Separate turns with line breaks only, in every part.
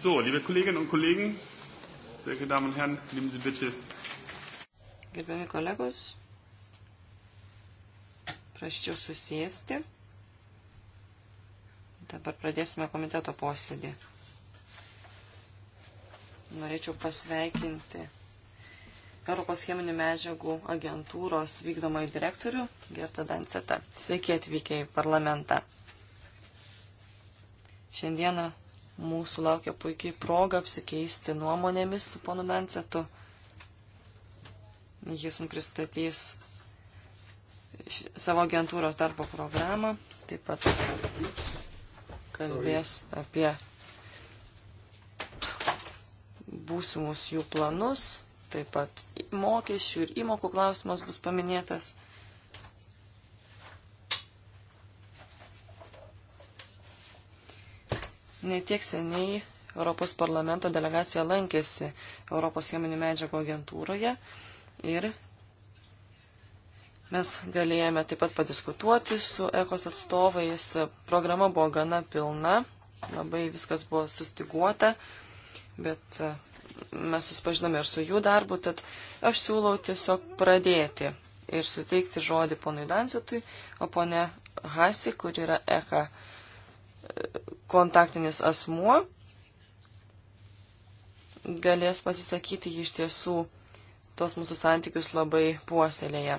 So, liebe Kolleginnen und Kollegen, sehr geehrte Damen und Herren, nehmen Sie bitte. Gerbiami kolegos, prašyčiau susėsti. Dabar pradėsime komiteto posėdį. Norėčiau pasveikinti Europos cheminių medžiagų agentūros vykdomąjį direktorių Gertą Dancetą. Sveiki atvykę į parlamentą. Šiandieną Mūsų laukia puikiai proga apsikeisti nuomonėmis su ponu Mencetu. Jis mums pristatys savo agentūros darbo programą, taip pat kalbės apie būsimus jų planus, taip pat mokesčių ir įmokų klausimas bus paminėtas. Netiek seniai Europos parlamento delegacija lankėsi Europos cheminių medžiagų agentūroje ir mes galėjome taip pat padiskutuoti su ekos atstovais. Programa buvo gana pilna, labai viskas buvo sustiguota, bet e, mes susipažinome ir su jų darbu, tad aš siūlau tiesiog pradėti ir suteikti žodį ponui Dansitui, o ponė Hasi, kur yra ECHA kontaktinis asmuo galės pasisakyti iš tiesų tos mūsų santykius labai puoselėje.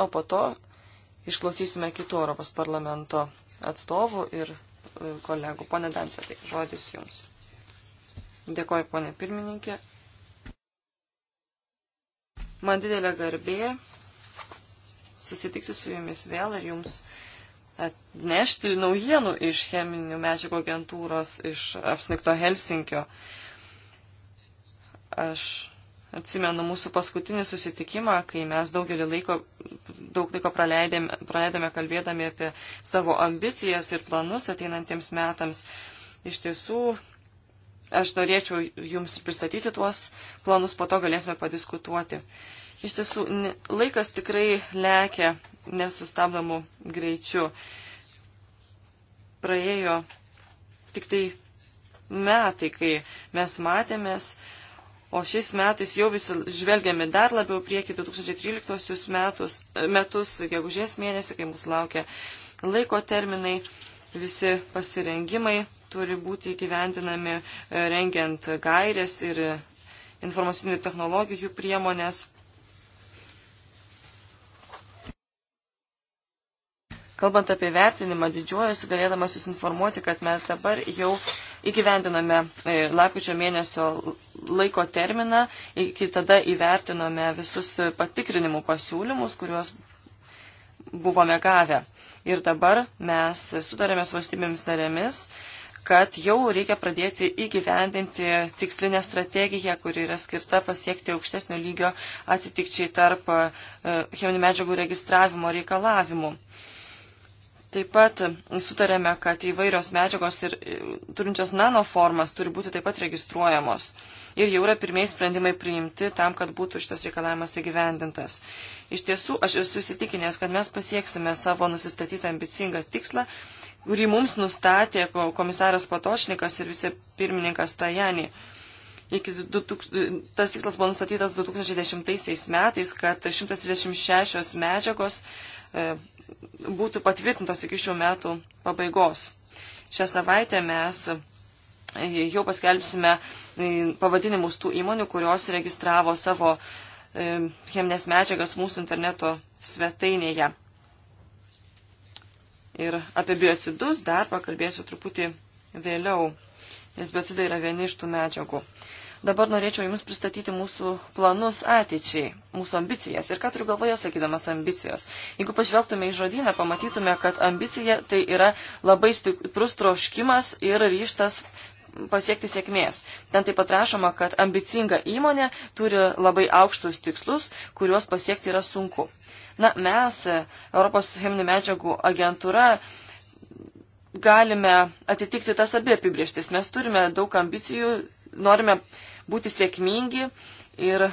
O po to išklausysime kitų Europos parlamento atstovų ir e, kolegų. Pone Dansetai, žodis Jums. Dėkoju, ponė pirmininkė. Man didelė garbė susitikti su jumis vėl ir jums atnešti naujienų iš cheminių medžiagų agentūros, iš apsnikto Helsinkio. Aš atsimenu mūsų paskutinį susitikimą, kai mes daugelį laiko, daug laiko praleidėme, praleidėme kalbėdami apie savo ambicijas ir planus ateinantiems metams. Iš tiesų, aš norėčiau jums pristatyti tuos planus, po to galėsime padiskutuoti. Uh, Iš tiesų, laikas tikrai lekia nesustabdomu greičiu. Praėjo tik tai metai, kai mes matėmės, o šiais metais jau visi žvelgiame dar labiau prieki 2013 metus, metus gegužės mėnesį, kai mus laukia laiko terminai, visi pasirengimai turi būti gyvendinami e, rengiant gairės ir informacinių technologijų priemonės Kalbant apie vertinimą, didžiuojasi galėdamas jūs informuoti, kad mes dabar jau įgyvendiname e, lakučio mėnesio laiko terminą, iki tada įvertinome visus patikrinimų pasiūlymus, kuriuos buvome gavę. Ir dabar mes sudarėme su valstybėmis narėmis, kad jau reikia pradėti įgyvendinti tikslinę strategiją, kuri yra skirta pasiekti aukštesnio lygio atitikčiai tarp e, cheminių medžiagų registravimo reikalavimų. Taip pat sutarėme, kad įvairios medžiagos ir e, turinčios nanoformas turi būti taip pat registruojamos. Ir jau yra pirmieji sprendimai priimti tam, kad būtų šitas reikalavimas įgyvendintas. Iš tiesų, aš esu įsitikinęs, kad mes pasieksime savo nusistatytą ambicingą tikslą, kurį mums nustatė komisaras Patošnikas ir visi pirmininkas Tajani. Iki 2000, e, tas tikslas buvo nustatytas 2010 metais, kad 136 medžiagos e, būtų patvirtintos iki šių metų pabaigos. Šią savaitę mes e, jau paskelbsime e, pavadinimus tų įmonių, kurios registravo savo e, cheminės medžiagas mūsų interneto svetainėje. Ir apie biocidus dar pakalbėsiu truputį vėliau, nes biocidai yra vieni iš tų medžiagų. Dabar norėčiau Jums pristatyti mūsų planus ateičiai, mūsų ambicijas. Ir ką turiu galvoje, sakydamas ambicijos. Jeigu pažvelgtume į žodyną, pamatytume, kad ambicija tai yra labai stiprus troškimas ir ryštas pasiekti sėkmės. Ten taip pat rašoma, kad ambicinga įmonė turi labai aukštus tikslus, kuriuos pasiekti yra sunku. Na, mes, Europos cheminių medžiagų agentūra, galime atitikti tas abi apibrieštis. Mes turime daug ambicijų norime būti sėkmingi ir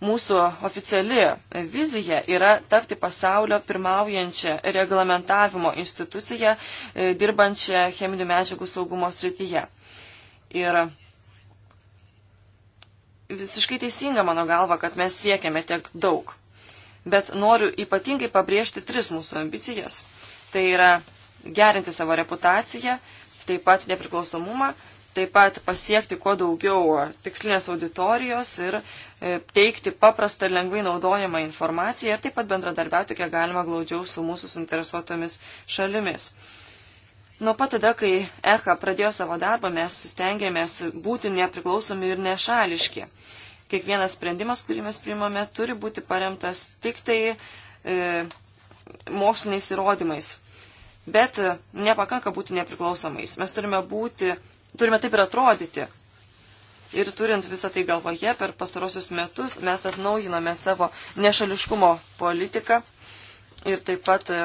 mūsų oficiali vizija yra tapti pasaulio pirmaujančią reglamentavimo instituciją, e, dirbančią cheminių medžiagų saugumo srityje. Ir visiškai teisinga mano galva, kad mes siekiame tiek daug. Bet noriu ypatingai pabrėžti tris mūsų ambicijas. Tai yra gerinti savo reputaciją, taip pat nepriklausomumą taip pat pasiekti kuo daugiau tikslinės auditorijos ir e, teikti paprastą ir lengvai naudojamą informaciją ir taip pat bendradarbiauti kiek galima glaudžiau su mūsų suinteresuotomis šalimis. Nuo pat tada, kai EHA pradėjo savo darbą, mes stengiamės būti nepriklausomi ir nešališki. Kiekvienas sprendimas, kurį mes priimame, turi būti paremtas tik tai e, moksliniais įrodymais. Bet e, nepakanka būti nepriklausomais. Mes turime būti turime taip ir atrodyti. Ir turint visą tai galvoje, per pastarosius metus mes atnaujinome savo nešališkumo politiką ir taip pat e,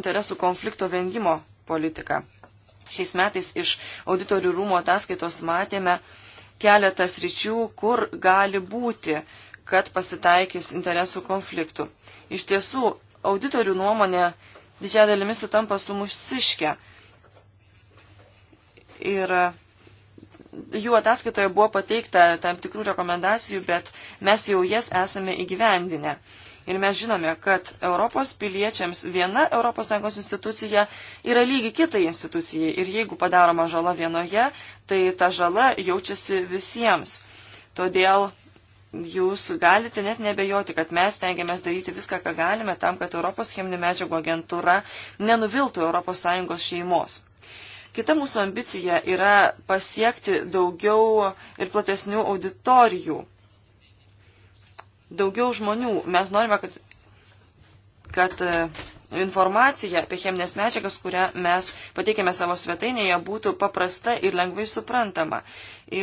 interesų konflikto vengimo politiką. Šiais metais iš auditorių rūmo ataskaitos matėme keletas ryčių, kur gali būti, kad pasitaikys interesų konfliktų. Iš tiesų, auditorių nuomonė didžiąją dalimi sutampa su mūsiške Ir jų ataskaitoje buvo pateikta tam tikrų rekomendacijų, bet mes jau jas esame įgyvendinę. Ir mes žinome, kad Europos piliečiams viena ES institucija yra lygi kitai institucijai. Ir jeigu padaroma žala vienoje, tai ta žala jaučiasi visiems. Todėl jūs galite net nebejoti, kad mes tengiamės daryti viską, ką galime, tam, kad Europos cheminių medžiagų agentūra nenuviltų ES šeimos. Kita mūsų ambicija yra pasiekti daugiau ir platesnių auditorijų, daugiau žmonių. Mes norime, kad, kad e, informacija apie cheminės medžiagas, kurią mes pateikėme savo svetainėje, būtų paprasta ir lengvai suprantama.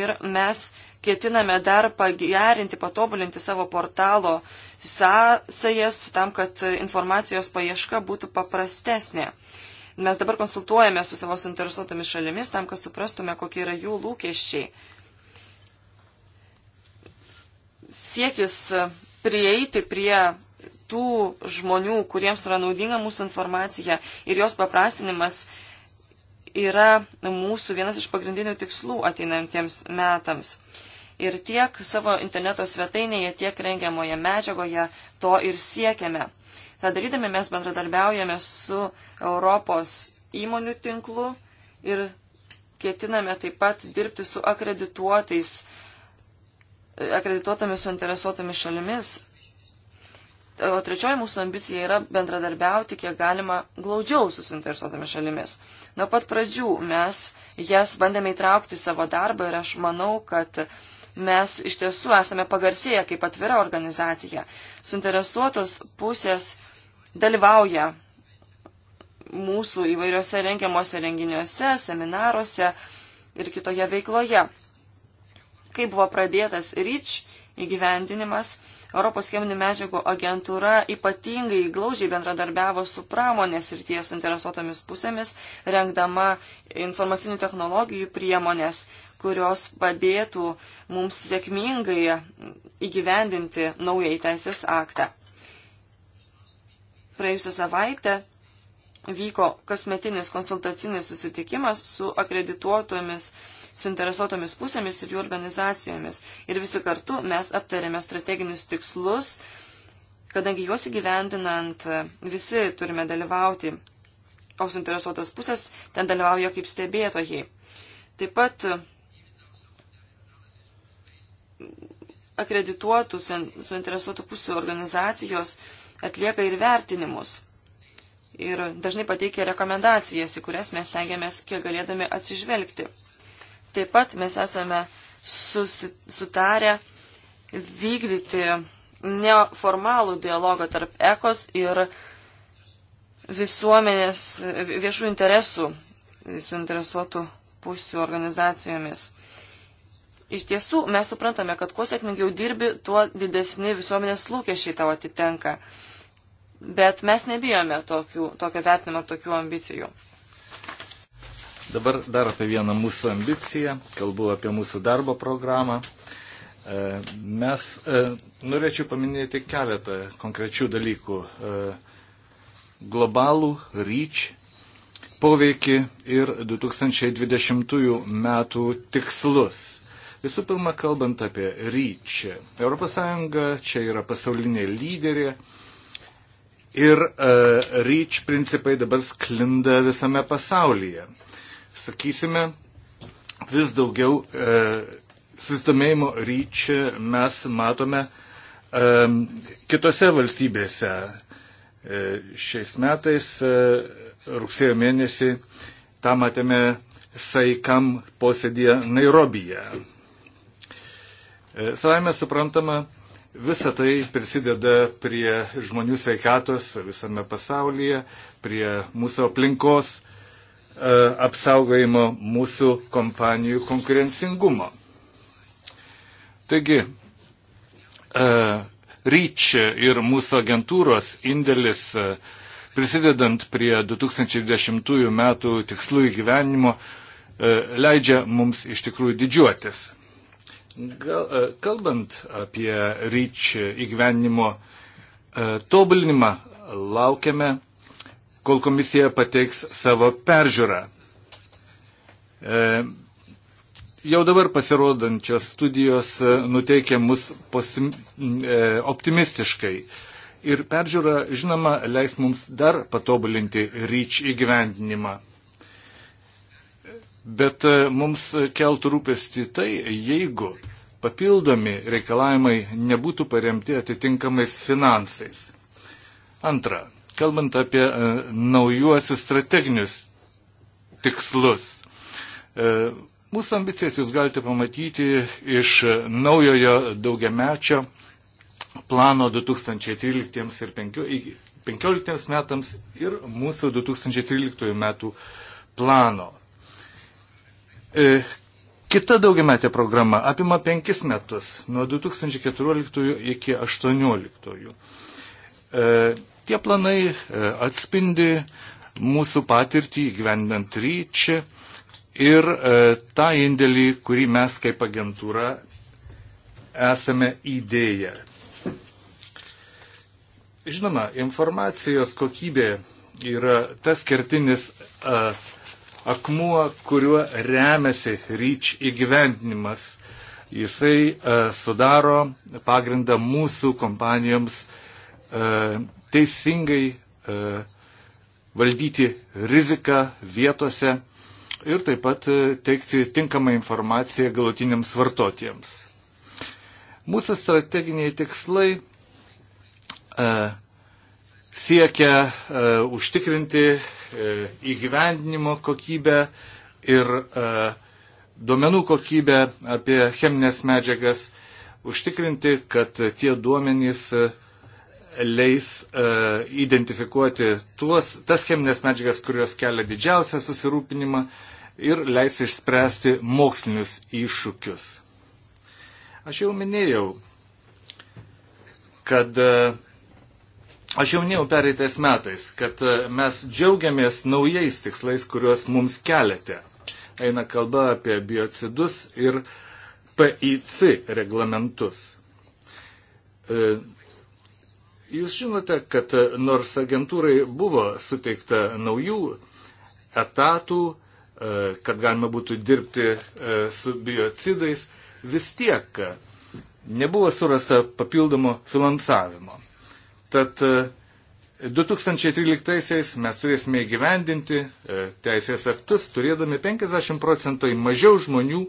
Ir mes ketiname dar pagerinti, patobulinti savo portalo sąsajas tam, kad informacijos paieška būtų paprastesnė. Mes dabar konsultuojame su savo suinteresuotomis šalimis tam, kad suprastume, kokie yra jų lūkesčiai. Siekis prieiti prie tų žmonių, kuriems yra naudinga mūsų informacija ir jos paprastinimas yra mūsų vienas iš pagrindinių tikslų ateinantiems metams. Ir tiek savo interneto svetainėje, tiek rengiamoje medžiagoje to ir siekiame. Ta darydami mes bendradarbiaujame su Europos įmonių tinklu ir ketiname taip pat dirbti su akredituotais, akredituotomis suinteresuotomis šalimis. O trečioji mūsų ambicija yra bendradarbiauti kiek galima glaudžiau su suinteresuotomis šalimis. Nuo pat pradžių mes jas bandėme įtraukti savo darbą ir aš manau, kad uh, Mes iš tiesų esame pagarsėję kaip atvira organizacija. Suinteresuotos pusės dalyvauja mūsų įvairiose rengiamuose renginiuose, seminaruose ir kitoje veikloje. Kai buvo pradėtas REACH įgyvendinimas, Europos cheminių medžiagų agentūra ypatingai glaužiai bendradarbiavo su pramonės ir ties interesuotomis pusėmis, rengdama informacinių technologijų priemonės, kurios padėtų mums sėkmingai įgyvendinti naują įteisės aktą. Praėjusią savaitę vyko kasmetinis konsultacinis susitikimas su akredituotomis suinteresuotomis pusėmis ir jų organizacijomis. Ir visi kartu mes aptarėme strateginius tikslus, kadangi juos įgyvendinant e, visi turime dalyvauti, o suinteresuotos pusės ten dalyvauja kaip stebėtojai. Taip pat e, akredituotų suinteresuotų pusių organizacijos atlieka ir vertinimus. Ir dažnai pateikia rekomendacijas, į kurias mes tengiamės kiek galėdami atsižvelgti. Taip pat mes esame susi, sutarę vykdyti neformalų dialogą tarp ekos ir visuomenės viešų interesų, suinteresuotų pusių organizacijomis. Iš tiesų, mes suprantame, kad kuo sėkmingiau dirbi, tuo didesni visuomenės lūkesčiai tau atitenka. Bet mes nebijome tokių, tokio vertinimo, tokių ambicijų.
Dabar dar apie vieną mūsų ambiciją, kalbu apie mūsų darbo programą. E, mes e, norėčiau paminėti keletą konkrečių dalykų. E, globalų ryč poveikį ir 2020 metų tikslus. Visų pirma, kalbant apie ryčį. ES čia yra pasaulinė lyderė ir uh, ryč principai dabar sklinda visame pasaulyje sakysime, vis daugiau e, susidomėjimo ryčių mes matome e, kitose valstybėse. E, šiais metais e, rugsėjo mėnesį tą matėme Saikam posėdėje Nairobije. E, Savame suprantama, Visa tai prisideda prie žmonių sveikatos visame pasaulyje, prie mūsų aplinkos E, apsaugojimo mūsų kompanijų konkurencingumo. Taigi, e, REACH ir mūsų agentūros indėlis e, prisidedant prie 2010 metų tikslų įgyvenimo leidžia mums iš tikrųjų didžiuotis. Gal, kalbant apie REACH įgyvenimo tobulinimą, laukiame kol komisija pateiks savo peržiūrą. E, jau dabar pasirodančios studijos e, nuteikia mus posim, e, optimistiškai. Ir peržiūra, žinoma, leis mums dar patobulinti ryč įgyvendinimą. Bet e, mums keltų rūpesti tai, jeigu papildomi reikalavimai nebūtų paremti atitinkamais finansais. Antra, Kalbant apie e, naujuosius strateginius tikslus, e, mūsų ambicijas jūs galite pamatyti iš naujojo daugiamečio plano 2013 ir 2015 metams ir mūsų 2013 metų plano. E, kita daugiametė programa apima penkis metus, nuo 2014 iki 2018. Tie planai e, atspindi mūsų patirtį gyvendant ryčią ir e, tą indėlį, kurį mes kaip agentūra esame įdėję. Žinoma, informacijos kokybė yra tas kertinis a, e, akmuo, kuriuo remiasi ryč įgyvendinimas. Jisai a, sudaro pagrindą mūsų kompanijoms a, teisingai e, valdyti riziką vietose ir taip pat e, teikti tinkamą informaciją galutiniams vartotojams. Mūsų strateginiai tikslai e, siekia e, užtikrinti e, įgyvendinimo kokybę ir e, duomenų kokybę apie cheminės medžiagas, užtikrinti, kad tie duomenys e, leis e, identifikuoti tuos, tas cheminės medžiagas, kurios kelia didžiausią susirūpinimą ir leis išspręsti mokslinius iššūkius. Aš jau minėjau, kad e, Aš jau minėjau pereitais metais, kad e, mes džiaugiamės naujais tikslais, kuriuos mums keliate. Eina kalba apie biocidus ir PIC reglamentus. E, Jūs žinote, kad nors agentūrai buvo suteikta naujų etatų, e, kad galima būtų dirbti e, su biocidais, vis tiek nebuvo surasta papildomo finansavimo. Tad 2013-aisiais e, mes turėsime įgyvendinti teisės aktus, turėdami 50 procentų mažiau žmonių,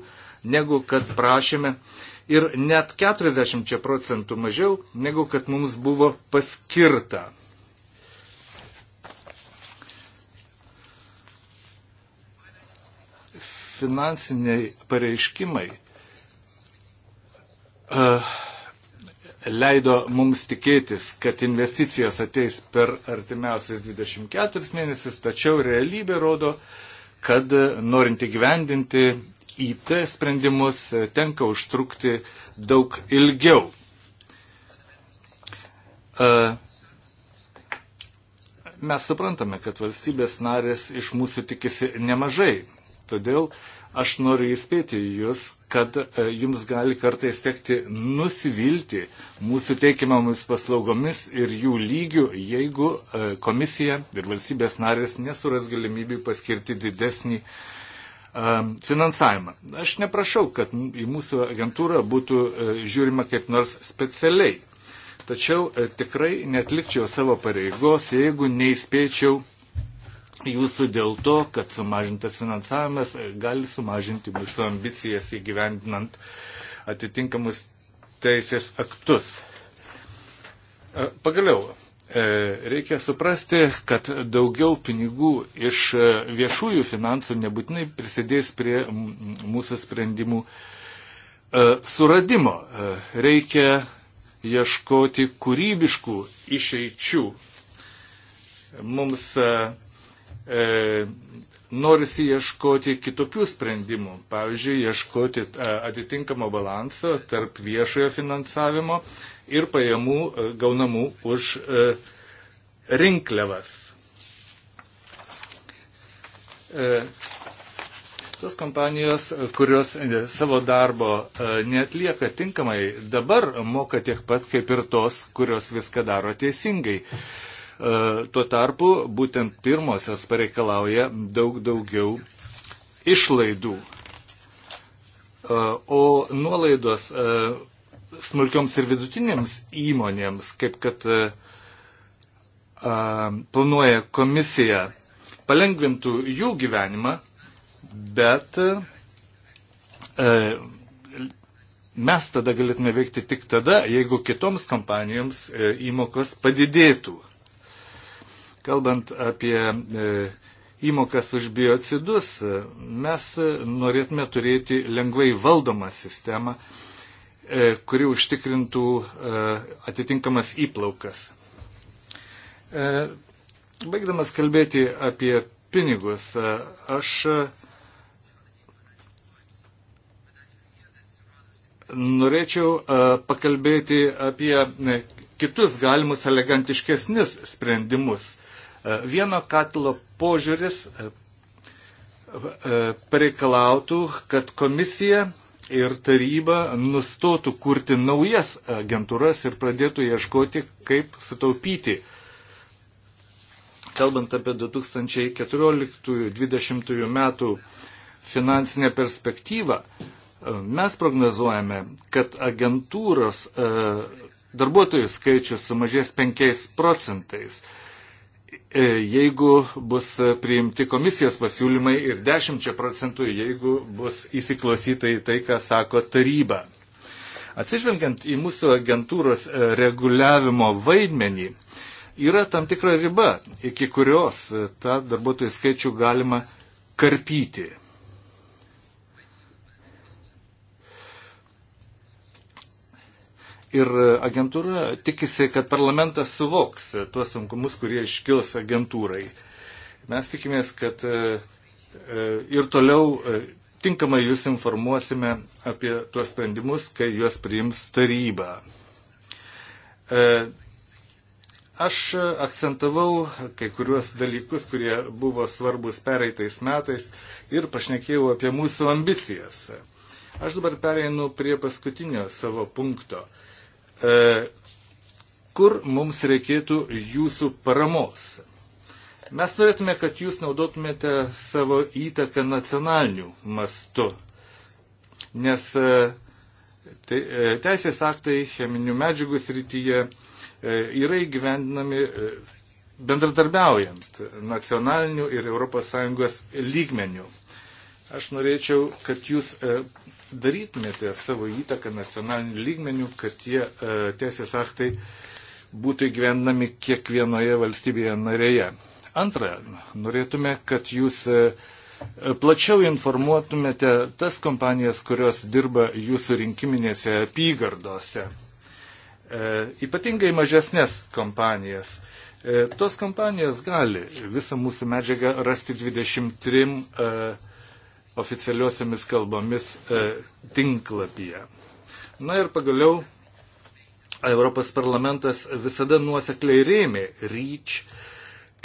negu kad prašėme ir net 40 procentų mažiau, negu kad mums buvo paskirta. Finansiniai pareiškimai uh, leido mums tikėtis, kad investicijos ateis per artimiausias 24 mėnesius, tačiau realybė rodo, kad norint įgyvendinti IT sprendimus e, tenka užtrukti daug ilgiau. E, mes suprantame, kad valstybės narės iš mūsų tikisi nemažai. Todėl aš noriu įspėti jūs, kad e, jums gali kartais tekti nusivilti mūsų teikiamomis paslaugomis ir jų lygių, jeigu komisija ir valstybės narės nesuras galimybių paskirti didesnį uh, Um, finansavimą. Aš neprašau, kad į mūsų agentūrą būtų e, žiūrima kaip nors specialiai. Tačiau e, tikrai netlikčiau savo pareigos, jeigu neįspėčiau jūsų dėl to, kad sumažintas finansavimas e, gali sumažinti mūsų ambicijas įgyvendinant atitinkamus teisės aktus. Pagaliau, E, reikia suprasti, kad daugiau pinigų iš e, viešųjų finansų nebūtinai prisidės prie mūsų sprendimų e, suradimo. Reikia ieškoti kūrybiškų išeičių. Mums e, norisi ieškoti kitokių sprendimų. Pavyzdžiui, ieškoti atitinkamo balanso tarp viešojo finansavimo ir pajamų e, gaunamų už e, rinkliavas. E, tos kompanijos, kurios savo darbo netlieka tinkamai, dabar moka tiek pat kaip ir tos, kurios viską daro teisingai. Tuo tarpu būtent pirmosios pareikalauja daug daugiau išlaidų. O nuolaidos smulkioms ir vidutinėms įmonėms, kaip kad e, a, planuoja komisija, palengvintų jų gyvenimą, bet a, e, e, mes tada galėtume veikti tik tada, jeigu kitoms kompanijoms a, įmokos padidėtų. Kalbant apie a, įmokas už biocidus, mes norėtume turėti lengvai valdomą sistemą, a, E, kuri užtikrintų e, atitinkamas įplaukas. E, baigdamas kalbėti apie pinigus, aš norėčiau pakalbėti apie kitus galimus elegantiškesnis sprendimus. Vieno katilo požiūris pareikalautų, kad komisija ir taryba nustotų kurti naujas agentūras ir pradėtų ieškoti, kaip sutaupyti. Kalbant apie 2014-2020 metų finansinę perspektyvą, mes prognozuojame, kad agentūros e, darbuotojų skaičius sumažės 5 procentais. E, jeigu bus priimti komisijos pasiūlymai ir 10 procentų, jeigu bus įsiklausyta į tai, ką sako taryba. Atsižvelgiant į mūsų agentūros e, reguliavimo vaidmenį, yra tam tikra riba, iki kurios e, tą darbuotojų skaičių galima karpyti. Ir agentūra tikisi, kad parlamentas suvoks tuos sunkumus, kurie iškils agentūrai. Mes tikimės, kad e, e, ir toliau e, tinkamai jūs informuosime apie tuos sprendimus, kai juos priims taryba. Aš akcentavau kai kuriuos dalykus, kurie buvo svarbus pereitais metais ir pašnekėjau apie mūsų ambicijas. Aš dabar pereinu prie paskutinio savo punkto. E, kur mums reikėtų jūsų paramos. Mes norėtume, kad jūs naudotumėte savo įtaką nacionaliniu mastu, nes e, te, e, teisės aktai cheminių medžiagų srityje yra įgyvendinami bendradarbiaujant nacionaliniu ir ES lygmeniu. Aš norėčiau, kad jūs darytumėte savo įtaką nacionaliniu lygmeniu, kad tie e, teisės aktai būtų įgyvendami kiekvienoje valstybėje narėje. Antra, norėtume, kad jūs e, plačiau informuotumėte tas kompanijas, kurios dirba jūsų rinkiminėse apygardose. E, ypatingai mažesnės kompanijas. Tos kompanijos gali visą mūsų medžiagą rasti 23 oficialiosiamis kalbomis e, tinklapyje. Na ir pagaliau Europos parlamentas visada nuosekliai rėmė REACH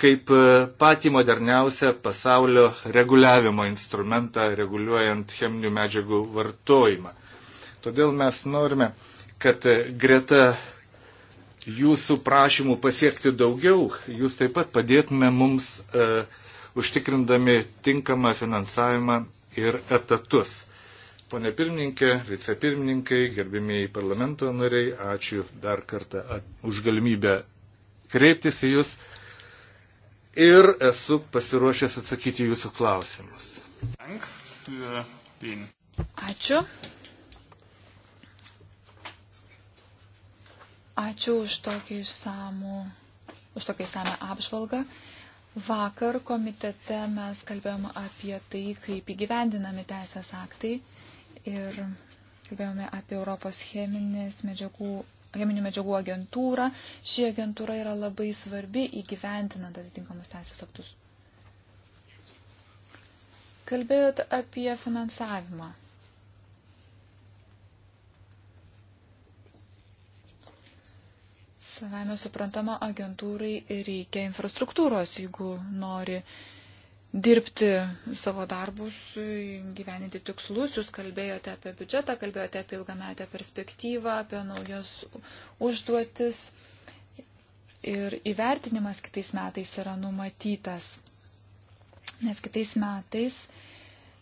kaip e, patį moderniausią pasaulio reguliavimo instrumentą reguliuojant cheminių medžiagų vartojimą. Todėl mes norime, kad e, greta jūsų prašymų pasiekti daugiau, jūs taip pat padėtume mums e, užtikrindami tinkamą finansavimą ir etatus. Pone pirmininkė, vicepirmininkai, gerbimieji parlamento nariai, ačiū dar kartą už galimybę kreiptis į Jūs ir esu pasiruošęs atsakyti Jūsų klausimus.
Ačiū. Ačiū už tokį išsamų, už tokį išsamę apžvalgą. Vakar komitete mes kalbėjom apie tai, kaip įgyvendinami teisės aktai ir kalbėjome apie Europos medžiagų, cheminių medžiagų agentūrą. Ši agentūra yra labai svarbi įgyvendinant atitinkamus teisės aktus. Kalbėjot apie finansavimą. Savame suprantama, agentūrai reikia infrastruktūros, jeigu nori dirbti savo darbus, gyveninti tikslus. Jūs kalbėjote apie biudžetą, kalbėjote apie ilgametę perspektyvą, apie naujas užduotis. Ir įvertinimas kitais metais yra numatytas. Nes kitais metais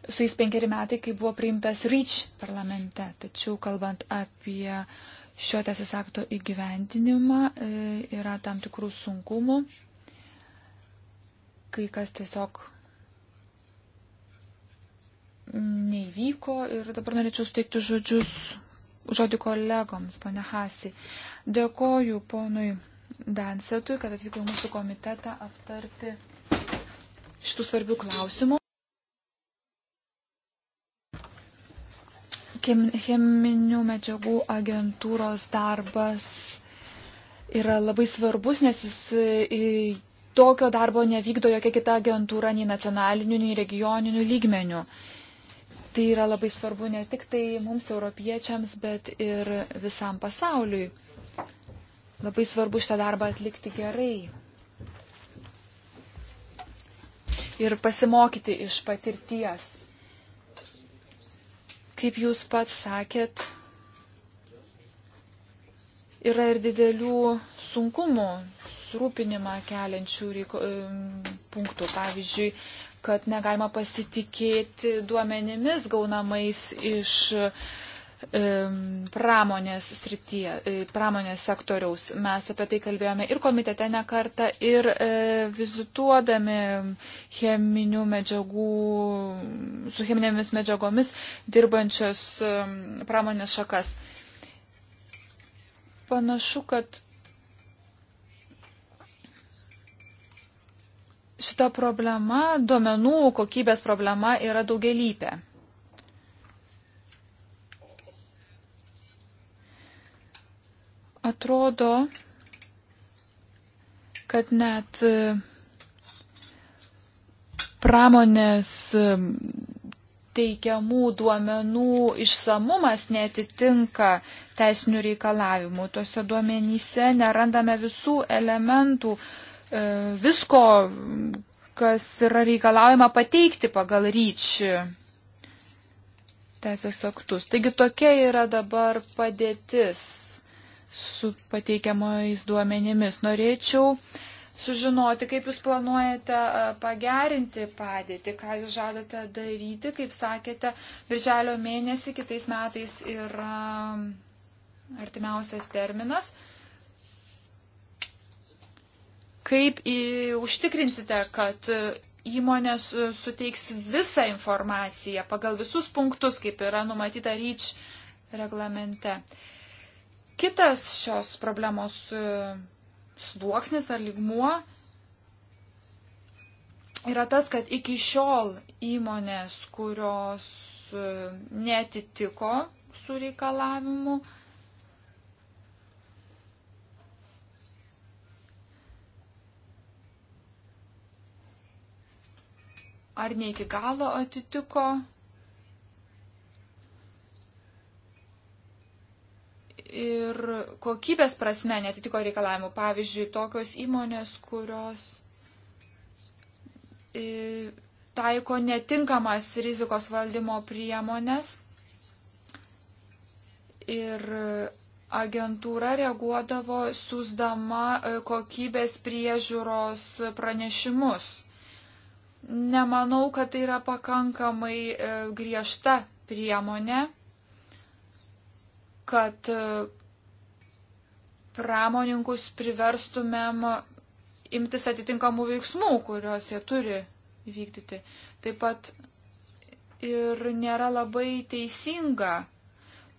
su jais penkeri metai, kai buvo priimtas REACH parlamente. Tačiau kalbant apie šio teisės akto įgyvendinimą e, yra tam tikrų sunkumų. Kai kas tiesiog neįvyko ir dabar norėčiau suteikti žodžius, žodį kolegoms, pane Hasi. Dėkoju ponui Dansetui, kad atvyko į mūsų komitetą aptarti šitų svarbių klausimų. cheminių medžiagų agentūros darbas yra labai svarbus, nes jis e, tokio darbo nevykdo jokia kita agentūra nei nacionaliniu, nei regioniniu lygmeniu. Tai yra labai svarbu ne tik tai mums, europiečiams, bet ir visam pasauliui. Labai svarbu šitą darbą atlikti gerai. Ir pasimokyti iš patirties. Kaip jūs pats sakėt, yra ir didelių sunkumų, surūpinimą keliančių reiko, punktų. Pavyzdžiui, kad negalima pasitikėti duomenimis gaunamais iš uh, pramonės srityje, e, pramonės sektoriaus. Mes apie tai kalbėjome ir komitete nekartą, ir e, vizituodami cheminių medžiagų, su cheminėmis medžiagomis dirbančias pramonės šakas. Panašu, kad šita problema, duomenų kokybės problema yra daugelypė. Atrodo, kad net e, pramonės e, teikiamų duomenų išsamumas netitinka teisinių reikalavimų. Tuose duomenyse nerandame visų elementų, e, visko, kas yra reikalaujama pateikti pagal ryčių teisės aktus. Taigi tokia yra dabar padėtis su pateikiamais duomenimis. Norėčiau sužinoti, kaip Jūs planuojate pagerinti padėtį, ką Jūs žadate daryti, kaip sakėte, virželio mėnesį kitais metais yra artimiausias terminas. Kaip į, užtikrinsite, kad įmonė suteiks visą informaciją pagal visus punktus, kaip yra numatyta ryč reglamente. Uh, Kitas šios problemos e, sluoksnis ar lygmuo yra tas, kad iki šiol įmonės, kurios e, netitiko su reikalavimu, ar ne iki galo atitiko ir kokybės prasme netitiko reikalavimų. Pavyzdžiui, tokios įmonės, kurios e, taiko netinkamas rizikos valdymo priemonės ir agentūra reaguodavo siūsdama e, kokybės priežiūros pranešimus. Nemanau, kad tai yra pakankamai e, griežta priemonė kad e, pramoninkus priverstumėm imtis atitinkamų veiksmų, kuriuos jie turi vykdyti. Taip pat ir nėra labai teisinga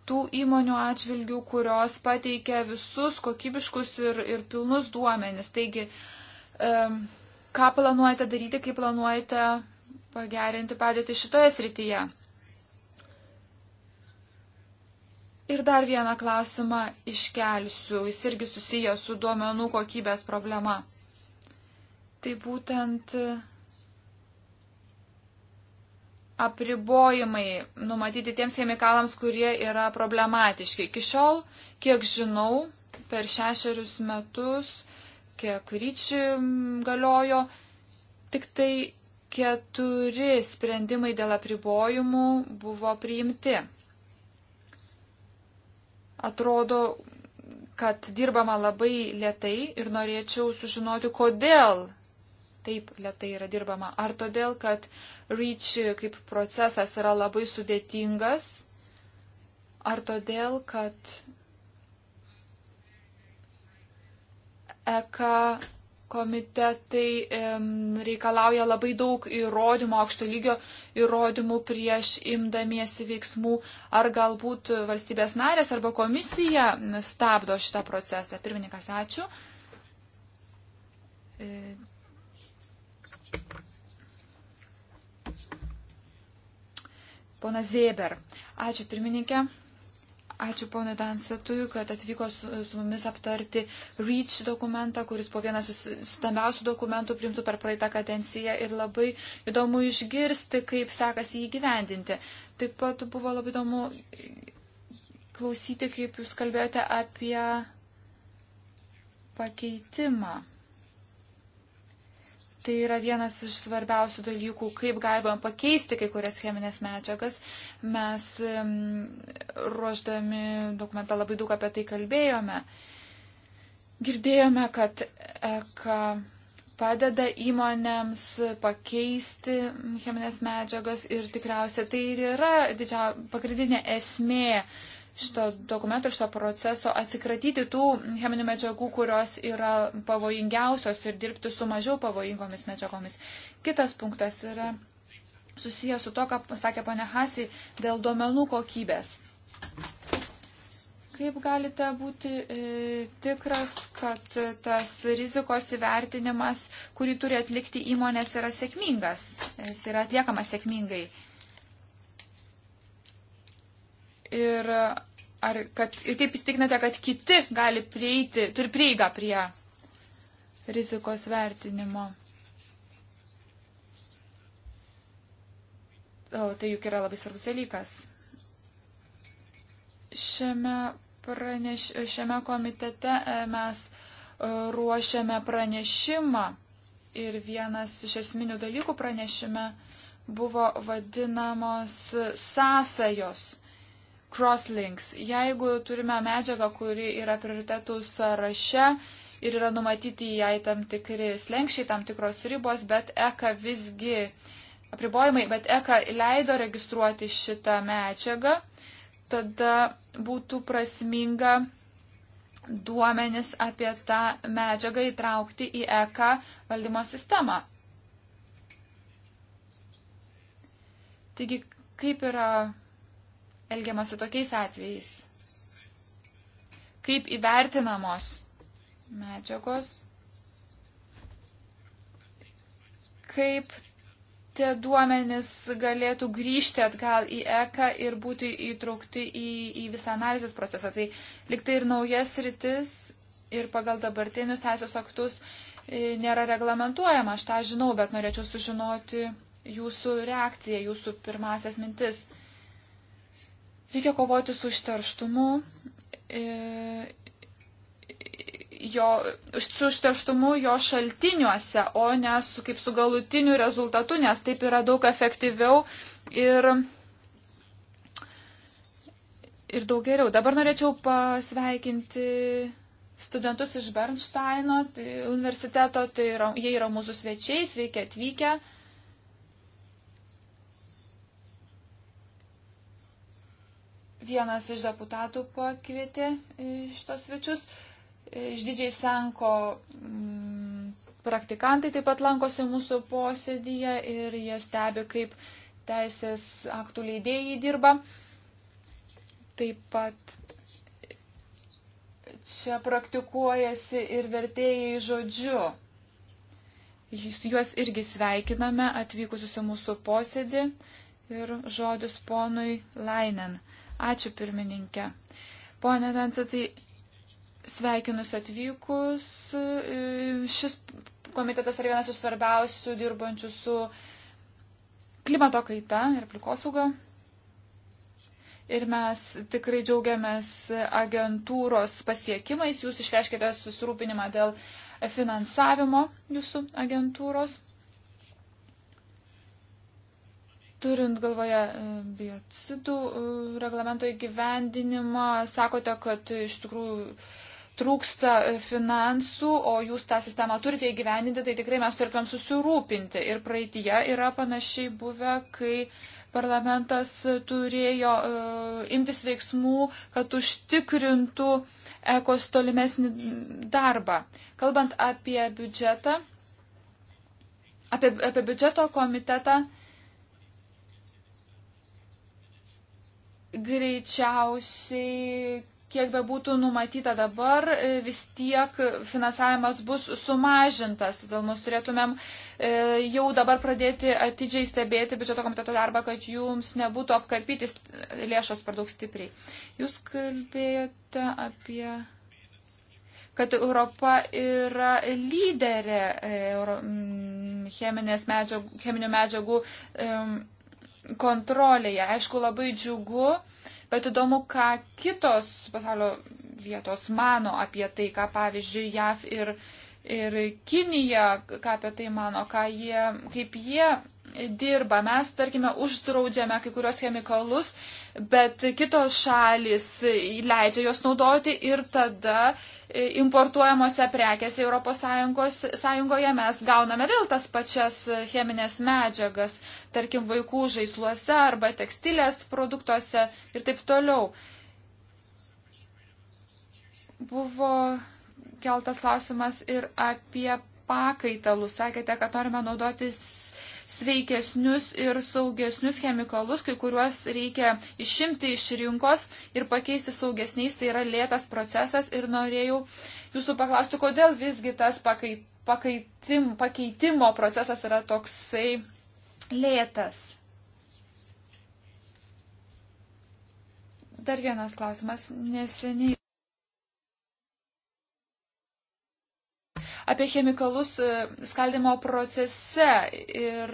tų įmonių atžvilgių, kurios pateikia visus kokybiškus ir, ir pilnus duomenis. Taigi, um, ką planuojate daryti, kaip planuojate pagerinti padėtį šitoje srityje? Ir dar vieną klausimą iškelsiu, jis irgi susijęs su duomenų kokybės problema. Tai būtent e, apribojimai numatyti tiems chemikalams, kurie yra problematiški. Iki šiol, kiek žinau, per šešerius metus, kiek ryčių galiojo, tik tai keturi sprendimai dėl apribojimų buvo priimti atrodo, kad dirbama labai lietai ir norėčiau sužinoti, kodėl taip lietai yra dirbama. Ar todėl, kad REACH kaip procesas yra labai sudėtingas, ar todėl, kad ECA komitetai reikalauja labai daug įrodymų, aukšto lygio įrodymų prieš imdamiesi veiksmų, ar galbūt valstybės narės arba komisija stabdo šitą procesą. Pirmininkas, ačiū. E, Pona Zėber. Ačiū pirmininkė. Ačiū ponui Dansatui, kad atvyko su, su mumis aptarti REACH dokumentą, kuris po vienas stambiausių dokumentų primtų per praeitą kadenciją ir labai įdomu išgirsti, kaip sekasi jį gyvendinti. Taip pat buvo labai įdomu klausyti, kaip jūs kalbėjote apie pakeitimą. Tai yra vienas iš svarbiausių dalykų, kaip galima pakeisti kai kurias cheminės medžiagas. Mes ruoždami dokumentą labai daug apie tai kalbėjome. Girdėjome, kad ECA padeda įmonėms pakeisti cheminės medžiagas ir tikriausia tai ir yra didžia, pagrindinė esmė šito dokumento, šito proceso atsikratyti tų cheminių medžiagų, kurios yra pavojingiausios ir dirbti su mažiau pavojingomis medžiagomis. Kitas punktas yra susijęs su to, ką sakė pane Hasi, dėl duomenų kokybės. Kaip galite būti e, tikras, kad tas rizikos įvertinimas, kurį turi atlikti įmonės, yra sėkmingas, e, jis yra atliekamas sėkmingai? ir, ar, kad, ir kaip įstikinate, kad kiti gali prieiti, turi prieigą prie rizikos vertinimo. O tai juk yra labai svarbus dalykas. Šiame, praneš, šiame komitete e, mes e, ruošiame pranešimą ir vienas iš esminių dalykų pranešime buvo vadinamos sąsajos crosslinks. Jeigu turime medžiagą, kuri yra prioritetų sąraše ir yra numatyti jai tam tikri slengščiai, tam tikros ribos, bet ECA visgi apribojimai, bet ECA leido registruoti šitą medžiagą, tada būtų prasminga duomenis apie tą medžiagą įtraukti į ECA valdymo sistemą. Taigi, kaip yra elgiama su tokiais atvejais? Kaip įvertinamos medžiagos? Kaip tie duomenys galėtų grįžti atgal į ECA ir būti įtraukti į, į visą analizės procesą. Tai liktai ir naujas rytis ir pagal dabartinius teisės aktus e, nėra reglamentuojama. Aš tą žinau, bet norėčiau sužinoti jūsų reakciją, jūsų pirmasias mintis. Reikia kovoti su užterštumu, e, jo, su užterštumu jo šaltiniuose, o ne su, kaip su galutiniu rezultatu, nes taip yra daug efektyviau ir, ir daug geriau. Dabar norėčiau pasveikinti studentus iš Bernsteino tai universiteto, tai yra, jie yra mūsų svečiai, sveiki atvykę. Vienas iš deputatų pakvietė šitos svečius. Išdidžiai senko mm, praktikantai taip pat lankosi mūsų posėdyje ir jie stebi, kaip teisės aktų leidėjai dirba. Taip pat čia praktikuojasi ir vertėjai žodžiu. Juos irgi sveikiname atvykusius į mūsų posėdį ir žodis ponui Lainen. Ačiū pirmininkė. Pone Dancetai, sveikinus atvykus. Šis komitetas yra vienas iš svarbiausių dirbančių su klimato kaita ir aplikosauga. Ir mes tikrai džiaugiamės agentūros pasiekimais. Jūs išreiškite susirūpinimą dėl finansavimo jūsų agentūros. Turint galvoje e, biocidų e, reglamento įgyvendinimą, sakote, kad iš tikrųjų trūksta e, finansų, o jūs tą sistemą turite įgyvendinti, tai tikrai mes turėtumėm susirūpinti. Ir praeitie yra panašiai buvę, kai parlamentas turėjo uh, imtis veiksmų, kad užtikrintų ekos tolimesnį darbą. Kalbant apie biudžetą, apie, apie biudžeto komitetą, uh, greičiausiai, kiek bebūtų numatyta dabar, e, vis tiek finansavimas bus sumažintas. Todėl mes turėtumėm e, jau dabar pradėti atidžiai stebėti biudžeto komiteto darbą, kad jums nebūtų apkarpyti lėšos per daug stipriai. Jūs kalbėjote apie kad Europa yra lyderė e, cheminės medžiagų, cheminių medžiagų kontrolėje. Aišku, labai džiugu, bet įdomu, ką kitos pasaulio vietos mano apie tai, ką pavyzdžiui JAV ir, ir Kinija, ką apie tai mano, jie, kaip jie dirba. Mes, tarkime, uždraudžiame kai kurios chemikalus, bet kitos šalis leidžia juos naudoti ir tada e, importuojamose prekėse ES mes gauname vėl tas pačias cheminės medžiagas, tarkim, vaikų žaisluose arba tekstilės produktuose ir taip toliau. Buvo keltas klausimas ir apie pakaitalus. Sakėte, kad norime naudotis sveikesnius ir saugesnius chemikalus, kai kuriuos reikia išimti iš rinkos ir pakeisti saugesniais, tai yra lėtas procesas ir norėjau jūsų paklausti, kodėl visgi tas pakai, pakaitim, pakeitimo procesas yra toksai lėtas. Dar vienas klausimas. Neseniai apie chemikalus e, skaldimo procese. Ir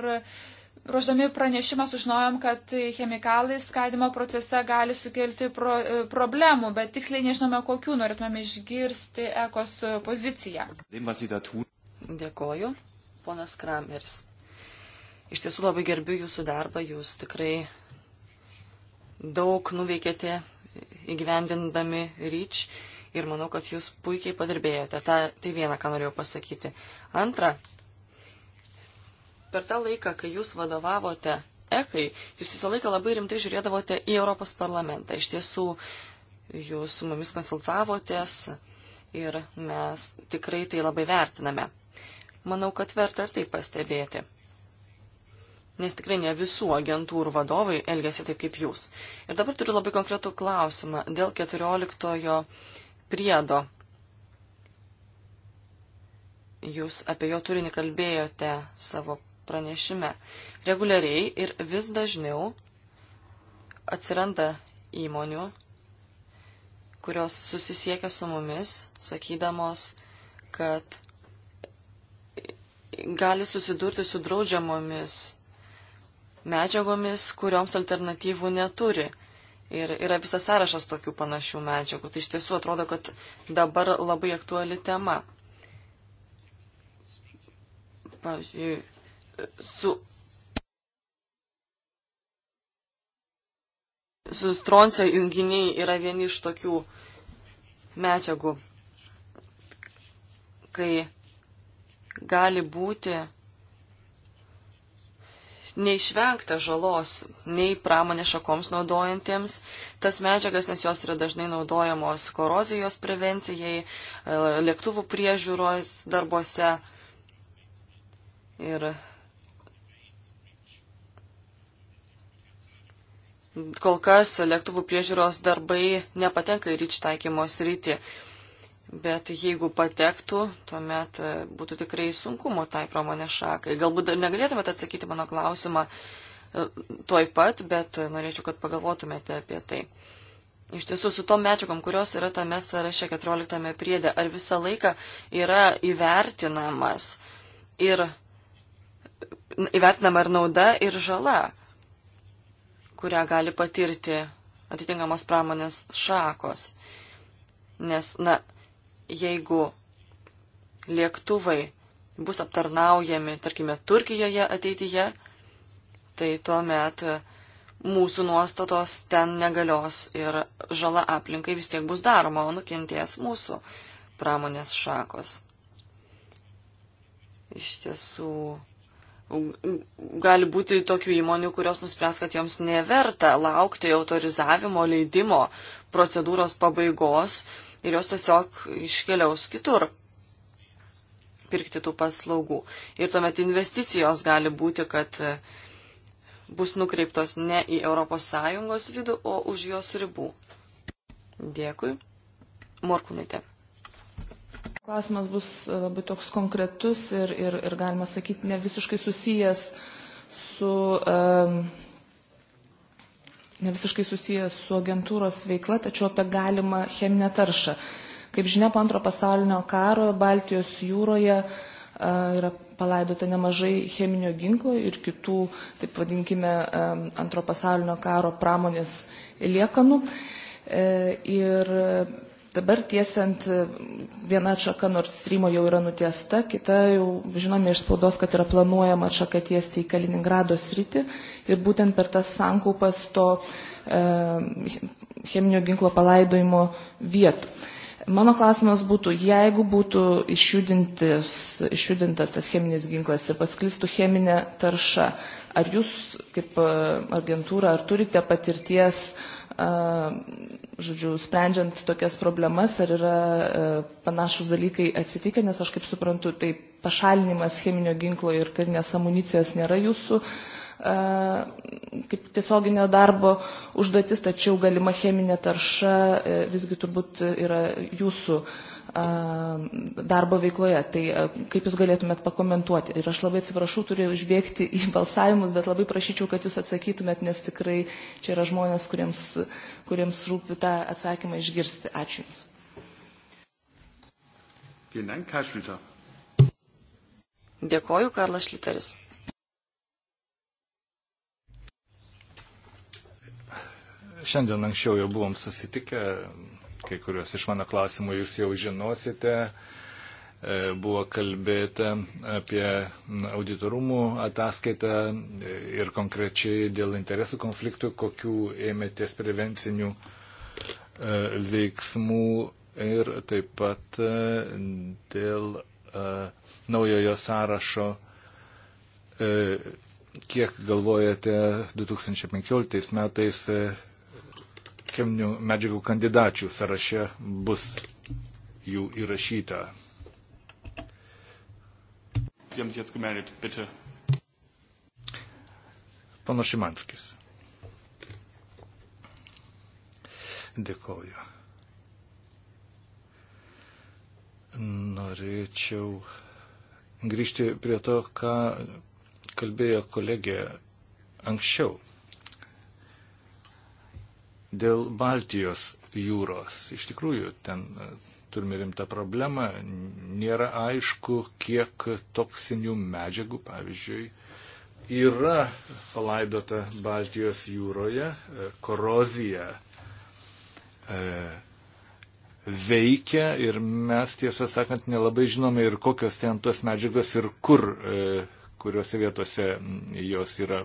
ruoždami pranešimą sužinojom, kad chemikalai skaldimo procese gali sukelti pro, e, problemų, bet tiksliai nežinome, kokių norėtumėm išgirsti ekos poziciją.
Dėkoju, ponas Kramers. Iš tiesų labai gerbiu jūsų darbą, jūs tikrai daug nuveikėte įgyvendindami ryč ir manau, kad jūs puikiai padirbėjote. Ta, tai viena, ką norėjau pasakyti. Antra, per tą laiką, kai jūs vadovavote EKAI, jūs visą laiką labai rimtai žiūrėdavote į Europos parlamentą. Iš tiesų, jūs su mumis konsultavotės ir mes tikrai tai labai vertiname. Manau, kad verta ir tai pastebėti nes tikrai ne visų agentūrų vadovai elgesi taip kaip jūs. Ir dabar turiu labai konkretų klausimą dėl 14 priedo. Jūs apie jo turinį kalbėjote savo pranešime. Reguliariai ir vis dažniau atsiranda įmonių, kurios susisiekia su mumis, sakydamos, kad gali susidurti su draudžiamomis medžiagomis, kurioms alternatyvų neturi. Ir yra visas sąrašas tokių panašių medžiagų. Tai iš tiesų atrodo, kad dabar labai aktuali tema. Pavyzdžiui, su, su stroncio junginiai yra vieni iš tokių medžiagų, kai gali būti neišvengta žalos nei pramonės šakoms naudojantiems tas medžiagas, nes jos yra dažnai naudojamos korozijos prevencijai, lėktuvų priežiūros darbose. Ir kol kas lėktuvų priežiūros darbai nepatenka į ryč taikymos rytį. Bet jeigu patektų, tuomet e, būtų tikrai sunkumų tai pramonės šakai. Galbūt negalėtumėte atsakyti mano klausimą e, tuoj pat, bet e, norėčiau, kad pagalvotumėte apie tai. Iš tiesų, su tom medžiagom, kurios yra tame sąraše 14 priedė, ar visą laiką yra įvertinamas ir įvertinama ir nauda, ir žala, kurią gali patirti atitinkamos pramonės šakos. Nes, na, jeigu lėktuvai bus aptarnaujami, tarkime, Turkijoje ateityje, tai tuo metu mūsų nuostatos ten negalios ir žala aplinkai vis tiek bus daroma, o nukentės mūsų pramonės šakos. Iš tiesų, gali būti tokių įmonių, kurios nuspręs, kad joms neverta laukti autorizavimo, leidimo procedūros pabaigos ir jos tiesiog iškeliaus kitur pirkti tų paslaugų. Ir tuomet investicijos gali būti, kad e, bus nukreiptos ne į ES vidų, o už jos ribų. Dėkui. Morkūnaitė.
Klausimas bus e, labai toks konkretus ir, ir, ir galima sakyti, ne visiškai susijęs su um, nevisiškai susijęs su agentūros veikla, tačiau apie galimą cheminę taršą. Kaip žinia, po antro pasaulinio karo Baltijos jūroje yra palaidota nemažai cheminio ginklo ir kitų, taip vadinkime, antro pasaulinio karo pramonės liekanų. E, ir Dabar tiesiant e, viena atšaka Nord Streamo jau yra nutiesta, kita jau žinome iš spaudos, kad yra planuojama atšaka tiesti į Kaliningrado sritį ir būtent per tas sankaupas to e, cheminio ginklo palaidojimo vietų. Mano klausimas būtų, jeigu būtų išjudintas tas cheminis ginklas ir pasklistų cheminė tarša, ar jūs kaip e, agentūra, ar turite patirties uh, žodžiu, sprendžiant tokias problemas, ar yra e, panašus dalykai atsitikę, nes aš kaip suprantu, tai pašalinimas cheminio ginklo ir karinės amunicijos nėra jūsų e, kaip tiesioginio darbo užduotis, tačiau galima cheminė tarša e, visgi turbūt yra jūsų uh, darbo veikloje. Tai kaip Jūs galėtumėt pakomentuoti? Ir aš labai atsiprašau, turiu išbėgti į balsavimus, bet labai prašyčiau, kad Jūs atsakytumėt, nes tikrai čia yra žmonės, kuriems, kuriems rūpi tą atsakymą išgirsti. Ačiū Jums.
Dėkoju, Karlas Šliteris.
Šiandien anksčiau jau buvom susitikę, Kai kuriuos iš mano klausimų jūs jau žinosite. E, buvo kalbėta apie auditorumų ataskaitą e, ir konkrečiai dėl interesų konfliktų, kokių ėmėtės prevencinių e, veiksmų ir taip pat dėl naujojo sąrašo, kiek galvojate 2015 metais cheminių medžiagų kandidačių sąraše bus jų įrašyta. Pana Šimanskis. Dėkoju. Norėčiau grįžti prie to, ką kalbėjo kolegė anksčiau. Dėl Baltijos jūros. Iš tikrųjų, ten e, turime rimtą problemą. Nėra aišku, kiek toksinių medžiagų, pavyzdžiui, yra palaidota Baltijos jūroje. E, korozija e, veikia ir mes tiesą sakant nelabai žinome ir kokios ten tos medžiagos ir kur, kuriuose vietose jos yra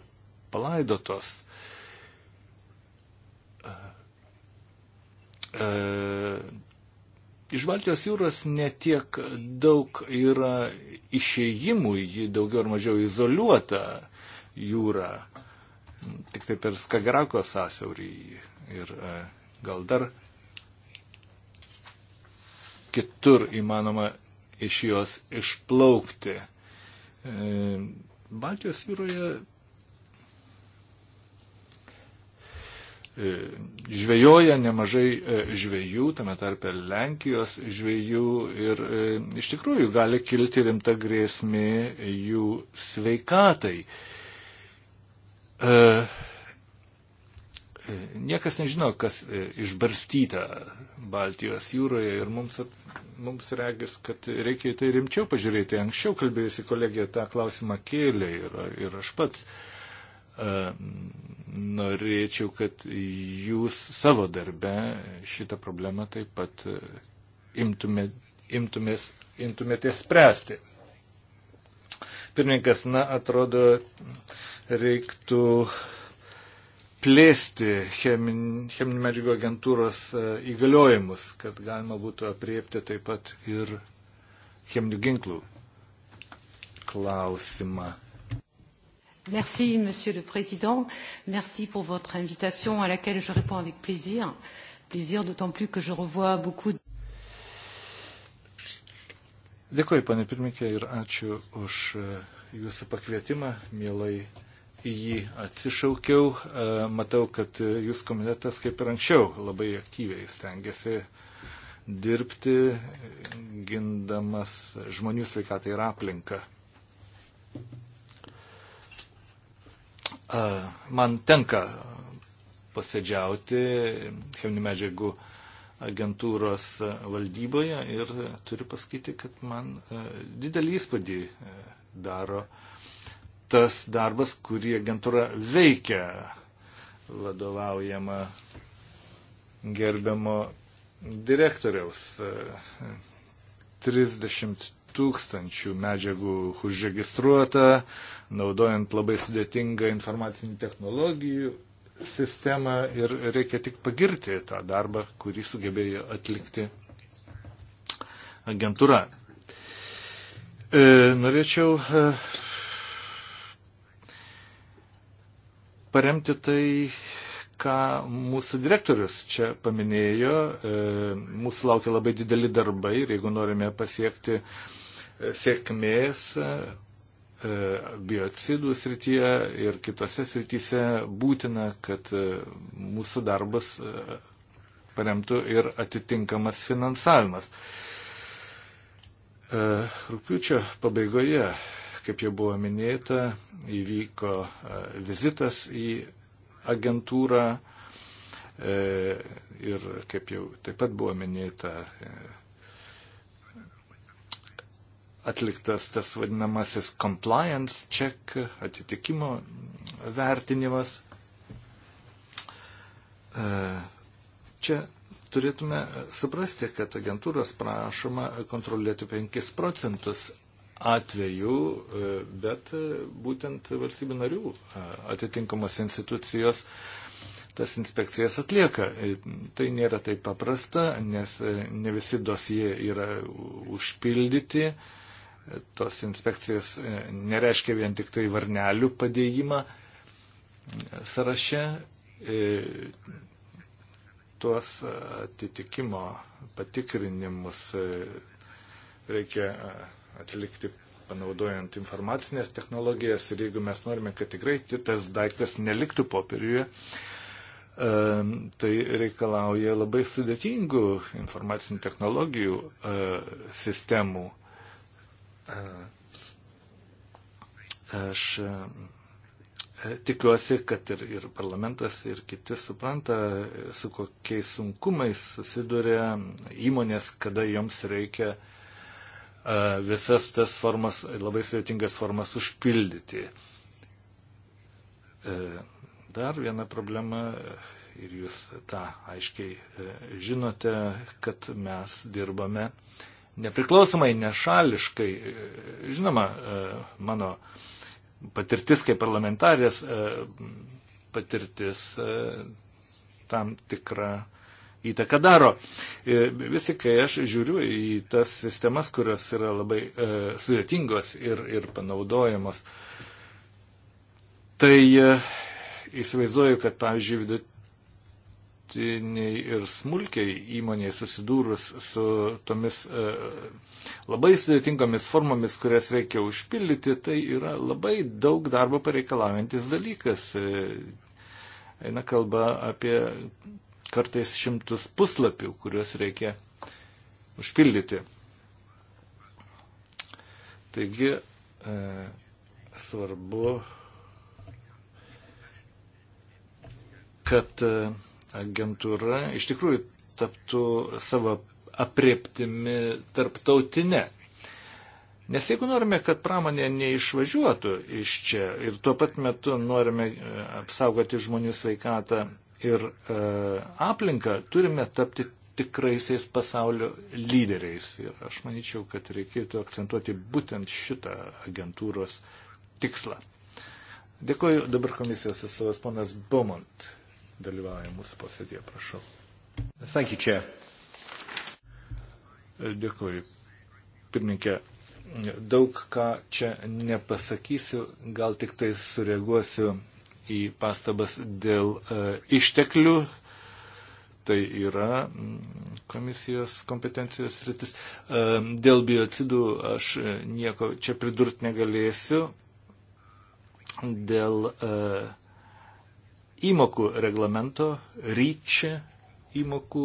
palaidotos. E, E, iš Baltijos jūros netiek daug yra išėjimų, ji daugiau ar mažiau izoliuota jūra, tik tai per Skagerako sąsiaurį ir e, gal dar kitur įmanoma iš jos išplaukti. E, Baltijos jūroje E, žvejoja nemažai e, žvėjų, tame tarpe Lenkijos žvėjų ir e, iš tikrųjų gali kilti rimta grėsmė jų sveikatai. Niekas nežino, kas išbarstyta Baltijos jūroje ir mums, mums regis, kad reikia į tai rimčiau pažiūrėti. Anksčiau kalbėjusi kolegija tą klausimą kėlė ir, ir aš pats norėčiau, kad jūs savo darbe šitą problemą taip pat e, imtumė, imtumės, imtumėte spręsti. Pirmininkas, na, atrodo, reiktų plėsti chemin, cheminių medžiagų agentūros e, įgaliojimus, kad galima būtų apriepti taip pat ir cheminių ginklų klausimą. Merci, Monsieur le Président. Merci pour votre invitation à laquelle je réponds avec plaisir. Plaisir d'autant plus que je revois beaucoup. Dėkuoju, panė pirmininkė, ir ačiū už e, jūsų pakvietimą. Mielai į jį atsišaukiau. E, matau, kad e, jūs komitetas kaip ir anksčiau labai aktyviai stengiasi dirbti, gindamas žmonių sveikatą ir aplinką man tenka posėdžiauti cheminių medžiagų agentūros valdyboje ir turiu pasakyti, kad man e, didelį įspūdį e, daro tas darbas, kurį agentūra veikia vadovaujama gerbiamo direktoriaus. 33 e, tūkstančių medžiagų užregistruota, naudojant labai sudėtingą informacinių technologijų sistemą ir reikia tik pagirti tą darbą, kurį sugebėjo atlikti agentūra. E, norėčiau e, paremti tai ką mūsų direktorius čia paminėjo, e, mūsų laukia labai dideli darbai ir jeigu norime pasiekti sėkmės e, biocidų srityje ir kitose srityse būtina, kad e, mūsų darbas e, paremtų ir atitinkamas finansavimas. Rūpiučio pabaigoje, kaip jau buvo minėta, įvyko vizitas į agentūrą ir, kaip jau taip pat buvo minėta, atliktas tas vadinamasis compliance check, atitikimo vertinimas. E, čia turėtume suprasti, kad agentūros prašoma kontroliuoti 5 procentus atvejų, e, bet būtent valstybių narių e, atitinkamos institucijos tas inspekcijas atlieka. Tai nėra taip paprasta, nes ne visi dosie yra užpildyti tos inspekcijos e, nereiškia vien tik tai varnelių padėjimą sąraše. E, tuos atitikimo patikrinimus e, reikia atlikti panaudojant informacinės technologijas ir jeigu mes norime, kad tikrai tas daiktas neliktų popieriuje, tai reikalauja labai sudėtingų informacinių technologijų sistemų. Aš tikiuosi, kad ir, ir parlamentas, ir kiti supranta, su kokiais sunkumais susiduria įmonės, kada joms reikia visas tas formas, labai sveitingas formas užpildyti. E, dar viena problema, ir jūs tą aiškiai e, žinote, kad mes dirbame nepriklausomai, nešališkai. Žinoma, e, mano patirtis kaip parlamentarės e, patirtis e, tam tikrą įtaką daro. Vis tik, kai aš žiūriu į tas sistemas, kurios yra labai e, sudėtingos ir, ir panaudojamos, tai e, įsivaizduoju, kad, pavyzdžiui, vidutiniai ir smulkiai įmoniai susidūrus su tomis e, labai sudėtingomis formomis, kurias reikia užpildyti, tai yra labai daug darbo pareikalaujantis dalykas. E, eina kalba apie kartais šimtus puslapių, kuriuos reikia užpildyti. Taigi, e, svarbu kad e, agentūra iš tikrųjų taptų savo apreptimi tarptautinė. Nes jeigu norime, kad pramonė neišvažiuotų iš čia ir tuo pat metu norime e, apsaugoti žmonių sveikatą ir e, aplinką, turime tapti tikraisiais pasaulio lyderiais. Ir aš manyčiau, kad reikėtų akcentuoti būtent šitą agentūros tikslą. Dėkuoju dabar komisijos atstovas ponas Beaumont dalyvauja mūsų posėdėje. Prašau. Thank you, Chair. Dėkui, pirmininkė. Daug ką čia nepasakysiu, gal tik tai sureaguosiu į pastabas dėl e, išteklių. Tai yra mm, komisijos kompetencijos rytis. E, dėl biocidų aš nieko čia pridurti negalėsiu. Dėl e, įmokų reglamento, ryčia įmokų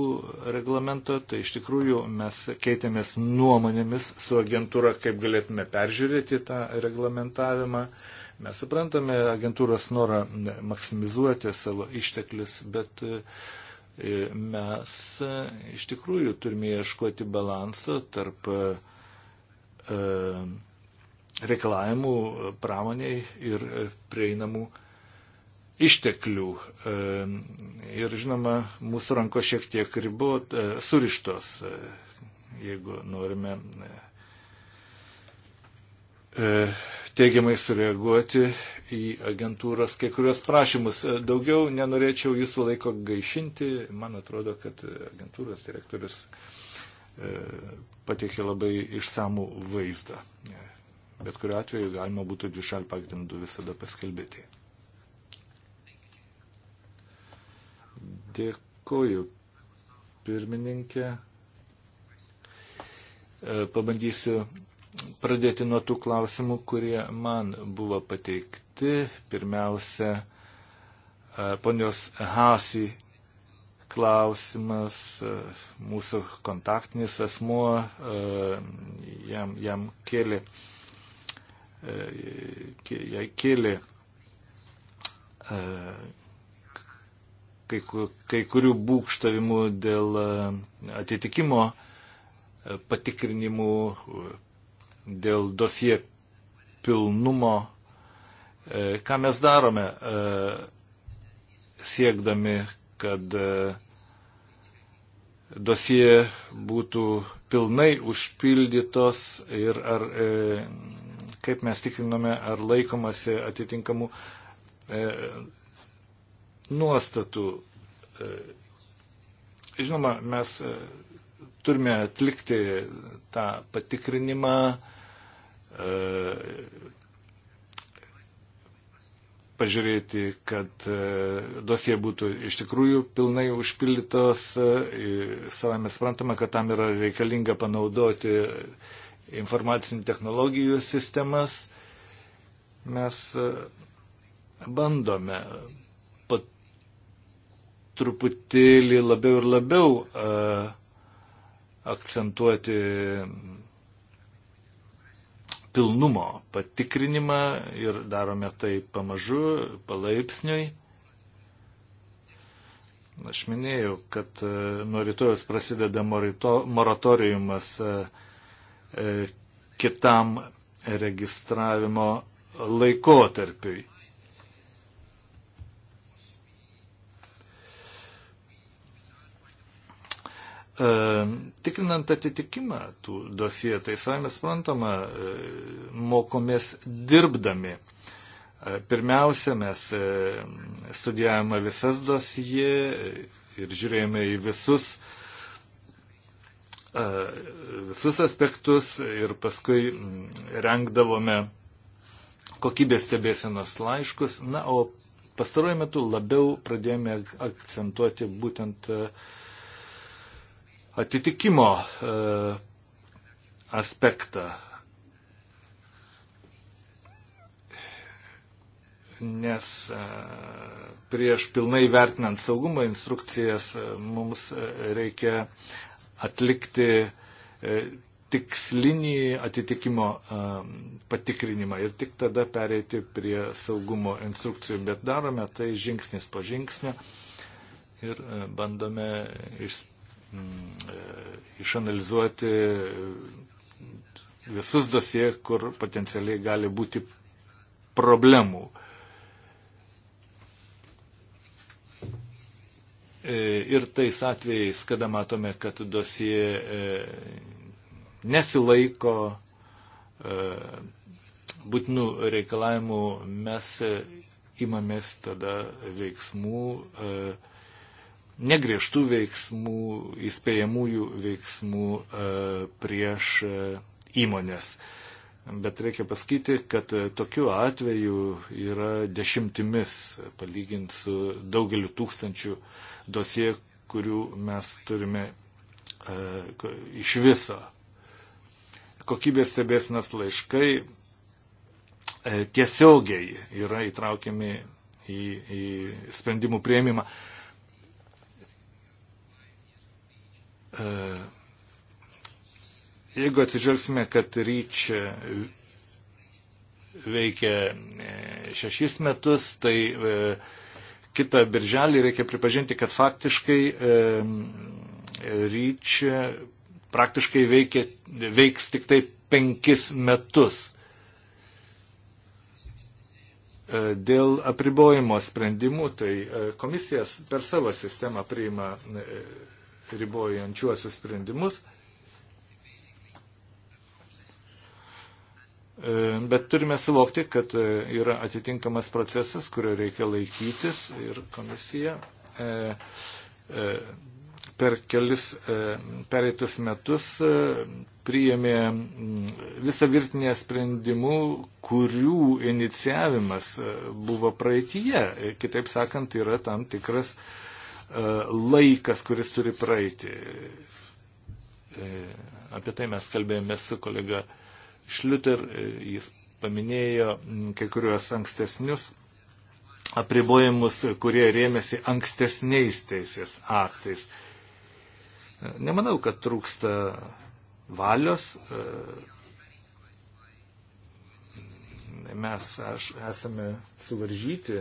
reglamento, tai iš tikrųjų mes keitėmės nuomonėmis su agentūra, kaip galėtume peržiūrėti tą reglamentavimą. Mes suprantame agentūros norą maksimizuoti savo išteklius, bet e, mes e, iš tikrųjų turime ieškoti balansą tarp e, reikalavimų pramoniai ir prieinamų išteklių. E, ir žinoma, mūsų ranko šiek tiek ribot, e, surištos, e, jeigu norime teigiamai sureaguoti į agentūros kai kurios prašymus. Daugiau nenorėčiau jūsų laiko gaišinti. Man atrodo, kad agentūros direktorius pateikė labai išsamų vaizdą. Bet kuriuo atveju galima būtų dvišal pagrindų visada paskelbėti. Dėkuoju, pirmininkė. E, pabandysiu pradėti nuo tų klausimų, kurie man buvo pateikti. Pirmiausia, e, ponios Hasi klausimas, e, mūsų kontaktinis asmuo jam, jam kėlė, jai kėlė kai, kai kurių būkštavimų dėl e, atitikimo e, patikrinimų, e, dėl dosie pilnumo. Ką mes darome siekdami, kad dosie būtų pilnai užpildytos ir ar, kaip mes tikriname, ar laikomasi atitinkamų nuostatų. E, žinoma, mes e, turime atlikti tą patikrinimą, e, pažiūrėti, kad dosie būtų iš tikrųjų pilnai užpildytos. Savame suprantama, kad tam yra reikalinga panaudoti informacinių technologijų sistemas. Mes bandome truputėlį labiau ir labiau uh, akcentuoti pilnumo patikrinimą ir darome tai pamažu, palaipsniui. Aš minėjau, kad e, nuo rytojus prasideda moratoriumas e, kitam registravimo laikotarpiui. E, tikrinant atitikimą tų dosie, tai savame suprantama, e, mokomės dirbdami. E, pirmiausia, mes studijavome visas dosie ir žiūrėjome į visus, visus aspektus ir paskui mm, rengdavome kokybės stebėsenos laiškus. Na, o pastaruoju metu labiau pradėjome akcentuoti būtent uh, atitikimo e, aspektą. Nes e, prieš pilnai vertinant saugumo instrukcijas e, mums reikia atlikti tikslinį atitikimo patikrinimą ir tik tada pereiti prie saugumo instrukcijų, bet darome tai žingsnis po žingsnio ir bandome išspręsti Mm, e, išanalizuoti e, visus dosie, kur potencialiai gali būti problemų. E, ir tais atvejais, kada matome, kad dosie nesilaiko būtinų reikalavimų, mes imamės tada veiksmų, uh, negriežtų veiksmų, įspėjamųjų veiksmų e, prieš e, įmonės. Bet reikia pasakyti, kad e, tokiu atveju yra dešimtimis, palygint su daugeliu tūkstančių dosie, kurių mes turime iš viso. Kokybės stebėsinas laiškai tiesiogiai yra įtraukiami į, į sprendimų prieimimą. E, jeigu atsižvelgsime, kad ryč veikia e, šešis metus, tai e, kitą birželį reikia pripažinti, kad faktiškai ryč praktiškai veikia, veiks tik tai penkis metus. Dėl apribojimo sprendimų, tai komisijas per savo sistemą priima ribojančiuosius sprendimus. E, bet turime suvokti, kad e, yra atitinkamas procesas, kurio reikia laikytis ir komisija e, per kelis pereitus metus priėmė mm, visą virtinę sprendimų, kurių inicijavimas buvo praeitie. Kitaip sakant, yra tam tikras uh, E, laikas, kuris turi praeiti. E, apie tai mes kalbėjome su kolega Šliuter, e, jis paminėjo kai kuriuos ankstesnius apribojimus, kurie rėmėsi ankstesniais teisės aktais. Nemanau, kad trūksta valios. Mes aš, esame suvaržyti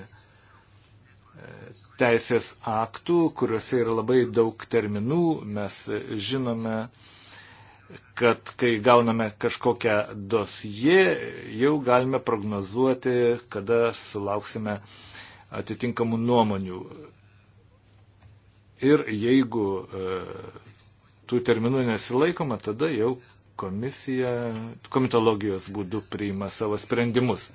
teisės aktų, kuriuose yra labai daug terminų. Mes žinome, kad kai gauname kažkokią dosiją, jau galime prognozuoti, kada sulauksime atitinkamų nuomonių. Ir jeigu e, tų terminų nesilaikoma, tada jau komisija komitologijos būdu priima savo sprendimus.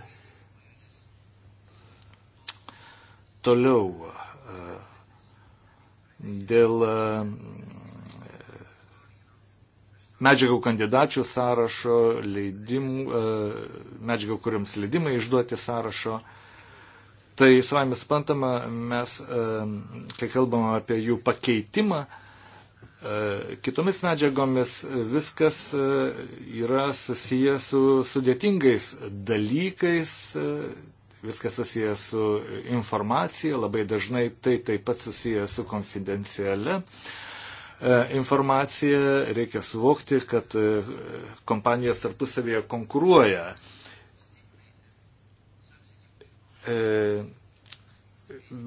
Toliau e, dėl e, medžiagų kandidačių sąrašo, leidimų, e, medžiagų, kuriams leidimai išduoti sąrašo. Tai savame spantama, mes, kai kalbam apie jų pakeitimą, kitomis medžiagomis viskas yra susiję su sudėtingais dalykais, viskas susiję su informacija, labai dažnai tai taip pat susiję su konfidenciale informacija, reikia suvokti, kad e, kompanijos tarpusavėje konkuruoja. E,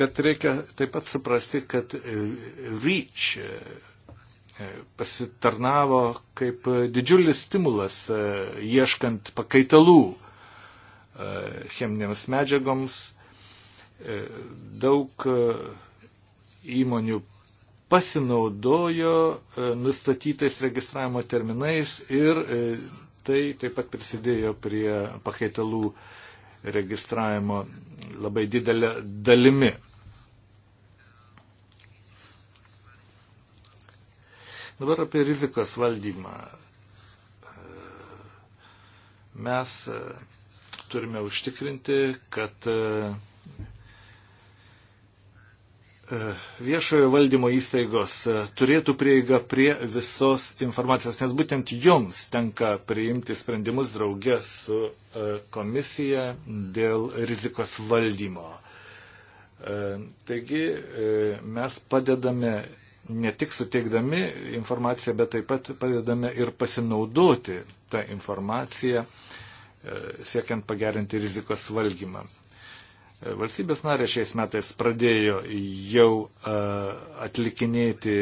bet reikia taip pat suprasti, kad e, REACH pasitarnavo kaip didžiulis stimulas ieškant pakaitalų E, cheminėms medžiagoms. E, daug e, įmonių pasinaudojo nustatytais registravimo terminais ir tai taip pat prisidėjo prie pakaitalų registravimo labai didelė dalimi. Dabar apie rizikos valdymą. Mes turime užtikrinti, kad e, e, viešojo valdymo įstaigos e, turėtų prieigą prie visos informacijos, nes būtent joms tenka priimti sprendimus draugė su komisija dėl rizikos valdymo. Taigi mes padedame ne tik suteikdami informaciją, bet taip pat padedame ir pasinaudoti tą informaciją E, siekiant pagerinti rizikos valgymą. E, valstybės narė šiais metais pradėjo jau e, atlikinėti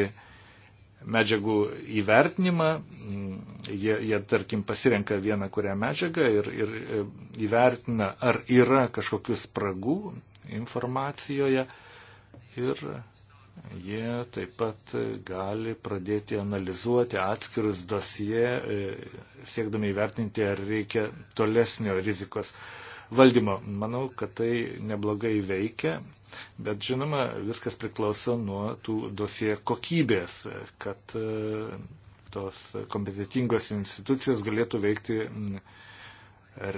medžiagų įvertinimą. Mm, jie, jie tarkim, pasirenka vieną kurią medžiagą ir, ir įvertina, ar yra kažkokių spragų informacijoje ir Jie taip pat gali pradėti analizuoti atskirus dosie, e, siekdami įvertinti, ar reikia tolesnio rizikos valdymo. Manau, kad tai neblogai veikia, bet žinoma, viskas priklauso nuo tų dosie kokybės, kad e, tos kompetitingos institucijos galėtų veikti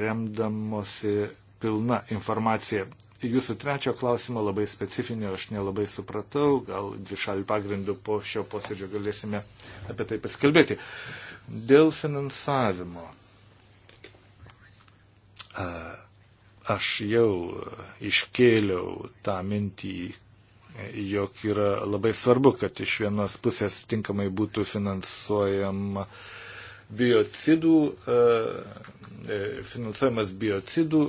remdamosi pilna informacija. Jūsų trečio klausimo labai specifinio aš nelabai supratau, gal dvišalių pagrindų po šio posėdžio galėsime apie tai pasikalbėti. Dėl finansavimo. Aš jau iškėliau tą mintį, jog yra labai svarbu, kad iš vienos pusės tinkamai būtų finansuojama biocidų, e, finansuojamas biocidų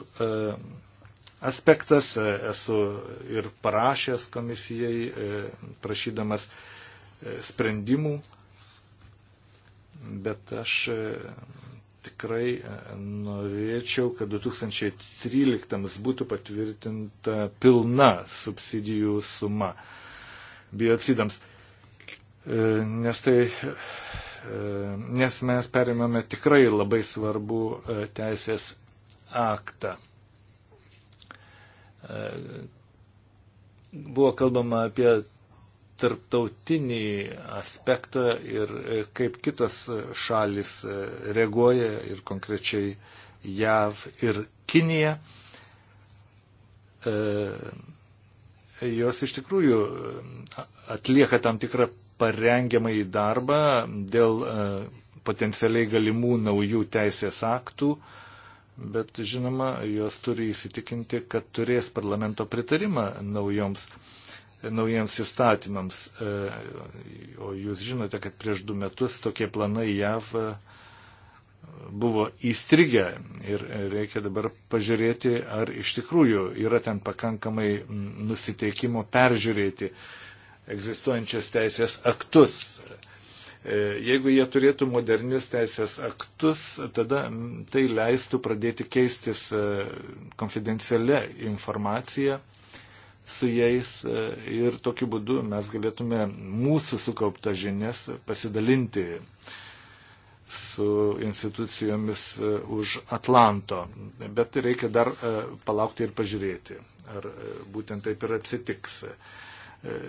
aspektas. E, esu ir parašęs komisijai, e, prašydamas e, sprendimų, bet aš tikrai norėčiau, kad 2013 būtų patvirtinta pilna subsidijų suma biocidams. Nes tai, nes mes perėmėme tikrai labai svarbu teisės aktą. Buvo kalbama apie tarptautinį aspektą ir e, kaip kitos šalis e, reaguoja ir konkrečiai JAV ir Kinija. Jos iš tikrųjų e, atlieka tam tikrą parengiamąjį darbą dėl potencialiai galimų naujų teisės aktų, uh, bet žinoma, jos turi įsitikinti, kad turės parlamento pritarimą naujoms, naujiems įstatymams. E, o jūs žinote, kad prieš du metus tokie planai JAV e, buvo įstrigę ir reikia dabar pažiūrėti, ar iš tikrųjų yra ten pakankamai nusiteikimo peržiūrėti egzistuojančias teisės aktus. E, jeigu jie turėtų modernius teisės aktus, tada tai leistų pradėti keistis e, konfidencialia informacija su jais e, ir tokiu būdu mes galėtume mūsų sukauptą žinias pasidalinti su institucijomis už Atlanto. Bet reikia dar palaukti ir pažiūrėti, ar būtent taip ir atsitiks.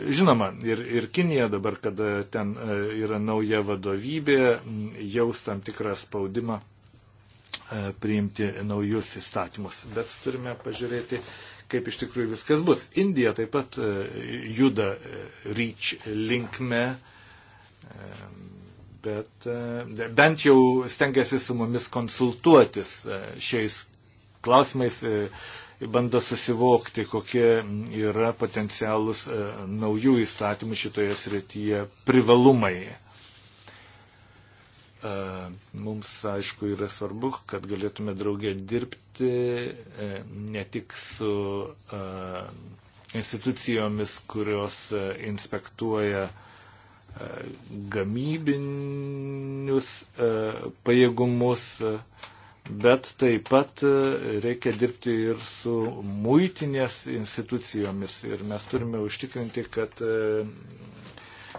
Žinoma, ir, ir Kinija dabar, kada ten e, yra nauja vadovybė, jaus tam tikrą spaudimą e, priimti naujus įstatymus. Bet turime pažiūrėti, kaip iš tikrųjų viskas bus. Indija taip pat e, juda ryč linkme, bet bent jau stengiasi su mumis konsultuotis šiais klausimais bando susivokti, kokie yra potencialus e, naujų įstatymų šitoje srityje privalumai. E, mums, aišku, yra svarbu, kad galėtume draugė dirbti e, ne tik su institucijomis, kurios inspektuoja gamybinius pajėgumus, bet taip pat e, reikia dirbti ir su muitinės institucijomis ir mes turime užtikrinti, kad e,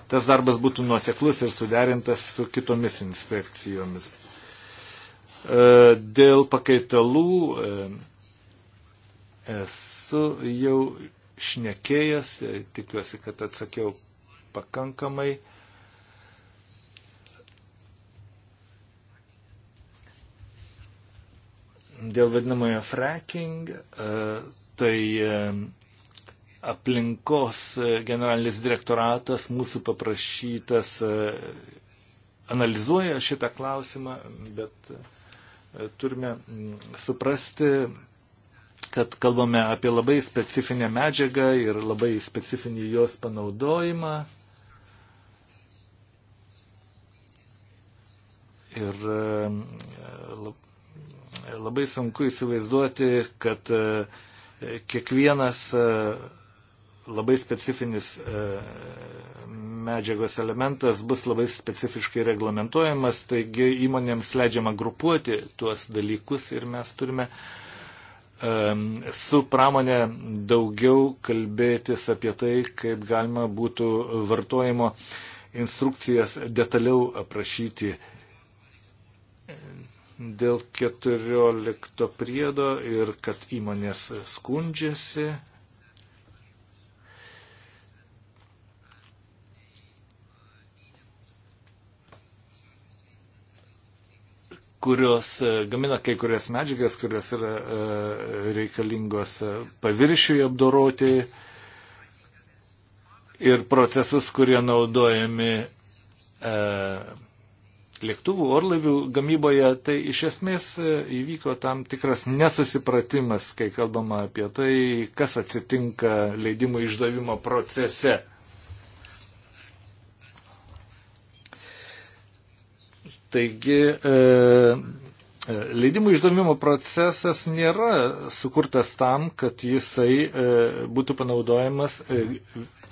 tas darbas būtų nuoseklus ir suderintas su kitomis inspekcijomis. E, dėl pakaitalų esu jau šnekėjęs, tikiuosi, kad atsakiau pakankamai. dėl vadinamojo fracking, e, tai e, aplinkos e, generalinis direktoratas mūsų paprašytas analizuoja šitą klausimą, bet turime mm, suprasti, kad kalbame apie labai specifinę medžiagą ir labai specifinį jos panaudojimą. Ir Labai sunku įsivaizduoti, kad e, kiekvienas e, labai specifinis e, medžiagos elementas bus labai specifiškai reglamentojamas, taigi įmonėms leidžiama grupuoti tuos dalykus ir mes turime su pramonė daugiau kalbėtis apie tai, kaip galima būtų vartojimo instrukcijas detaliau aprašyti dėl 14 priedo ir kad įmonės skundžiasi. kurios e, gamina kai kurias medžiagas, kurios yra e, reikalingos e, paviršiui apdoroti ir procesus, kurie naudojami lėktuvų, orlaivių gamyboje, tai iš esmės e, įvyko tam tikras nesusipratimas, kai kalbama apie tai, kas atsitinka leidimų išdavimo procese. Taigi, e, e, leidimų išdavimo procesas nėra sukurtas tam, kad jisai e, būtų panaudojamas e,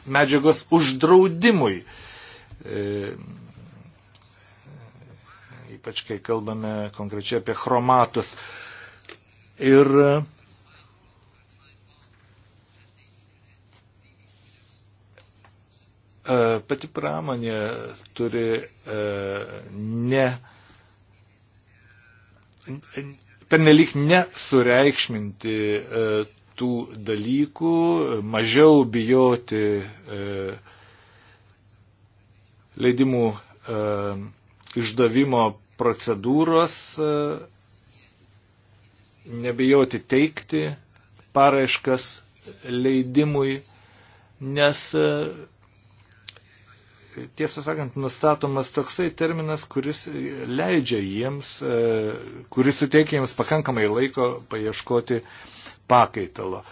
medžiagos uždraudimui. E, ypač kai kalbame konkrečiai apie chromatus. Ir e, pati pramonė turi e, ne pernelyg nesureikšminti e, tų dalykų, mažiau bijoti leidimų išdavimo procedūros, e, nebijoti teikti paraiškas leidimui, nes e, tiesą sakant, nustatomas toksai terminas, kuris leidžia jiems, e, kuris suteikia jiems pakankamai laiko paieškoti pakaitalo.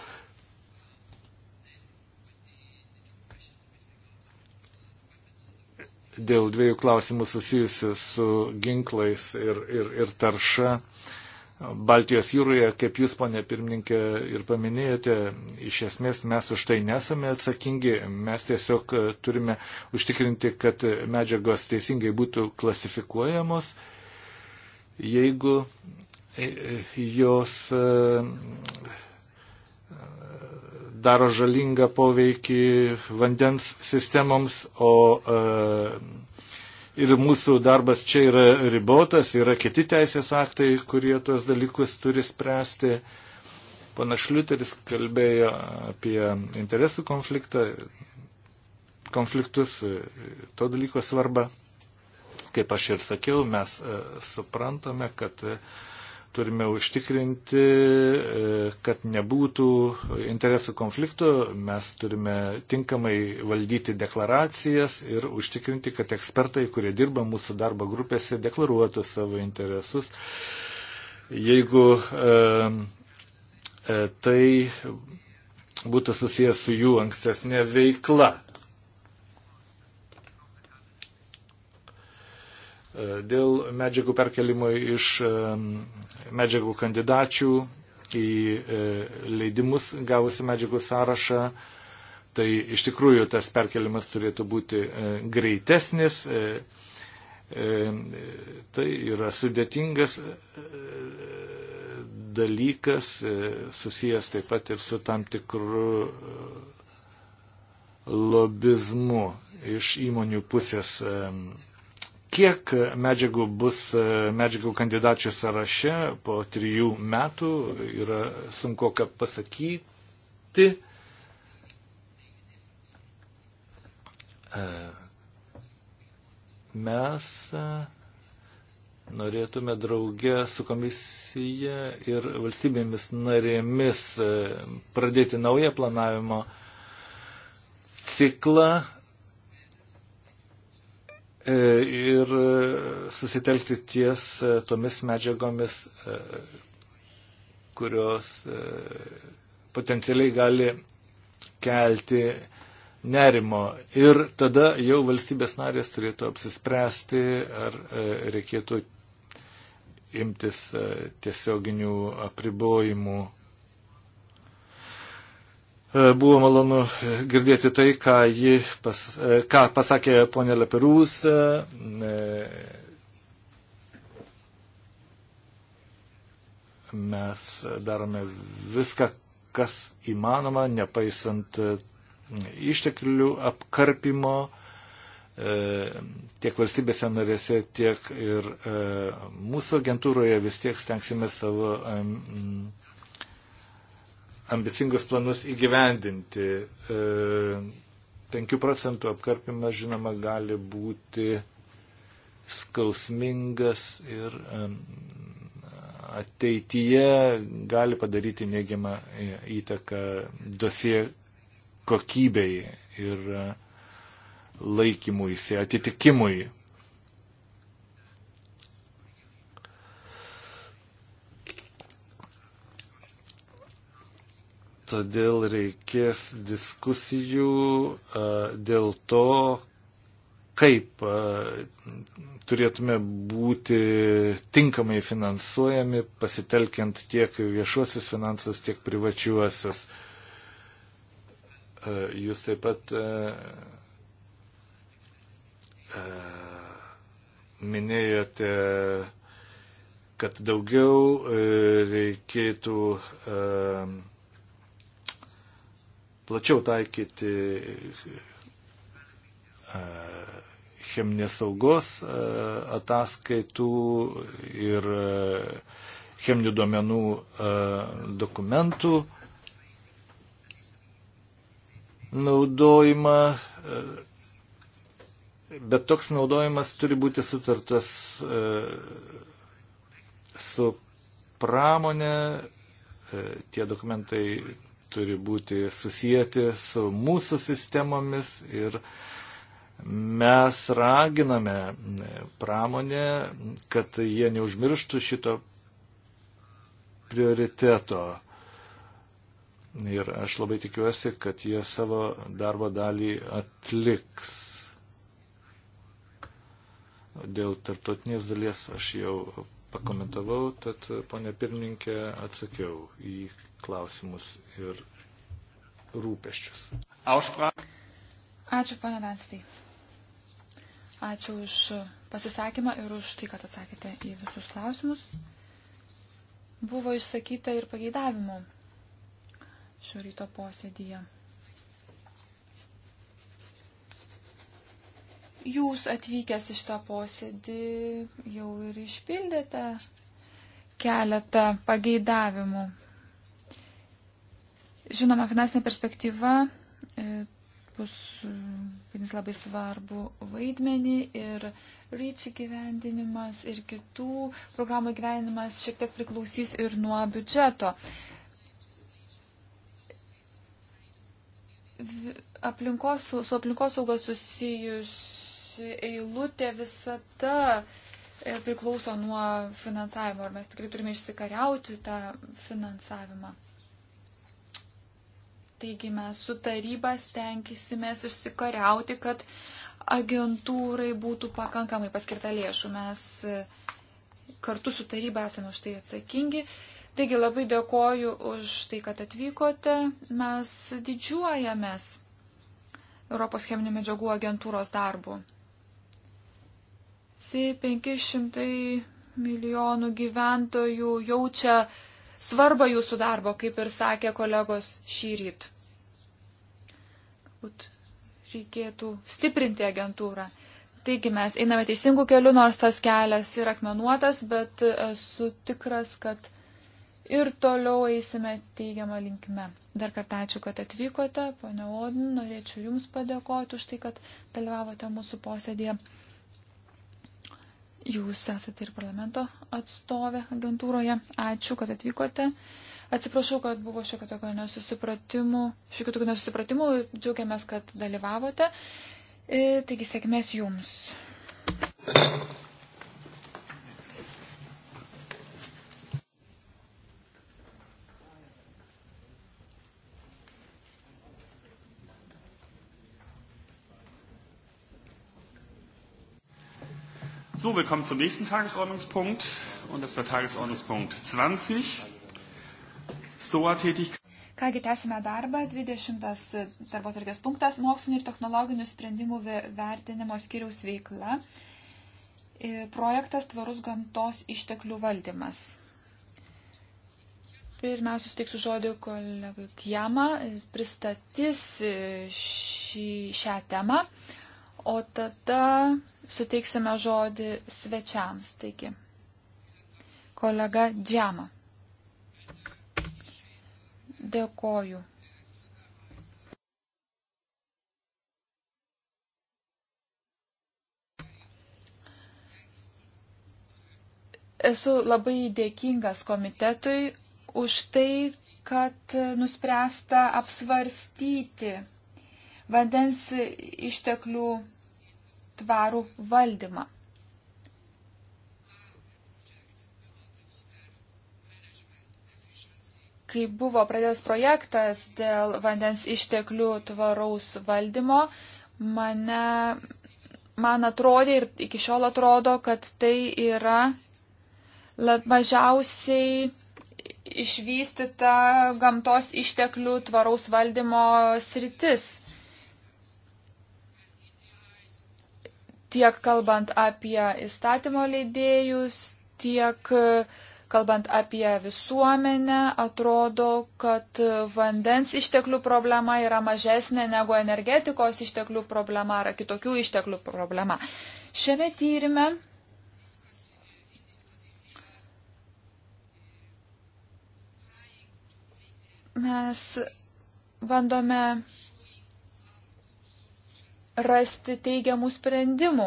dėl dviejų klausimų susijusių su ginklais ir, ir, ir tarša. Baltijos jūroje, kaip jūs, ponė pirmininkė, ir paminėjote, iš esmės mes už tai nesame atsakingi, mes tiesiog e, turime užtikrinti, kad medžiagos teisingai būtų klasifikuojamos, jeigu e, e, jos daro žalingą poveikį vandens sistemoms, o e, ir mūsų darbas čia yra ribotas, yra kiti teisės aktai, kurie tuos dalykus turi spręsti. Pana Šliuteris kalbėjo apie interesų konfliktą, konfliktus, e, to dalyko svarbą. Kaip aš ir sakiau, mes e, suprantame, kad uh, turime užtikrinti, e, kad nebūtų interesų konfliktų, mes turime tinkamai valdyti deklaracijas ir užtikrinti, kad ekspertai, kurie dirba mūsų darbo grupėse, deklaruotų savo interesus. Jeigu e, e, tai būtų susijęs su jų ankstesnė veikla. dėl medžiagų perkelimo iš medžiagų kandidačių į e, leidimus gavusi medžiagų sąrašą. Tai iš tikrųjų tas perkelimas turėtų būti e, greitesnis. E, tai yra sudėtingas dalykas, susijęs taip pat ir su tam tikru lobizmu iš įmonių pusės kiek medžiagų bus e, medžiagų kandidačių sąraše po trijų metų, yra sunku ką pasakyti. E, mes e, norėtume draugę su komisija ir valstybėmis narėmis pradėti naują planavimo ciklą E, ir e, susitelkti ties e, tomis medžiagomis, kurios potencialiai gali kelti nerimo. Ir tada jau valstybės narės turėtų apsispręsti, ar reikėtų imtis tiesioginių apribojimų E, buvo malonu e, girdėti tai, ką, ji pas, e, ką pasakė ponė Leperūs. Mes darome viską, kas įmanoma, nepaisant išteklių apkarpimo tiek valstybėse narėse, tiek ir mūsų agentūroje vis tiek stengsime savo ambicingus planus įgyvendinti. 5 e, procentų apkarpimas, žinoma, gali būti skausmingas ir e, ateityje gali padaryti neigiamą e, įtaką dosie kokybei ir laikymui, atitikimui todėl reikės diskusijų e, dėl to, kaip e, turėtume būti tinkamai finansuojami, pasitelkiant tiek viešuosius finansus, tiek privačiuosius. E, jūs taip pat minėjote, kad daugiau reikėtų plačiau taikyti e, cheminės saugos e, ataskaitų ir e, cheminių duomenų dokumentų naudojimą, bet toks naudojimas turi būti sutartas su pramonė, tie dokumentai turi būti susijęti su mūsų sistemomis ir mes raginame pramonę, kad jie neužmirštų šito prioriteto. Ir aš labai tikiuosi, kad jie savo darbo dalį atliks. Dėl tarptautinės dalies aš jau pakomentavau, tad ponė pirmininkė atsakiau į klausimus ir rūpeščius.
Ačiū, ponė Dansvai. Ačiū už pasisakymą ir už tai, kad atsakėte į visus klausimus. Buvo išsakyta ir pageidavimų šio ryto posėdyje. jūs atvykęs iš tą posėdį jau ir išpildėte keletą pageidavimų. Žinoma, finansinė perspektyva e, bus e, vienas labai svarbu vaidmenį ir REACH įgyvendinimas ir kitų programų įgyvendinimas šiek tiek priklausys ir nuo biudžeto. Aplinkos, su aplinkosaugos susijusi eilutė visada e, priklauso nuo finansavimo, ar mes tikrai turime išsikariauti tą finansavimą. Taigi mes su taryba stengisimės išsikariauti, kad agentūrai būtų pakankamai paskirta lėšų. Mes e, kartu su taryba esame už tai atsakingi. Taigi labai dėkoju už tai, kad atvykote. Mes didžiuojamės Europos cheminių medžiagų agentūros darbu. C500 milijonų gyventojų jaučia svarbą jūsų darbo, kaip ir sakė kolegos šį ryt. Galbūt reikėtų stiprinti agentūrą. Taigi mes einame teisingų kelių, nors tas kelias yra akmenuotas, bet esu tikras, kad ir toliau eisime teigiamą linkme. Dar kartą ačiū, kad atvykote, ponia Odin, norėčiau Jums padėkoti už tai, kad dalyvavote mūsų posėdėje. Jūs esate ir parlamento atstovė agentūroje. Ačiū, kad atvykote. Atsiprašau, kad buvo šiokio tokio nesusipratimų. Šiokio tokio nesusipratimų. Džiaugiamės, kad dalyvavote. E, taigi sėkmės jums. Thank you.
So, wir kommen zum nächsten Tagesordnungspunkt und das ist der Tagesordnungspunkt 20. STOA-Tätigkeit.
Kągi tęsime darbą. 20 darbo targės punktas - mokslinio ir technologinių sprendimų vertinimo skiriaus veikla. E, projektas tvarus gamtos išteklių valdymas. Pirmiausia, suteiksiu žodį kolegai Kjama, pristatys e, šį, šią temą o tada suteiksime žodį svečiams. Taigi, kolega Džiama. Dėkoju. Esu labai dėkingas komitetui už tai, kad nuspręsta apsvarstyti vandens išteklių tvarų valdymą. Kai buvo pradėtas projektas dėl vandens išteklių tvaraus valdymo, mane, man atrodė ir iki šiol atrodo, kad tai yra mažiausiai išvystyta gamtos išteklių tvaraus valdymo sritis. tiek kalbant apie įstatymo leidėjus, tiek e, kalbant apie visuomenę, atrodo, kad vandens išteklių problema yra mažesnė negu energetikos išteklių problema ar kitokių išteklių problema. Šiame tyrimė mes bandome rasti teigiamų sprendimų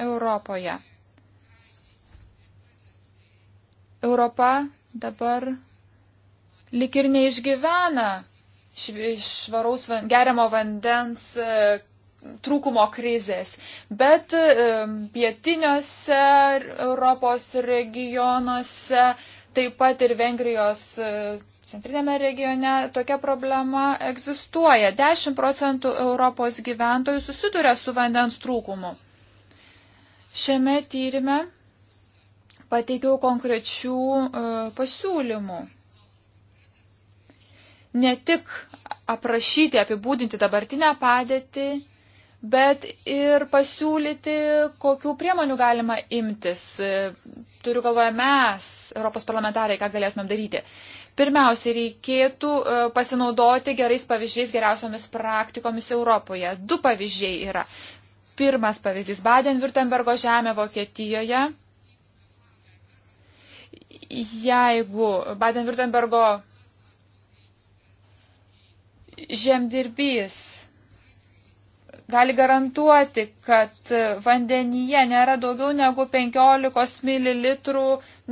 Europoje. Europa dabar lik ir neišgyvena švaraus geriamo vandens e, trūkumo krizės. Bet e, pietiniuose Europos regionuose, taip pat ir Vengrijos e, Centrinėme regione tokia problema egzistuoja. 10 procentų Europos gyventojų susiduria su vandens trūkumu. Šiame tyrimė pateikiau konkrečių e, pasiūlymų. Ne tik aprašyti, apibūdinti dabartinę padėtį, bet ir pasiūlyti, kokių priemonių galima imtis. E, turiu galvoje mes, Europos parlamentarai, ką galėtumėm daryti. Pirmiausia, reikėtų e, pasinaudoti gerais pavyzdžiais, geriausiomis praktikomis Europoje. Du pavyzdžiai yra. Pirmas pavyzdys - Baden-Württembergo žemė Vokietijoje. Jeigu Baden-Württembergo žemdirbys gali garantuoti, kad vandenyje nėra daugiau negu 15 ml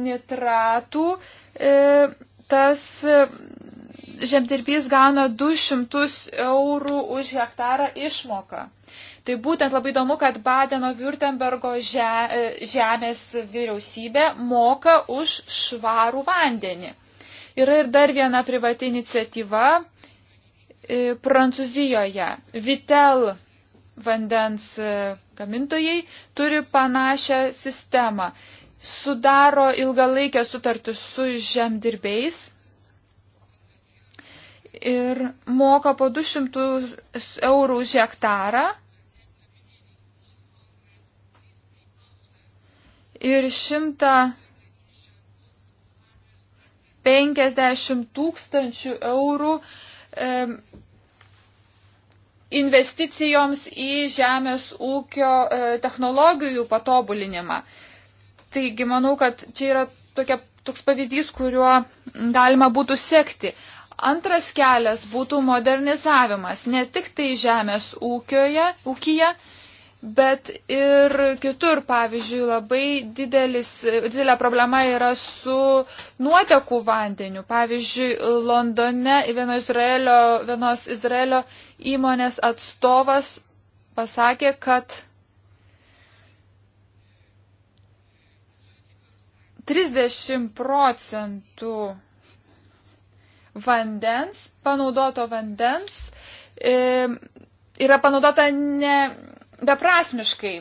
nitratų, e, tas e, žemdirbys gauna 200 eurų už hektarą išmoką. Tai būtent labai įdomu, kad Badeno Württembergo e, žemės vyriausybė moka už švarų vandenį. Yra ir dar viena privati iniciatyva e, Prancūzijoje. Vitel vandens gamintojai turi panašią sistemą sudaro ilgalaikę sutartį su žemdirbiais ir moka po 200 eurų už hektarą. Ir 150 tūkstančių eurų e, investicijoms į žemės ūkio e, technologijų patobulinimą. Taigi manau, kad čia yra tokia, toks pavyzdys, kuriuo galima būtų sekti. Antras kelias būtų modernizavimas ne tik tai žemės ūkioje, ūkyje, bet ir kitur. Pavyzdžiui, labai didelis, didelė problema yra su nuotekų vandeniu. Pavyzdžiui, Londone vieno Izraelio, vienos Izraelio įmonės atstovas pasakė, kad 30 procentų vandens, panaudoto vandens, e, yra panaudota ne beprasmiškai.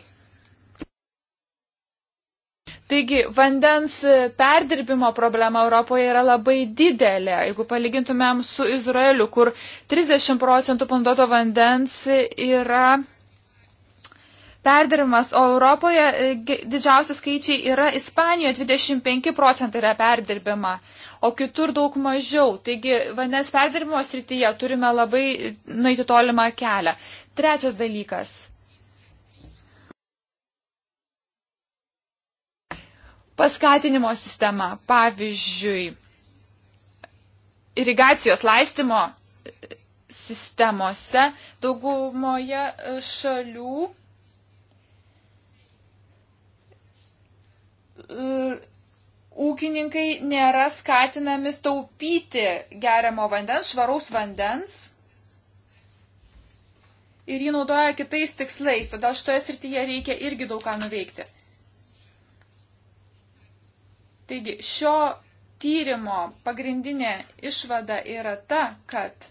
Taigi, vandens perdirbimo problema Europoje yra labai didelė. Jeigu palygintumėm su Izraeliu, kur 30 procentų panaudoto vandens yra perdirimas, o Europoje e, didžiausi skaičiai yra Ispanijoje 25 procentai yra perdirbima, o kitur daug mažiau. Taigi vandens perdirbimo srityje turime labai e, nueiti tolimą kelią. Trečias dalykas. Paskatinimo sistema, pavyzdžiui, irigacijos laistymo e, sistemose daugumoje šalių E, ūkininkai nėra skatinami taupyti geriamo vandens, švaraus vandens ir jį naudoja kitais tikslais, todėl šitoje srityje reikia irgi daug ką nuveikti. Taigi, šio tyrimo pagrindinė išvada yra ta, kad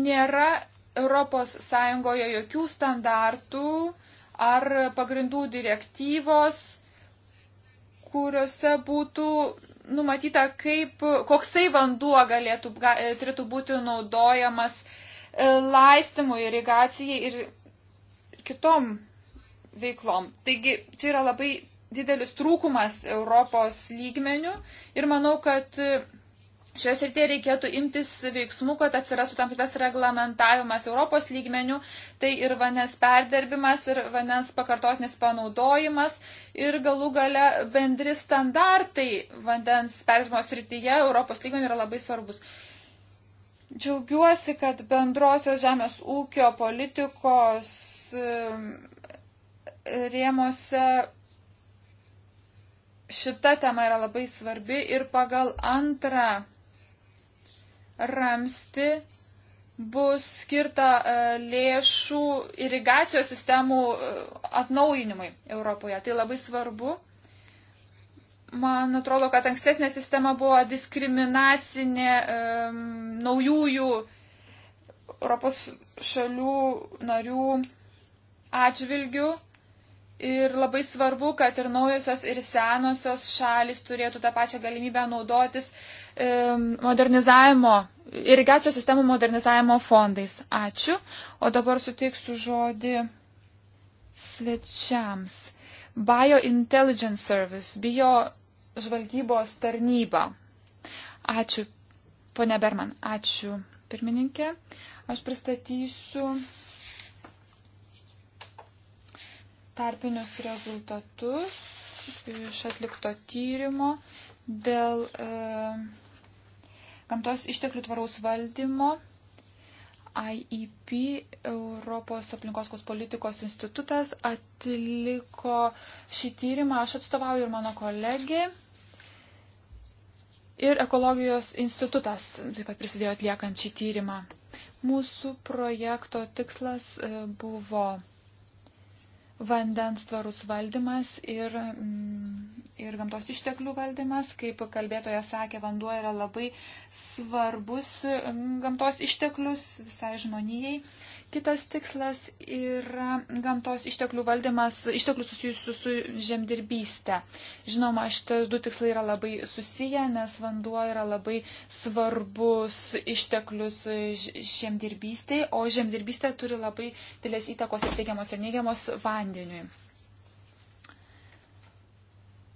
nėra ES jokių standartų, ar pagrindų direktyvos, kuriuose būtų numatyta, kaip, koksai vanduo galėtų, e, turėtų būti naudojamas e, laistimui, irigacijai ir kitom veiklom. Taigi čia yra labai didelis trūkumas Europos lygmenių ir manau, kad Šios ir tie reikėtų imtis veiksmų, kad atsirastų tam tikras reglamentavimas Europos lygmenių, tai ir vandens perdirbimas, ir vandens pakartotinis panaudojimas, ir galų gale bendri standartai vandens perdirbimo srityje Europos lygmenių yra labai svarbus. Džiaugiuosi, kad bendrosios žemės ūkio politikos um, rėmose šita tema yra labai svarbi ir pagal antrą ramsti bus skirta e, lėšų irigacijos sistemų e, atnaujinimui Europoje. Tai labai svarbu. Man atrodo, kad ankstesnė sistema buvo diskriminacinė um, naujųjų Europos šalių narių atžvilgių Ir labai svarbu, kad ir naujosios, ir senosios šalis turėtų tą pačią galimybę naudotis modernizavimo, irigacijos sistemų modernizavimo fondais. Ačiū. O dabar suteiksiu žodį svečiams. Biointelligence Service, bio žvalgybos tarnyba. Ačiū, ponia Berman. Ačiū, pirmininkė. Aš pristatysiu tarpinius rezultatus iš atlikto tyrimo dėl e, gamtos išteklių tvaraus valdymo IEP, Europos aplinkoskos politikos institutas, atliko šį tyrimą, aš atstovauju ir mano kolegė. Ir ekologijos institutas taip pat prisidėjo atliekant šį tyrimą. Mūsų projekto tikslas e, buvo vandens tvarus valdymas ir, mm, ir gamtos išteklių valdymas. Kaip kalbėtoja sakė, vanduo yra labai svarbus mm, gamtos išteklius visai žmonijai. Kitas tikslas yra gamtos išteklių valdymas, išteklių susijusių su žemdirbystė. Žinoma, šitie du tikslai yra labai susiję, nes vanduo yra labai svarbus išteklius žemdirbystėj, o žemdirbystė turi labai dėlės įtakos ir teigiamos ir neigiamos vandeniui.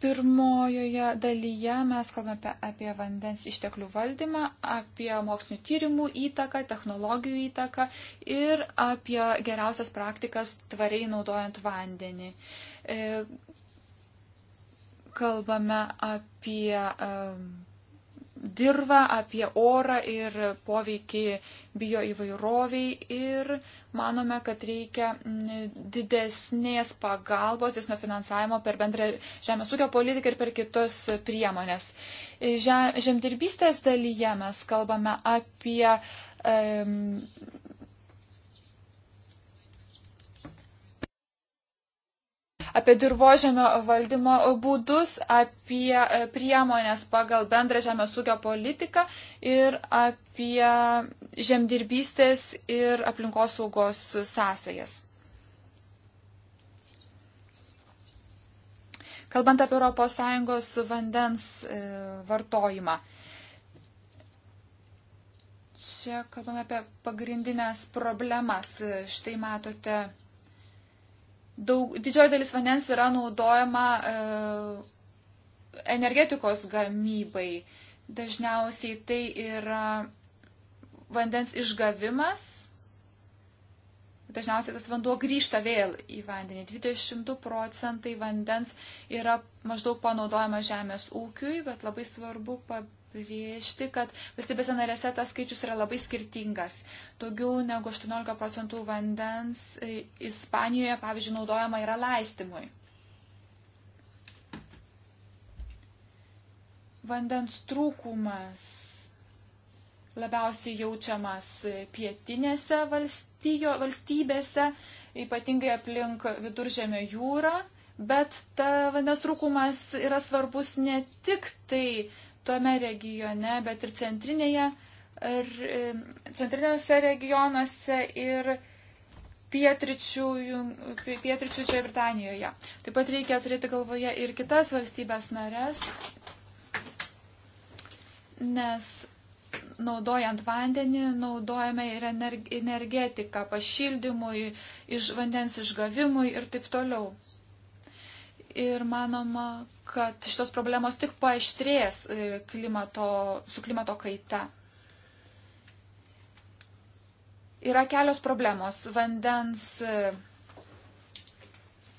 Pirmojoje dalyje mes kalbame apie, apie vandens išteklių valdymą, apie mokslinių tyrimų įtaką, technologijų įtaką ir apie geriausias praktikas tvariai naudojant vandenį. E, kalbame apie e, dirvą, apie orą ir poveikį bio įvairoviai ir manome, kad reikia didesnės pagalbos, didesnio finansavimo per bendrą žemės ūkio politiką ir per kitus priemonės. Žemdirbystės dalyje mes kalbame apie um, apie dirbožėmio valdymo būdus, apie e, priemonės pagal bendrą žemės ūkio politiką ir apie žemdirbystės ir aplinkosaugos sąsajas. Kalbant apie ES vandens e, vartojimą. Čia kalbame apie pagrindinės problemas. Štai matote daug, didžioji dalis vandens yra naudojama e, energetikos gamybai. Dažniausiai tai yra vandens išgavimas. Dažniausiai tas vanduo grįžta vėl į vandenį. 20 procentai vandens yra maždaug panaudojama žemės ūkiui, bet labai svarbu pabrėžti pabrėžti, kad valstybėse narėse tas skaičius yra labai skirtingas. Daugiau negu 18 procentų vandens e, Ispanijoje, pavyzdžiui, naudojama yra laistimui. Vandens trūkumas labiausiai jaučiamas pietinėse valstijo, valstybėse, ypatingai aplink viduržėmio jūrą, bet ta vandens trūkumas yra svarbus ne tik tai tame regione, bet ir centrinėje, ar, centrinėse regionuose ir pietričių, pietričių čia Britanijoje. Taip pat reikia turėti galvoje ir kitas valstybės narės, nes naudojant vandenį naudojame ir energetiką pašildymui, iš vandens išgavimui ir taip toliau ir manoma, kad šitos problemos tik paaštrės e, klimato, su klimato kaita. Yra kelios problemos. Vandens e,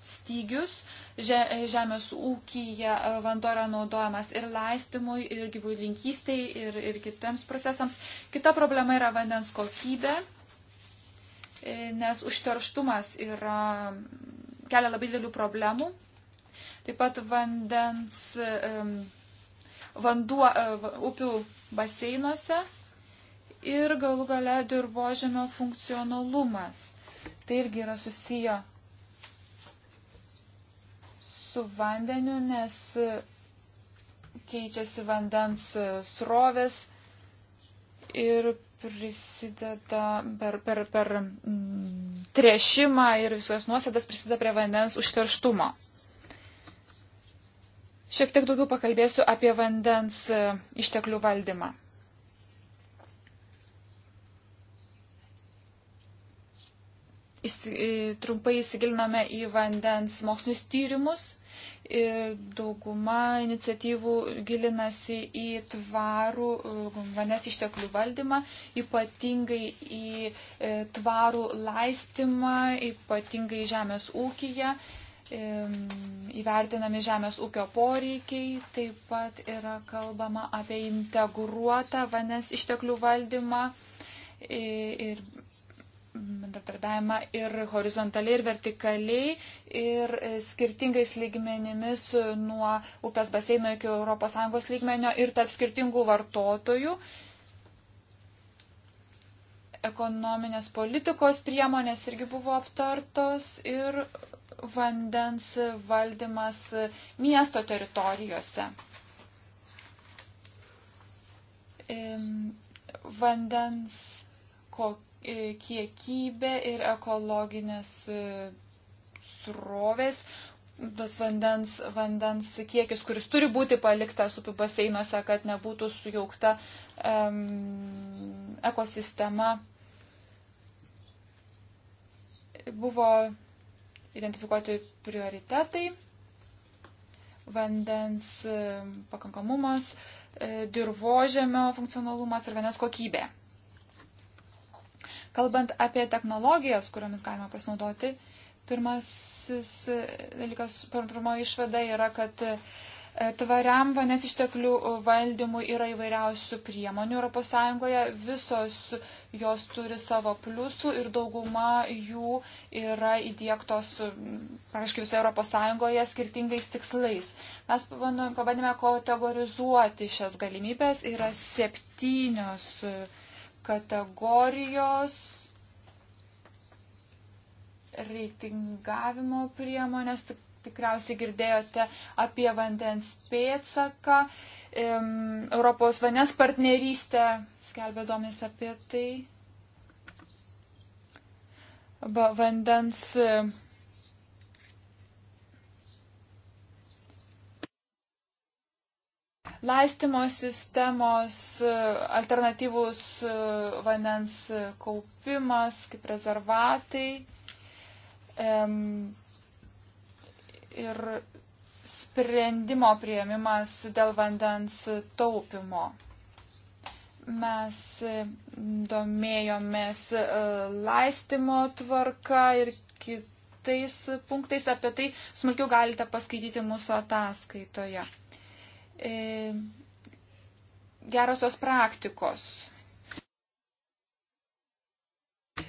stygius, e, žemės ūkyje vanduo yra naudojamas ir laistimui, ir gyvulinkystei, ir, ir kitiems procesams. Kita problema yra vandens kokybė, nes užterštumas yra, kelia labai didelių problemų. Taip pat vandens, vanduo, e, upių baseinuose ir galų gale dirbožėmio funkcionalumas. Tai irgi yra susiję su vandeniu, nes keičiasi vandens e, srovės ir prisideda per, per, per mm, trešimą ir visos nuosėdas prisideda prie vandens užterštumo. Šiek tiek daugiau pakalbėsiu apie vandens e, išteklių valdymą. Trumpai įsigiliname į vandens mokslinius tyrimus ir e, dauguma iniciatyvų gilinasi į tvarų e, vandens išteklių valdymą, ypatingai į tvarų laistimą, ypatingai žemės ūkiją įvertinami žemės ūkio poreikiai, taip pat yra kalbama apie integruotą vandens išteklių valdymą ir bendradarbiavimą ir horizontaliai, ir vertikaliai, ir e, skirtingais lygmenimis nuo upės baseino iki ES lygmenio ir tarp skirtingų vartotojų ekonominės politikos priemonės irgi buvo aptartos ir vandens valdymas miesto teritorijose. Vandens e, kiekybė ir ekologinės e, srovės, tas vandens, vandens kiekis, kuris turi būti paliktas upių baseinuose, kad nebūtų sujaukta um, ekosistema, buvo identifikuoti prioritetai, vandens e, pakankamumas, e, dirbožėmio funkcionalumas ir vandens kokybė. Kalbant apie technologijas, kuriomis galima pasinaudoti, pirmasis e, dalykas, pirmoji išvada yra, kad Tvariam vandens išteklių valdymui yra įvairiausių priemonių ES, visos jos turi savo pliusų ir dauguma jų yra įdėktos, aišku, visoje ES skirtingais tikslais. Mes pabandėme kategorizuoti šias galimybės, yra septynios kategorijos reitingavimo priemonės, tik tikriausiai girdėjote apie vandens pėtsaką, Europos vandens partnerystę, skelbė duomenys apie tai. Ba, vandens. Laistimo sistemos, alternatyvus vandens kaupimas kaip rezervatai, ir sprendimo prieimimas dėl vandens taupimo. Mes domėjomės e, laistimo tvarka ir kitais punktais, apie tai smulkiau galite paskaityti mūsų ataskaitoje. E, gerosios praktikos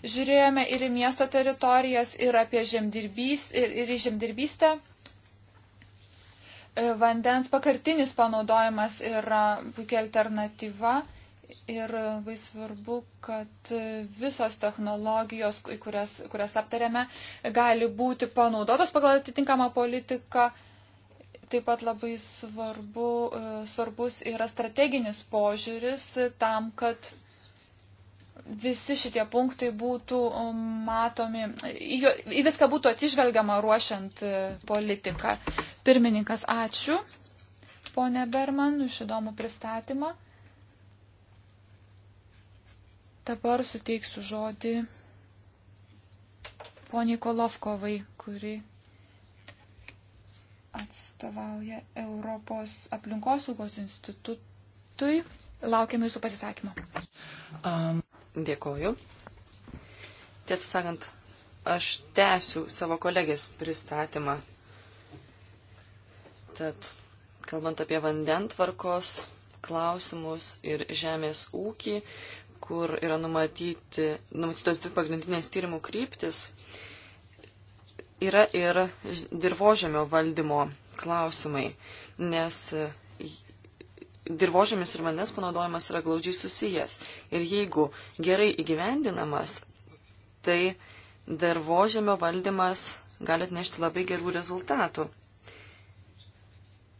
žiūrėjome ir į miesto teritorijas, ir apie žemdirbys, ir, ir į žemdirbystę. E, vandens pakartinis panaudojimas yra puikia alternatyva. Ir labai svarbu, kad visos technologijos, kurias, kurias aptarėme, gali būti panaudotos pagal atitinkamą politiką. Taip pat labai svarbu, e, svarbus yra strateginis požiūris tam, kad visi šitie punktai būtų um, matomi, į viską būtų atižvelgiama ruošiant e, politiką. Pirmininkas, ačiū, ponė Berman, už įdomų pristatymą. Dabar suteiksiu žodį poniai Kolovkovai, kuri atstovauja Europos aplinkosaugos institutui. Laukiam jūsų
pasisakymo. Um. Dėkoju. Tiesą sakant, aš tęsiu savo kolegės pristatymą. Tad, kalbant apie vandentvarkos klausimus ir žemės ūkį, kur yra numatyti, numatytos dvi pagrindinės tyrimų kryptis, yra ir dirbožėmio valdymo klausimai, nes dirbožėmis ir vandens panaudojimas yra glaudžiai susijęs. Ir jeigu gerai įgyvendinamas, tai dirbožėmio valdymas gali atnešti labai gerų rezultatų.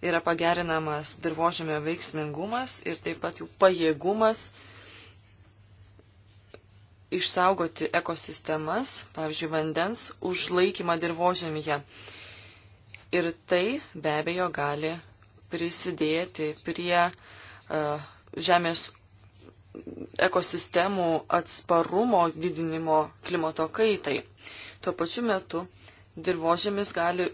Yra pagerinamas dirbožėmio veiksmingumas ir taip pat jų pajėgumas išsaugoti ekosistemas, pavyzdžiui, vandens užlaikymą dirbožėmėje. Ir tai be abejo gali prisidėti prie uh, žemės ekosistemų atsparumo didinimo klimato kaitai. Tuo pačiu metu dirbožėmis gali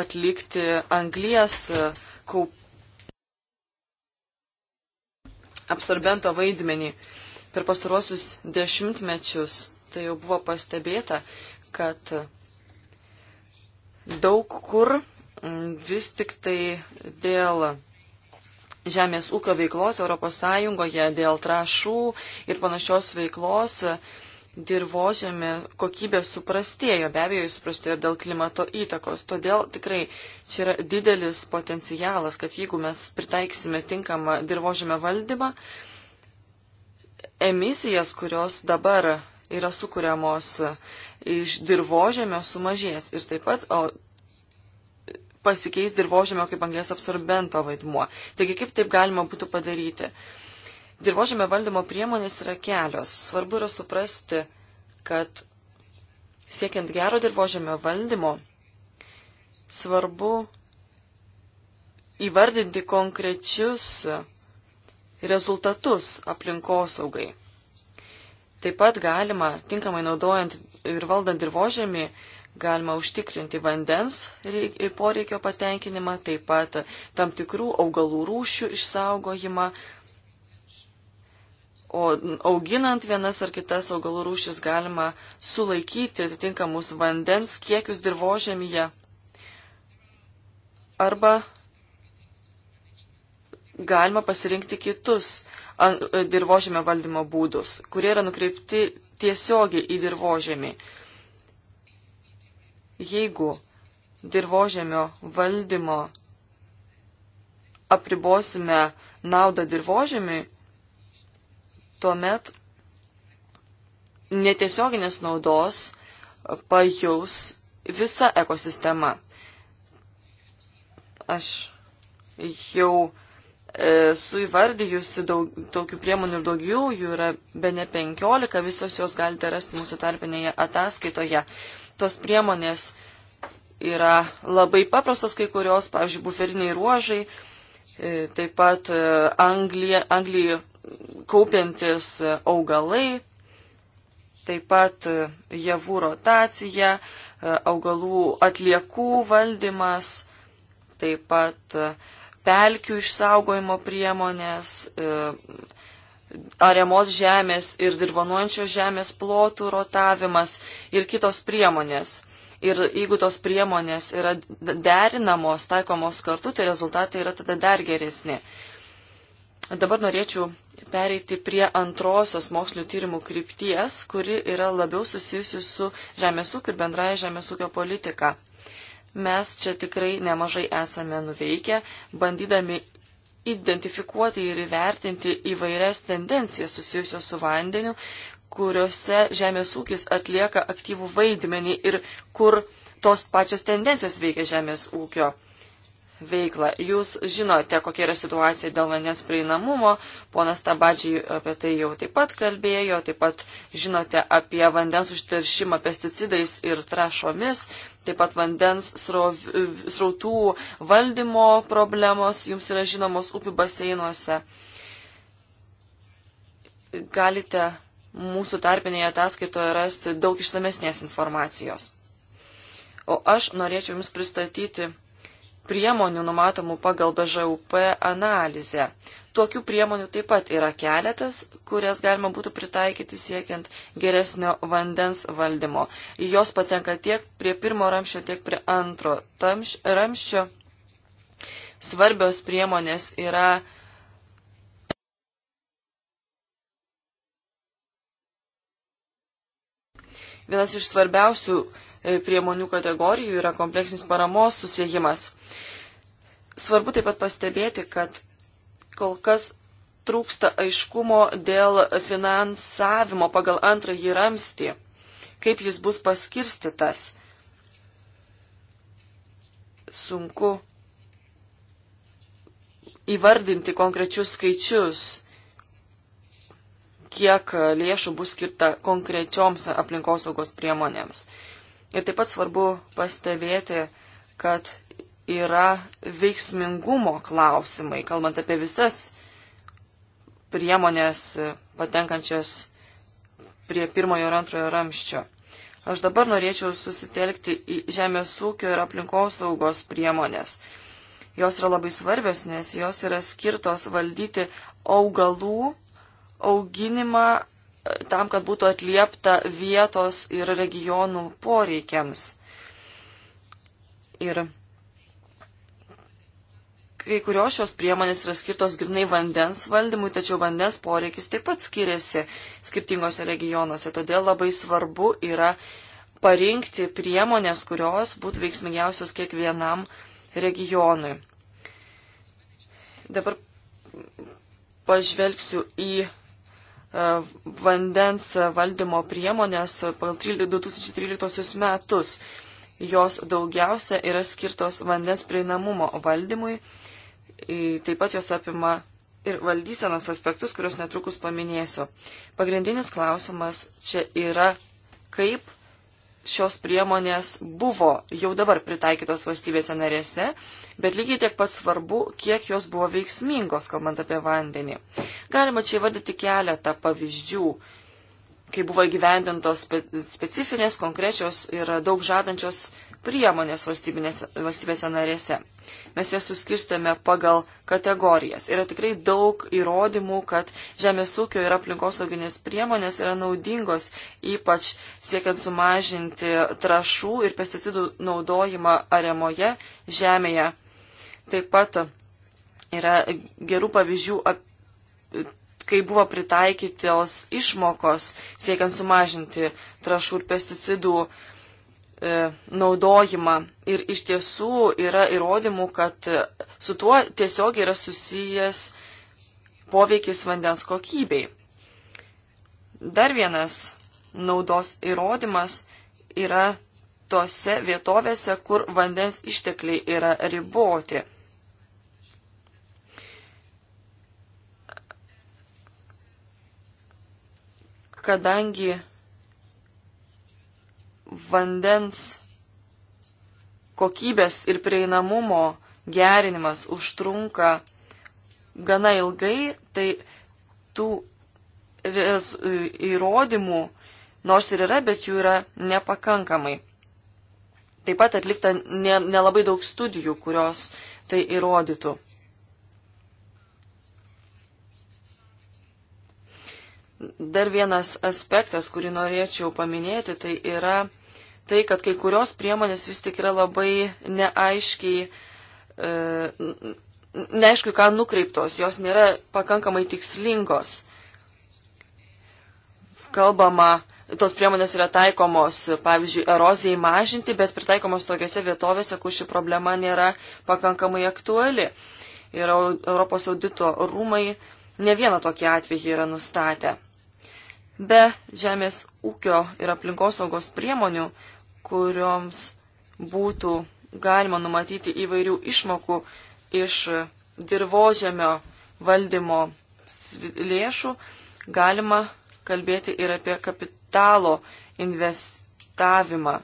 atlikti anglies e, kaup... absorbento vaidmenį. Per pastaruosius dešimtmečius tai jau buvo pastebėta, kad daug kur vis tik tai dėl žemės ūkio veiklos ES, dėl trašų ir panašios veiklos dirbožėmė kokybė suprastėjo, be abejo, jis suprastėjo dėl klimato įtakos. Todėl tikrai čia yra didelis potencialas, kad jeigu mes pritaiksime tinkamą dirbožėmę valdymą, emisijas, kurios dabar yra sukūriamos iš dirbožėmio sumažės. Ir taip pat pasikeis dirbožėmio kaip anglės absorbento vaidmuo. Taigi kaip taip galima būtų padaryti? Dirbožėmio valdymo priemonės yra kelios. Svarbu yra suprasti, kad siekiant gero dirbožėmio valdymo, svarbu įvardinti konkrečius rezultatus aplinkosaugai. Taip pat galima, tinkamai naudojant ir valdant dirbožėmį, galima užtikrinti vandens poreikio patenkinimą, taip pat tam tikrų augalų rūšių išsaugojimą. O auginant vienas ar kitas augalų rūšis galima sulaikyti atitinkamus vandens kiekius dirbožėmyje. Arba galima pasirinkti kitus dirbožėmio valdymo būdus, kurie yra nukreipti tiesiogiai į dirbožėmį jeigu dirbožėmio valdymo apribosime naudą dirbožėmiui, tuomet netiesioginės naudos pajaus visa ekosistema. Aš jau esu įvardyjusi daug, tokių priemonių ir daugiau, jų yra be ne penkiolika, visos jos galite rasti mūsų tarpinėje ataskaitoje tos priemonės yra labai paprastos kai kurios, pavyzdžiui, buferiniai ruožai, e, taip pat anglį, e, anglį kaupiantis e, augalai, taip pat javų rotacija, augalų atliekų valdymas, taip pat pelkių išsaugojimo priemonės, ariamos žemės ir dirbonuojančios žemės plotų rotavimas ir kitos priemonės. Ir jeigu tos priemonės yra derinamos, taikomos kartu, tai rezultatai yra tada dar geresni. Dabar norėčiau pereiti prie antrosios mokslinio tyrimų krypties, kuri yra labiau susijusi su žemės ūkio ir bendraja žemės ūkio politika. Mes čia tikrai nemažai esame nuveikę, bandydami identifikuoti ir įvertinti įvairias tendencijas susijusios su vandeniu, kuriuose žemės ūkis atlieka aktyvų vaidmenį ir kur tos pačios tendencijos veikia žemės ūkio veiklą. Jūs žinote, kokia yra situacija dėl vandens prieinamumo, ponas Tabadžiai apie tai jau taip pat kalbėjo, taip pat žinote apie vandens užteršimą pesticidais ir trašomis, taip pat vandens srov, srautų valdymo problemos jums yra žinomos upių baseinuose. Galite mūsų tarpinėje ataskaitoje rasti daug išsamesnės informacijos. O aš norėčiau Jums pristatyti priemonių numatomų pagal BŽUP analizę. Tokių priemonių taip pat yra keletas, kurias galima būtų pritaikyti siekiant geresnio vandens valdymo. Jos patenka tiek prie pirmo ramščio, tiek prie antro tamš, ramščio. Svarbios priemonės yra vienas iš svarbiausių E, priemonių kategorijų yra kompleksinis paramos susijimas. Svarbu taip pat pastebėti, kad kol kas trūksta aiškumo dėl finansavimo pagal antrąjį ramstį, kaip jis bus paskirstytas. Sunku įvardinti konkrečius skaičius, kiek lėšų bus skirta konkrečioms aplinkosaugos priemonėms. Ir taip pat svarbu pastebėti, kad yra veiksmingumo klausimai, kalbant apie visas priemonės patenkančias prie pirmojo ir antrojo ramščio. Aš dabar norėčiau susitelkti į žemės ūkio ir aplinkosaugos priemonės. Jos yra labai svarbios, nes jos yra skirtos valdyti augalų auginimą tam, kad būtų atliepta vietos ir regionų poreikiams. Ir kai kurios šios priemonės yra skirtos grinai vandens valdymui, tačiau vandens poreikis taip pat skiriasi skirtingose regionuose. Todėl labai svarbu yra parinkti priemonės, kurios būtų veiksmingiausios kiekvienam regionui. Dabar pažvelgsiu į E, vandens valdymo priemonės pagal 2013 metus. Jos daugiausia yra skirtos vandens prieinamumo valdymui, taip pat jos apima ir valdysenos aspektus, kuriuos netrukus paminėsiu. Pagrindinis klausimas čia yra, kaip šios priemonės buvo jau dabar pritaikytos valstybėse narėse, bet lygiai tiek pat svarbu, kiek jos buvo veiksmingos, kalbant apie vandenį. Galima čia įvardyti keletą pavyzdžių, kai buvo įgyvendintos spe specifinės, konkrečios ir daug žadančios priemonės valstybėse narėse. Mes jas suskirstame pagal kategorijas. Yra tikrai daug įrodymų, kad žemės ūkio ir aplinkosauginės priemonės yra naudingos, ypač siekiant sumažinti trašų ir pesticidų naudojimą aremoje žemėje. Taip pat yra gerų pavyzdžių kai buvo pritaikytos išmokos siekiant sumažinti trašų ir pesticidų uh, E, naudojimą. Ir iš tiesų yra įrodymų, kad su tuo tiesiog yra susijęs poveikis vandens kokybei. Dar vienas naudos įrodymas yra tose vietovėse, kur vandens ištekliai yra riboti. Kadangi vandens kokybės ir prieinamumo gerinimas užtrunka gana ilgai, tai tų įrodymų, nors ir yra, bet jų yra nepakankamai. Taip pat atlikta nelabai ne, ne daug studijų, kurios tai įrodytų. Dar vienas aspektas, kurį norėčiau paminėti, tai yra tai, kad kai kurios priemonės vis tik yra labai neaiškiai, e, neaišku, ką nukreiptos, jos nėra pakankamai tikslingos. Kalbama, tos priemonės yra taikomos, pavyzdžiui, erozijai mažinti, bet pritaikomos tokiose vietovėse, kur ši problema nėra pakankamai aktuali. Ir Europos audito rūmai ne vieną tokį atvejį yra nustatę. Be žemės ūkio ir aplinkosaugos priemonių kurioms būtų galima numatyti įvairių išmokų iš dirbožėmio valdymo lėšų, galima kalbėti ir apie kapitalo investavimą.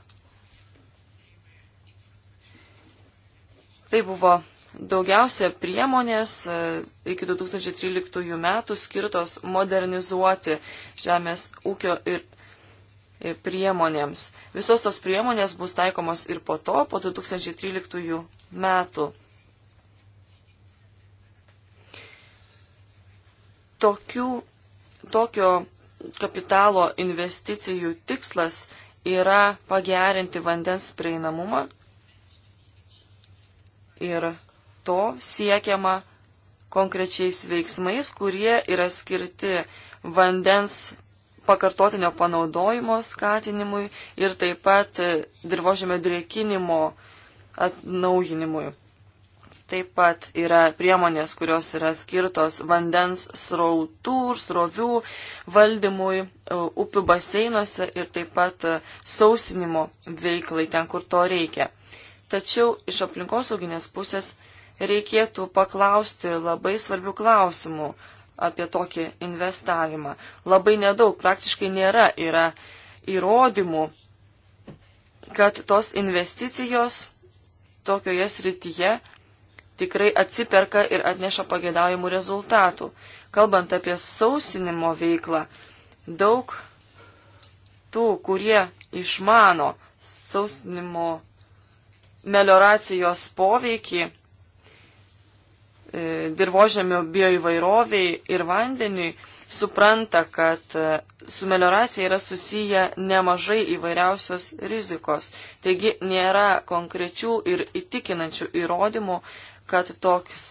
Tai buvo daugiausia priemonės e, iki 2013 metų skirtos modernizuoti žemės ūkio ir E, priemonėms. Visos tos priemonės bus taikomos ir po to, po 2013 metų. Tokių, tokio kapitalo investicijų tikslas yra pagerinti vandens prieinamumą ir to siekiama konkrečiais veiksmais, kurie yra skirti vandens pakartotinio panaudojimo skatinimui ir taip pat e, dirbožėmio drėkinimo atnaujinimui. Taip pat yra priemonės, kurios yra skirtos vandens srautų ir srovių valdymui e, upių baseinuose ir taip pat e, sausinimo veiklai ten, kur to reikia. Tačiau iš aplinkosauginės pusės reikėtų paklausti labai svarbių klausimų apie tokį investavimą. Labai nedaug, praktiškai nėra, yra įrodymų, kad tos investicijos tokioje srityje tikrai atsiperka ir atneša pagėdaujimų rezultatų. Kalbant apie sausinimo veiklą, daug tų, kurie išmano sausinimo melioracijos poveikį, E, dirbožėmio bioįvairoviai ir vandeniui, supranta, kad e, su melioracija yra susiję nemažai įvairiausios rizikos. Taigi nėra konkrečių ir įtikinančių įrodymų, kad toks,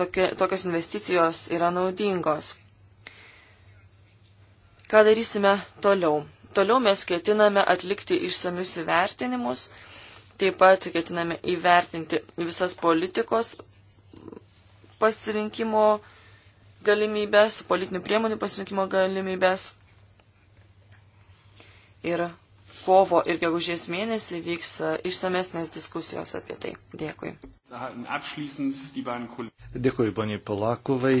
tokie, tokios investicijos yra naudingos. Ką darysime toliau? Toliau mes ketiname atlikti išsamius įvertinimus, taip pat ketiname įvertinti visas politikos pasirinkimo galimybės, politinių priemonių pasirinkimo galimybės. Ir kovo ir gegužės mėnesį vyks e, išsamesnės diskusijos apie tai.
Dėkui. Dėkui, poniai Palakovai.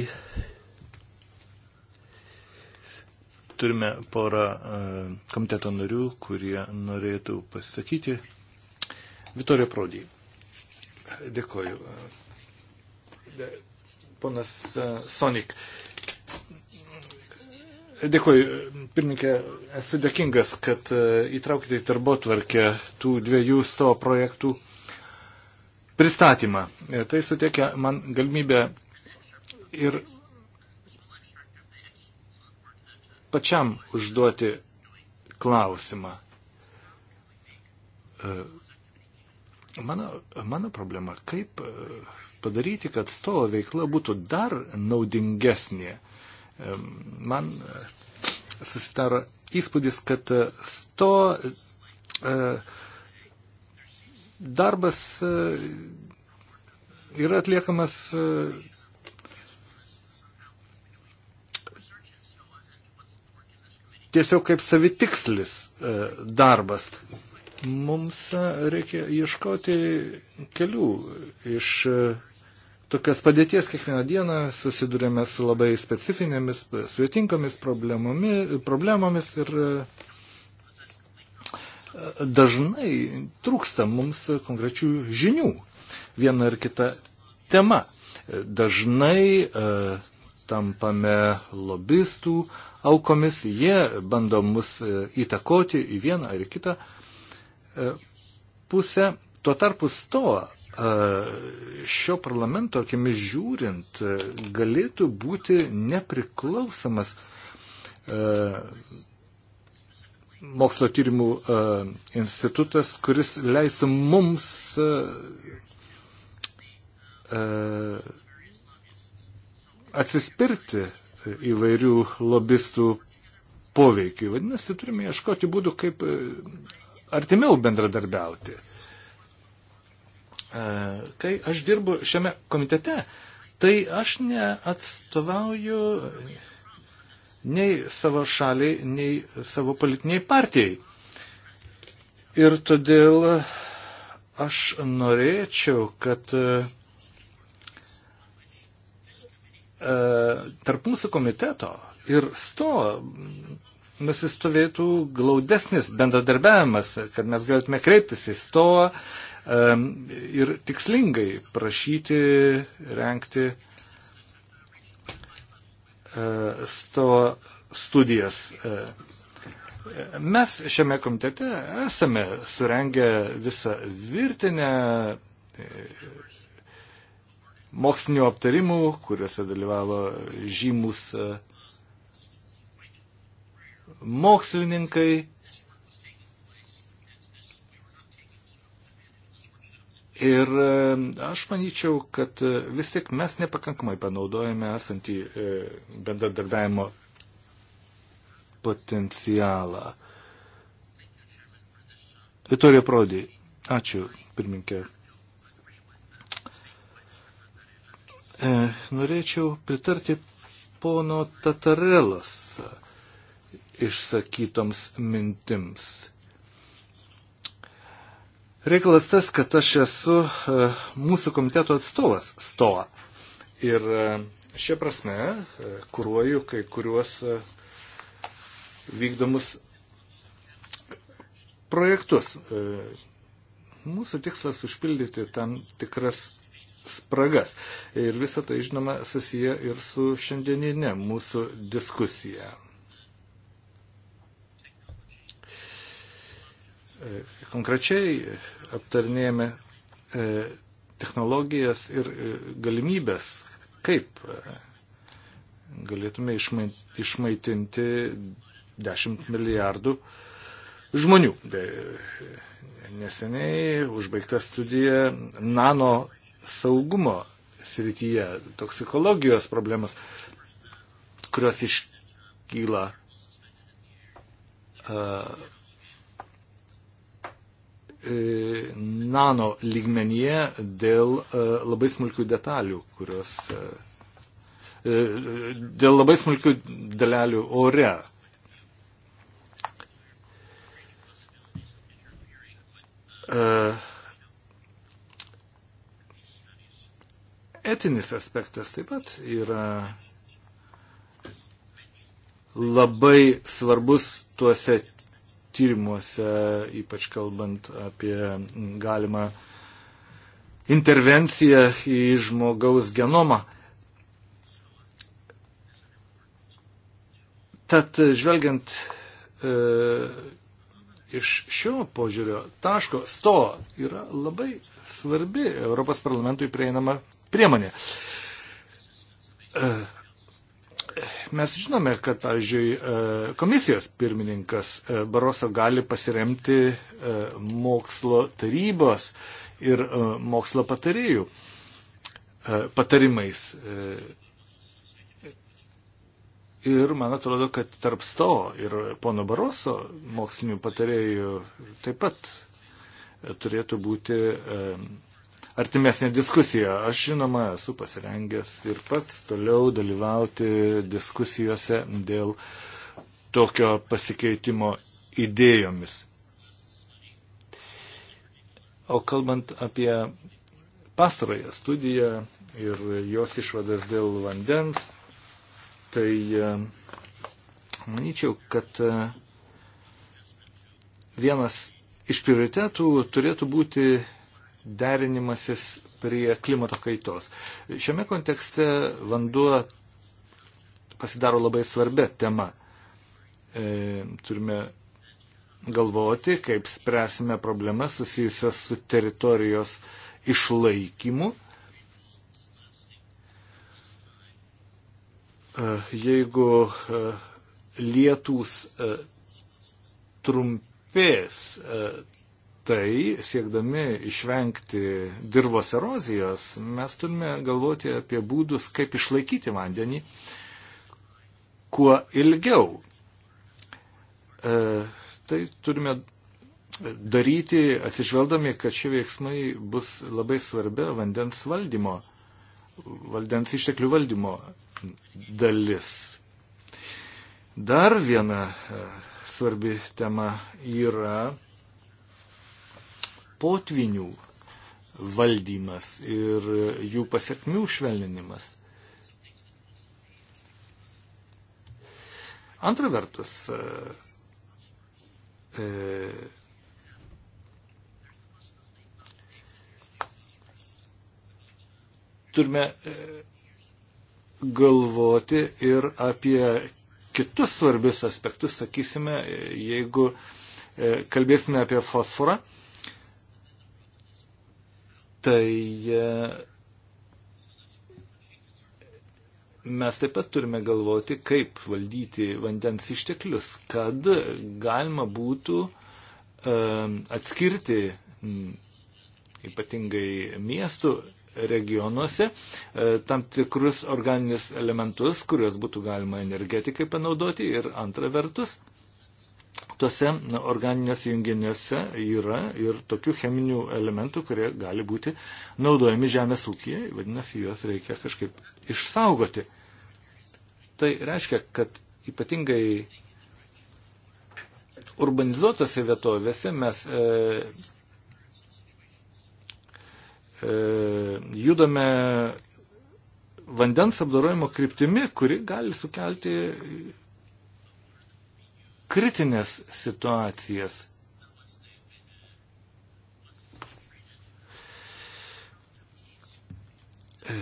Turime porą e, komiteto narių, kurie norėtų pasisakyti. Vitorija Prodį. Dėkoju ponas e, Sonik. Dėkuoju, pirmininkė, esu dėkingas, kad e, įtraukite į darbo tvarkę tų dviejų stovo projektų pristatymą. E, tai suteikia man galimybę ir pačiam užduoti klausimą. Mano, mano problema, kaip padaryti, kad stovo veikla būtų dar naudingesnė. Man e, susidaro įspūdis, kad e, sto e, darbas yra atliekamas tiesiog kaip savitikslis darbas. Mums reikia ieškoti kelių iš tokias padėties kiekvieną dieną susidurėme su labai specifinėmis, sudėtingomis problemomis ir e, dažnai trūksta mums konkrečių žinių viena ar kita tema. Dažnai e, tampame lobistų aukomis, jie bando mus e, įtakoti į vieną ar į kitą e, pusę Tuo tarpu stoa e, šio parlamento akimis žiūrint e, galėtų būti nepriklausomas e, mokslo tyrimų institutas, kuris leistų mums atsispirti įvairių lobistų poveikiai. Vadinasi, turime ieškoti būdų, kaip artimiau bendradarbiauti. Uh, E, kai aš dirbu šiame komitete, tai aš neatstovauju nei savo šaliai, nei savo politiniai partijai. Ir todėl aš norėčiau, kad e, tarp mūsų komiteto ir sto nusistovėtų glaudesnis bendradarbiavimas, kad mes galėtume kreiptis į stovą, ir tikslingai prašyti renkti e, sto studijas. E, mes šiame komitete esame surengę visą virtinę e, mokslinių aptarimų, kuriuose dalyvavo žymus mokslininkai, Ir e, aš manyčiau, kad e, vis tik mes nepakankamai panaudojame esantį e, bendradarbiavimo potencialą. Vitorija Prodi, ačiū, pirminkė. E, norėčiau pritarti pono Tatarelas išsakytoms mintims. Reikalas tas, kad aš esu e, mūsų komiteto atstovas stoa. Ir e, šia prasme e, kūruoju kai kuriuos vykdomus projektus. Mūsų tikslas užpildyti tam tikras spragas. Ir visą tai, žinoma, susiję ir su šiandieninė mūsų diskusija. Konkrečiai e, aptarnėjame e, technologijas ir e, galimybės, kaip galėtume išmaitinti 10 milijardų žmonių. Neseniai užbaigta studija nano saugumo srityje, toksikologijos problemas, kurios iškyla uh, E, nano lygmenyje dėl e, labai smulkių detalių, kurios e, dėl labai smulkių dalelių ore. Etinis aspektas taip pat yra labai svarbus tuose tyrimuose, ypač kalbant apie galimą intervenciją į žmogaus genomą. Tad žvelgiant e, iš šio požiūrio taško, sto yra labai svarbi Europos parlamentui prieinama priemonė. E, Mes žinome, kad, pavyzdžiui, e, komisijos pirmininkas e, Baroso gali pasiremti e, mokslo tarybos ir mokslo patarėjų patarimais. Ir man atrodo, kad tarp to ir pono Baroso mokslinių patarėjų taip pat turėtų būti artimesnė diskusija. Aš žinoma esu pasirengęs ir pats toliau dalyvauti diskusijose dėl tokio pasikeitimo idėjomis. O kalbant apie pastarąją studiją ir jos išvadas dėl vandens, tai e, manyčiau, kad e, vienas iš prioritetų turėtų būti derinimasis prie klimato kaitos. Šiame kontekste vanduo pasidaro labai svarbia tema. E, turime galvoti, kaip spręsime problemas susijusias su teritorijos išlaikymu. E, jeigu e, lietus e, trumpės, tai, siekdami išvengti dirbos erozijos, mes turime galvoti apie būdus, kaip išlaikyti vandenį kuo ilgiau. E, tai turime daryti atsižvelgdami, kad šie veiksmai bus labai svarbia vandens valdymo, vandens išteklių valdymo dalis. Dar viena e, svarbi tema yra potvinių valdymas ir jų pasiekmių švelninimas. Antra vertus, e, e turime e, galvoti ir apie kitus svarbius aspektus, sakysime, jeigu e, kalbėsime apie fosforą, tai e, mes taip pat turime galvoti, kaip valdyti vandens išteklius, kad galima būtų e, atskirti ypatingai miestų regionuose e, tam tikrus organinius elementus, kuriuos būtų galima energetikai panaudoti ir antra vertus tuose organiniuose junginiuose yra ir tokių cheminių elementų, kurie gali būti naudojami žemės ūkyje, vadinasi, juos reikia kažkaip išsaugoti. Tai reiškia, kad ypatingai urbanizuotose vietovėse mes e, e, judame vandens apdarojimo kryptimi, kuri gali sukelti kritinės situacijas. E,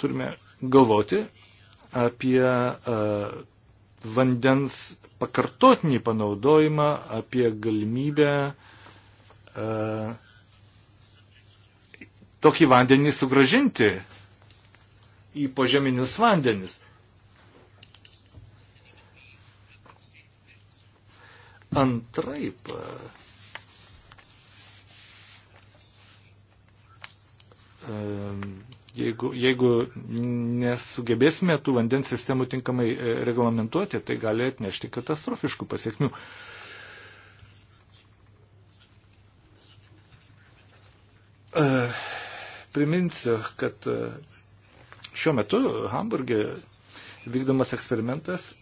turime galvoti apie uh, vandens pakartotinį panaudojimą, apie galimybę uh, tokį vandenį sugražinti į požeminius vandenis. Antraip, jeigu, jeigu nesugebėsime tų vandens sistemų tinkamai e, reglamentuoti, tai gali atnešti katastrofiškų pasiekmių. E, priminsiu, kad e, šiuo metu Hamburgė vykdomas eksperimentas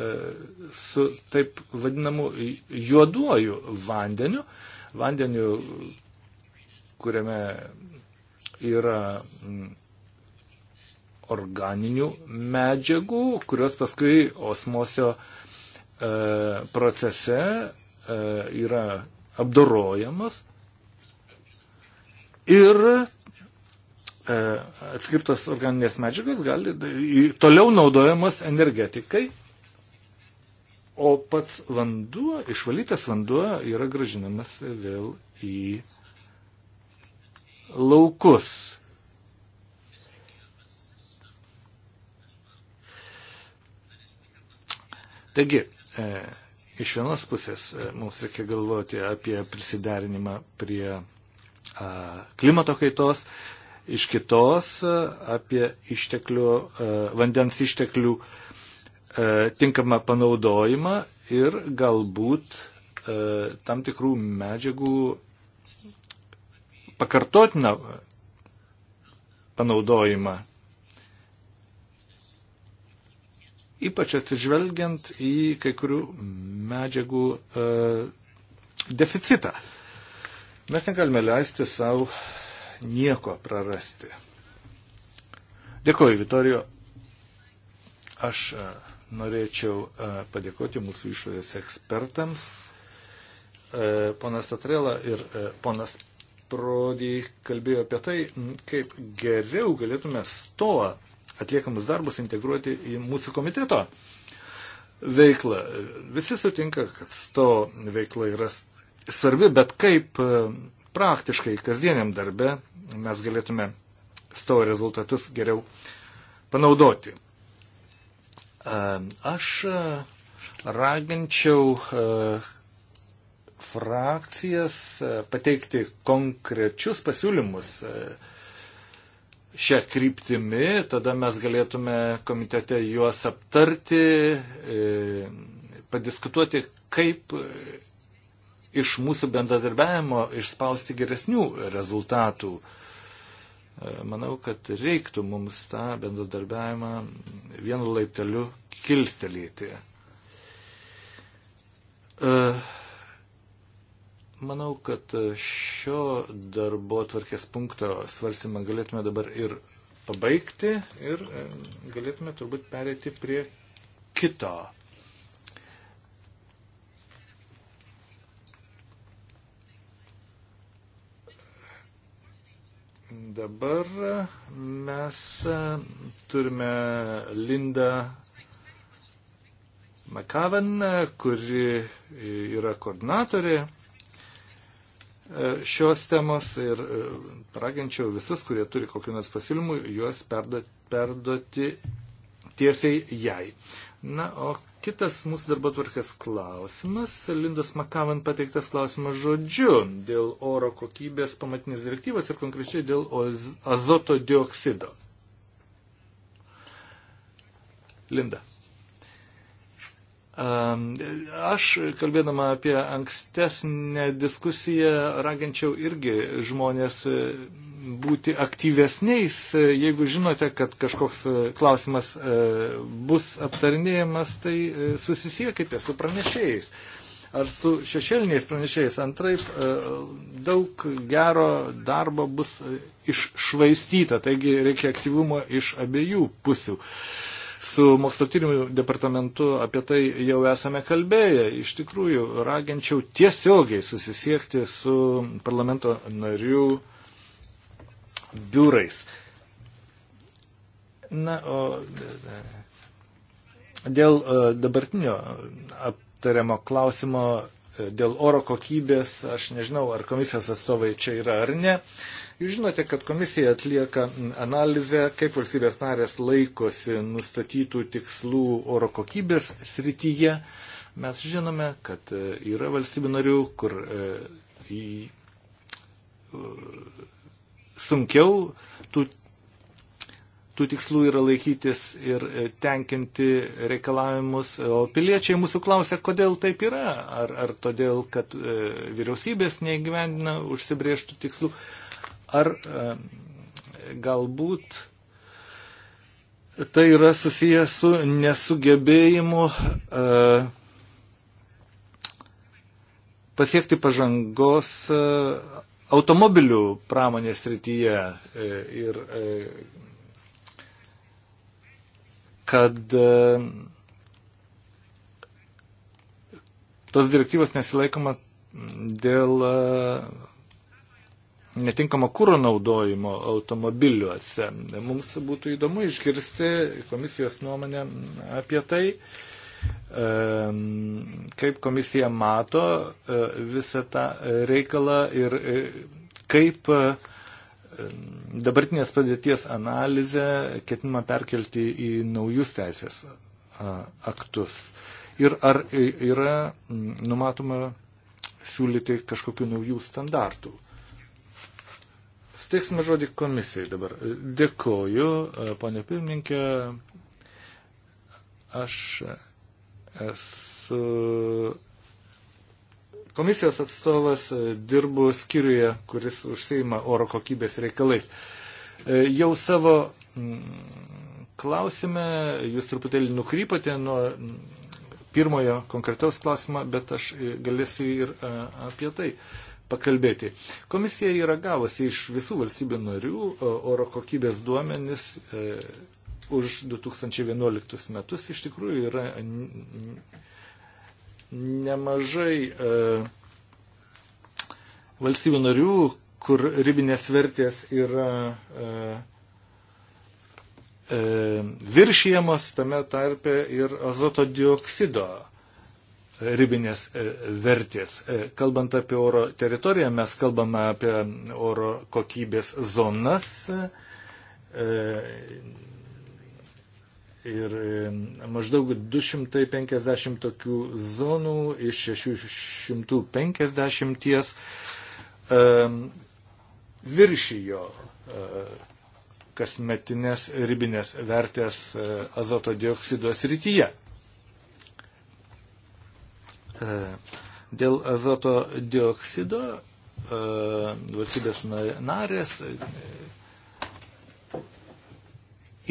E, su taip vadinamu juoduoju vandeniu, vandeniu, kuriame yra mm, organinių medžiagų, kurios paskui osmosio e, procese e, yra apdorojamos ir atskirtos organinės medžiagos gali toliau naudojamos energetikai o pats vanduo, išvalytas vanduo yra gražinamas vėl į laukus. Taigi, e, iš vienos pusės e, mums reikia galvoti apie prisiderinimą prie a, klimato kaitos, iš kitos a, apie išteklių, a, vandens išteklių a, E, tinkamą panaudojimą ir galbūt e, tam tikrų medžiagų pakartotiną panaudojimą. Ypač atsižvelgiant į kai kurių medžiagų e, deficitą. Mes negalime leisti savo nieko prarasti. Dėkuoju, Vitorijo. Aš. E, Norėčiau e, padėkoti mūsų išorės ekspertams. E, ponas Tatrela ir e, ponas Prodi kalbėjo apie tai, kaip geriau galėtume stoa atliekamus darbus integruoti į mūsų komiteto veiklą. Visi sutinka, kad sto veikla yra svarbi, bet kaip praktiškai kasdieniam darbe mes galėtume sto rezultatus geriau panaudoti. Aš e, raginčiau e, frakcijas e, pateikti konkrečius pasiūlymus šią kryptimį, tada mes galėtume komitete juos aptarti, padiskutuoti, kaip iš mūsų bendradarbiavimo išspausti geresnių rezultatų. Manau, kad reiktų mums tą bendradarbiavimą vienu laipteliu kilstelėti. E, manau, kad šio darbo tvarkės punkto svarstymą galėtume dabar ir pabaigti ir e, galėtume turbūt perėti prie kito Dabar mes turime Lindą McCaven, kuri yra koordinatorė šios temos ir raginčiau visus, kurie turi kokių nors pasiūlymų, juos perduoti, perduoti tiesiai jai. Na, o kitas mūsų darbo tvarkės klausimas, Lindos Makavan pateiktas klausimas žodžiu dėl oro kokybės pamatinės direktyvos ir konkrečiai dėl azoto dioksido. Linda. Aš, kalbėdama apie ankstesnę diskusiją, raginčiau irgi žmonės būti aktyvesniais, e, jeigu žinote, kad kažkoks e, klausimas e, bus aptarinėjamas, tai susisiekite su pranešėjais ar su šešėliniais pranešėjais. Antraip daug gero darbo bus iššvaistyta, taigi reikia aktyvumo iš abiejų pusių. Su mokslo tyrimų departamentu apie tai jau esame kalbėję. Iš tikrųjų, raginčiau tiesiogiai susisiekti su parlamento narių uh, biurais. Na, o dėl e, dabartinio aptariamo klausimo, e, dėl oro kokybės, aš nežinau, ar komisijos atstovai čia yra ar ne. Jūs žinote, kad komisija atlieka analizę, kaip valstybės narės laikosi nustatytų tikslų oro kokybės srityje. Mes žinome, kad e, yra valstybių narių, kur į sunkiau tų, tų tikslų yra laikytis ir e, tenkinti reikalavimus, o piliečiai mūsų klausia, kodėl taip yra, ar, ar todėl, kad e, vyriausybės neįgyvendina užsibrieštų tikslų, ar e, galbūt tai yra susiję su nesugebėjimu pasiekti pažangos automobilių pramonės srityje e, ir e, kad e, tos direktyvos nesilaikoma dėl netinkamo kūro naudojimo automobiliuose. Mums būtų įdomu išgirsti komisijos nuomonę apie tai. E, kaip komisija mato e, visą tą reikalą ir e, kaip e, dabartinės padėties analizę ketinama perkelti į naujus teisės aktus. Ir ar yra numatoma siūlyti kažkokių naujų standartų. Steiksime žodį komisijai dabar. Dėkoju, ponė pirmininkė. Aš Esu komisijos atstovas, e, dirbu skyriuje, kuris užseima oro kokybės reikalais. E, jau savo mm, klausime, jūs truputėlį nukrypote nuo mm, pirmojo konkretaus klausimo, bet aš e, galėsiu ir apie tai pakalbėti. Komisija yra gavusi iš visų valstybių narių oro kokybės duomenis už 2011 metus iš tikrųjų yra nemažai e, valstybių narių, kur ribinės vertės yra e, e, viršijamos tame tarpe ir azoto dioksido ribinės e, vertės. E, kalbant apie oro teritoriją, mes kalbame apie oro kokybės zonas e, Ir e, maždaug 250 tokių zonų iš 650 e, viršijo e, kasmetinės ribinės vertės azoto dioksido srityje. Dėl azoto dioksido valstybės narės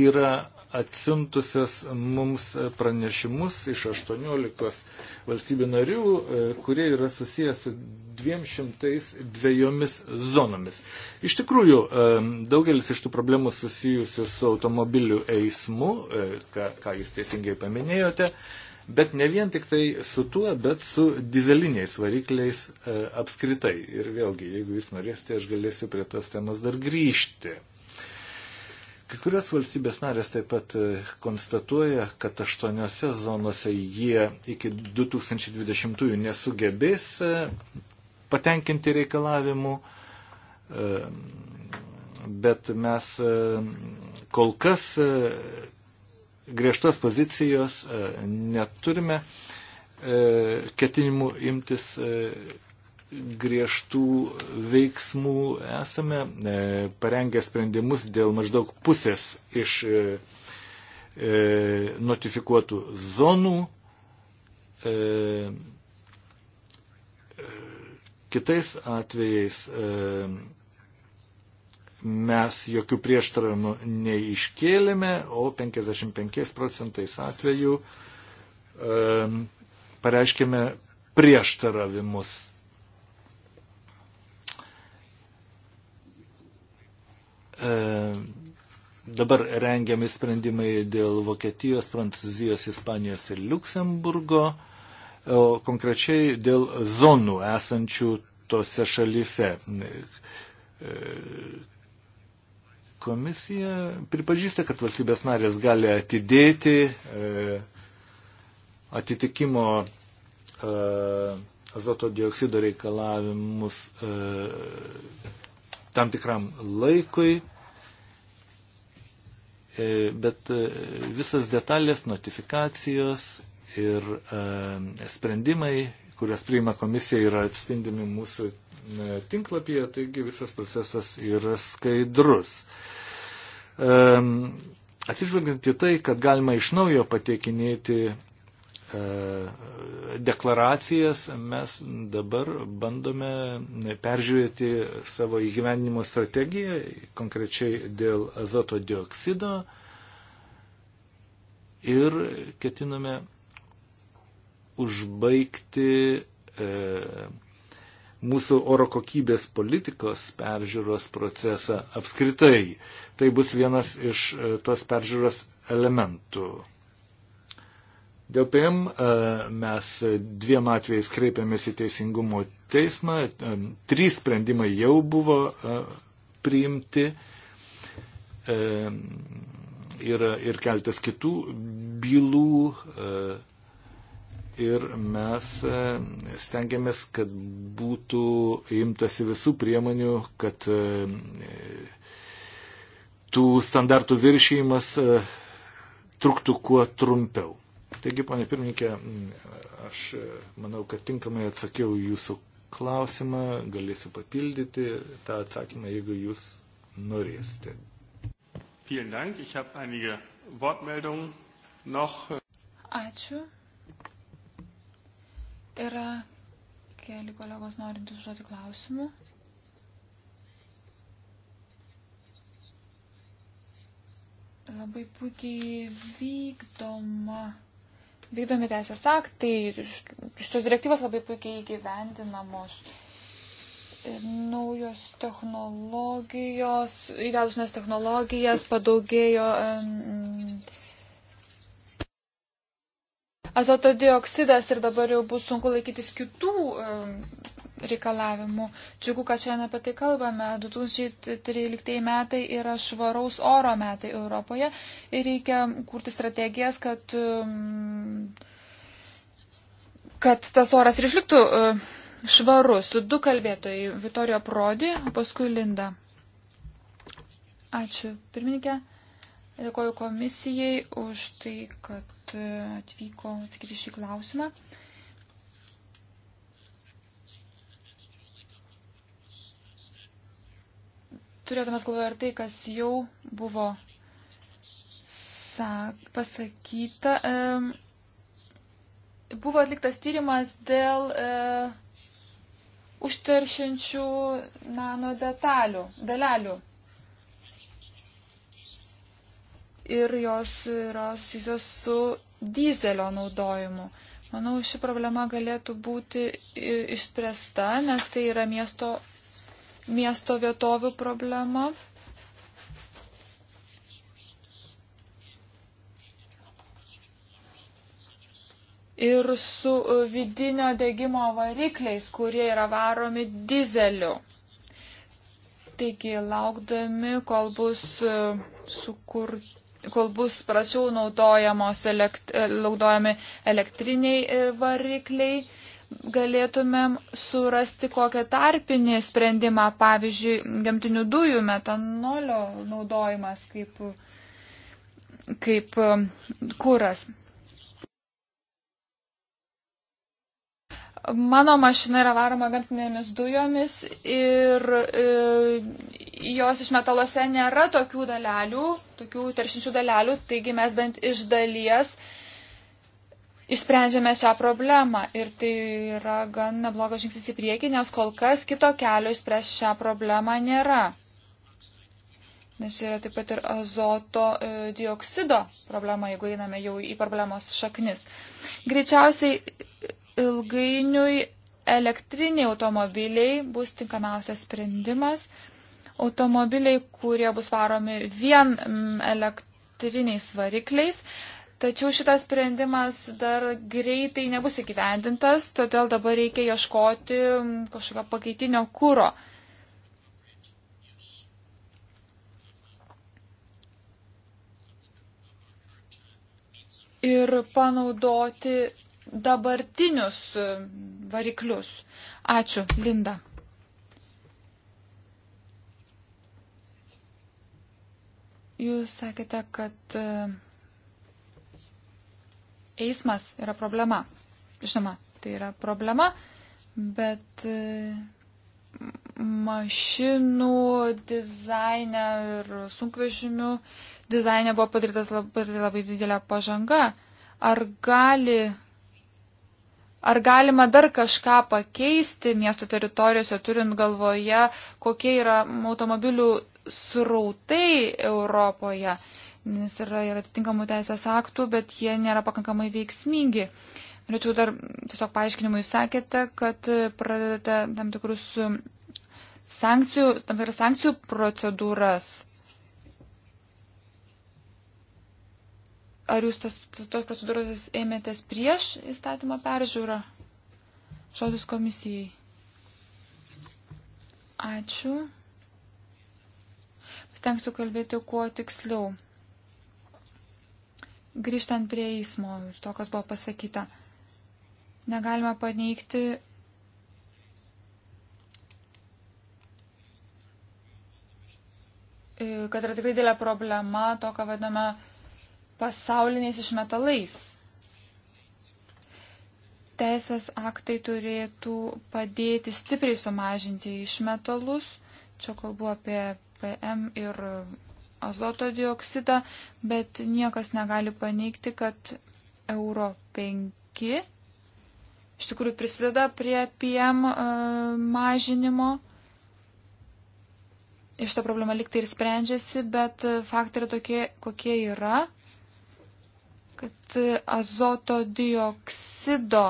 yra atsintusios mums pranešimus iš 18 valstybių narių, e, kurie yra susijęs su 202 zonomis. Iš tikrųjų, e, daugelis iš tų problemų susijusių su automobilių eismu, e, ką, ką jūs teisingai paminėjote, bet ne vien tik tai su tuo, bet su dizeliniais varikliais apskritai. Ir vėlgi, jeigu jūs norėsite, aš galėsiu prie tos temos dar grįžti. Kai kurios valstybės narės taip pat e, konstatuoja, kad aštuoniose zonose jie iki 2020 nesugebės e, patenkinti reikalavimų, e, bet mes kol kas griežtos pozicijos neturime ketinimų imtis griežtų veiksmų esame e, parengę sprendimus dėl maždaug pusės iš e, e, notifikuotų zonų. Kitais atvejais mes jokių prieštaravimų neiškėlėme, o 55 procentais atvejų pareiškėme prieštaravimus E, dabar rengiami sprendimai dėl Vokietijos, Prancūzijos, Ispanijos ir Luksemburgo, o konkrečiai dėl zonų esančių tose šalise. E, komisija pripažįsta, kad valstybės narės gali atidėti e, atitikimo azoto dioksido reikalavimus tam tikram laikui, e, bet e, visas detalės, notifikacijos ir e, sprendimai, kurias priima komisija, yra atspindimi mūsų tinklapyje, taigi visas procesas yra skaidrus. Atsižvelgiant į tai, kad galima iš naujo pateikinėti E, deklaracijas, mes dabar bandome peržiūrėti savo įgyvenimo strategiją, konkrečiai dėl azoto dioksido ir ketiname užbaigti e, mūsų oro kokybės politikos peržiūros procesą apskritai. Tai bus vienas iš e, tos peržiūros elementų. Dėl PM e, mes dviem atvejais kreipėmės į Teisingumo teismą, e, trys sprendimai jau buvo e, priimti ir, ir keltas kitų bylų ir mes stengiamės, kad būtų imtasi visų priemonių, kad tų standartų viršėjimas truktų kuo trumpiau. Taigi, ponė pirmininkė, aš e, manau, kad tinkamai atsakiau jūsų klausimą, galėsiu papildyti tą atsakymą, jeigu jūs norėsite.
Ačiū. Yra keli kolegos norintys užduoti klausimų. Labai puikiai vykdoma vykdomi teisės aktai ir šios direktyvos labai puikiai įgyvendinamos. Naujos technologijos, įvedusios technologijas padaugėjo azoto dioksidas ir dabar jau bus sunku laikytis kitų reikalavimų. Džiugu, kad šiandien apie tai kalbame. 2013 metai yra švaraus oro metai Europoje ir reikia kurti strategijas, kad, um, kad tas oras ir išliktų uh, švarus. Du kalbėtojai - Vitorijo Prodi, paskui Linda. Ačiū, pirmininkė. Dėkoju komisijai už tai, kad uh, atvyko atsakyti šį klausimą. turėdamas galvoje ir tai, kas jau buvo sak, pasakyta, e, buvo atliktas tyrimas dėl e, užteršiančių nano detalių, dalelių. Ir jos yra susijusios su dizelio naudojimu. Manau, ši problema galėtų būti išspręsta, nes tai yra miesto miesto vietovių problema. Ir su vidinio degimo varikliais, kurie yra varomi dizeliu. Taigi, laukdami, kol bus e, sukurti kol bus prasčiau naudojamos elekt, e, naudojami elektriniai e, varikliai, galėtumėm surasti kokią tarpinį sprendimą, pavyzdžiui, gamtinių dujų metanolio naudojimas kaip, kaip um, kuras. Mano mašina yra varoma gamtinėmis dujomis ir, ir e, jos iš metaluose nėra tokių dalelių, tokių teršinčių dalelių, taigi mes bent iš dalies uh, išsprendžiame šią problemą. Ir tai yra gan neblogas žingsnis į priekį, nes kol kas kito kelio išspręs šią problemą nėra. Nes yra taip pat ir azoto e, dioksido problema, jeigu einame jau į problemos šaknis. Greičiausiai ilgainiui elektriniai automobiliai bus tinkamiausias sprendimas. Automobiliai, kurie bus varomi vien mm, elektriniais varikliais, Tačiau šitas sprendimas dar greitai nebus įgyvendintas, todėl dabar reikia ieškoti kažkokio pakaitinio kūro. Ir panaudoti dabartinius variklius. Ačiū, Linda. Jūs sakėte, kad. Uh, eismas yra problema. Žinoma, tai yra problema, bet e, mašinų dizaine ir sunkvežimių dizaine buvo padarytas labai, labai didelė pažanga. Ar gali Ar galima dar kažką pakeisti miesto teritorijose, turint galvoje, kokie yra automobilių srautai Europoje? nes yra ir atitinkamų teisės aktų, bet jie nėra pakankamai veiksmingi. Norėčiau dar tiesiog paaiškinimui sakėte, kad pradedate tam tikrus um, sankcijų, tam tikras sankcijų procedūras. Ar jūs tas, tos procedūros ėmėtės prieš įstatymo peržiūrą? Žodis komisijai. Ačiū. Stengsiu kalbėti kuo tiksliau. Grįžtant prie eismo ir to, kas buvo pasakyta, negalima paneigti. E, kad yra tikrai didelė problema to, ką vadiname pasauliniais išmetalais. Teisės aktai turėtų padėti stipriai sumažinti išmetalus. Čia kalbu apie PM ir azoto dioksidą, bet niekas negali paneigti, kad euro 5 iš tikrųjų prisideda prie PM e, mažinimo. Iš to problema liktai ir sprendžiasi, bet e, faktai yra tokie, kokie yra, kad e, azoto dioksido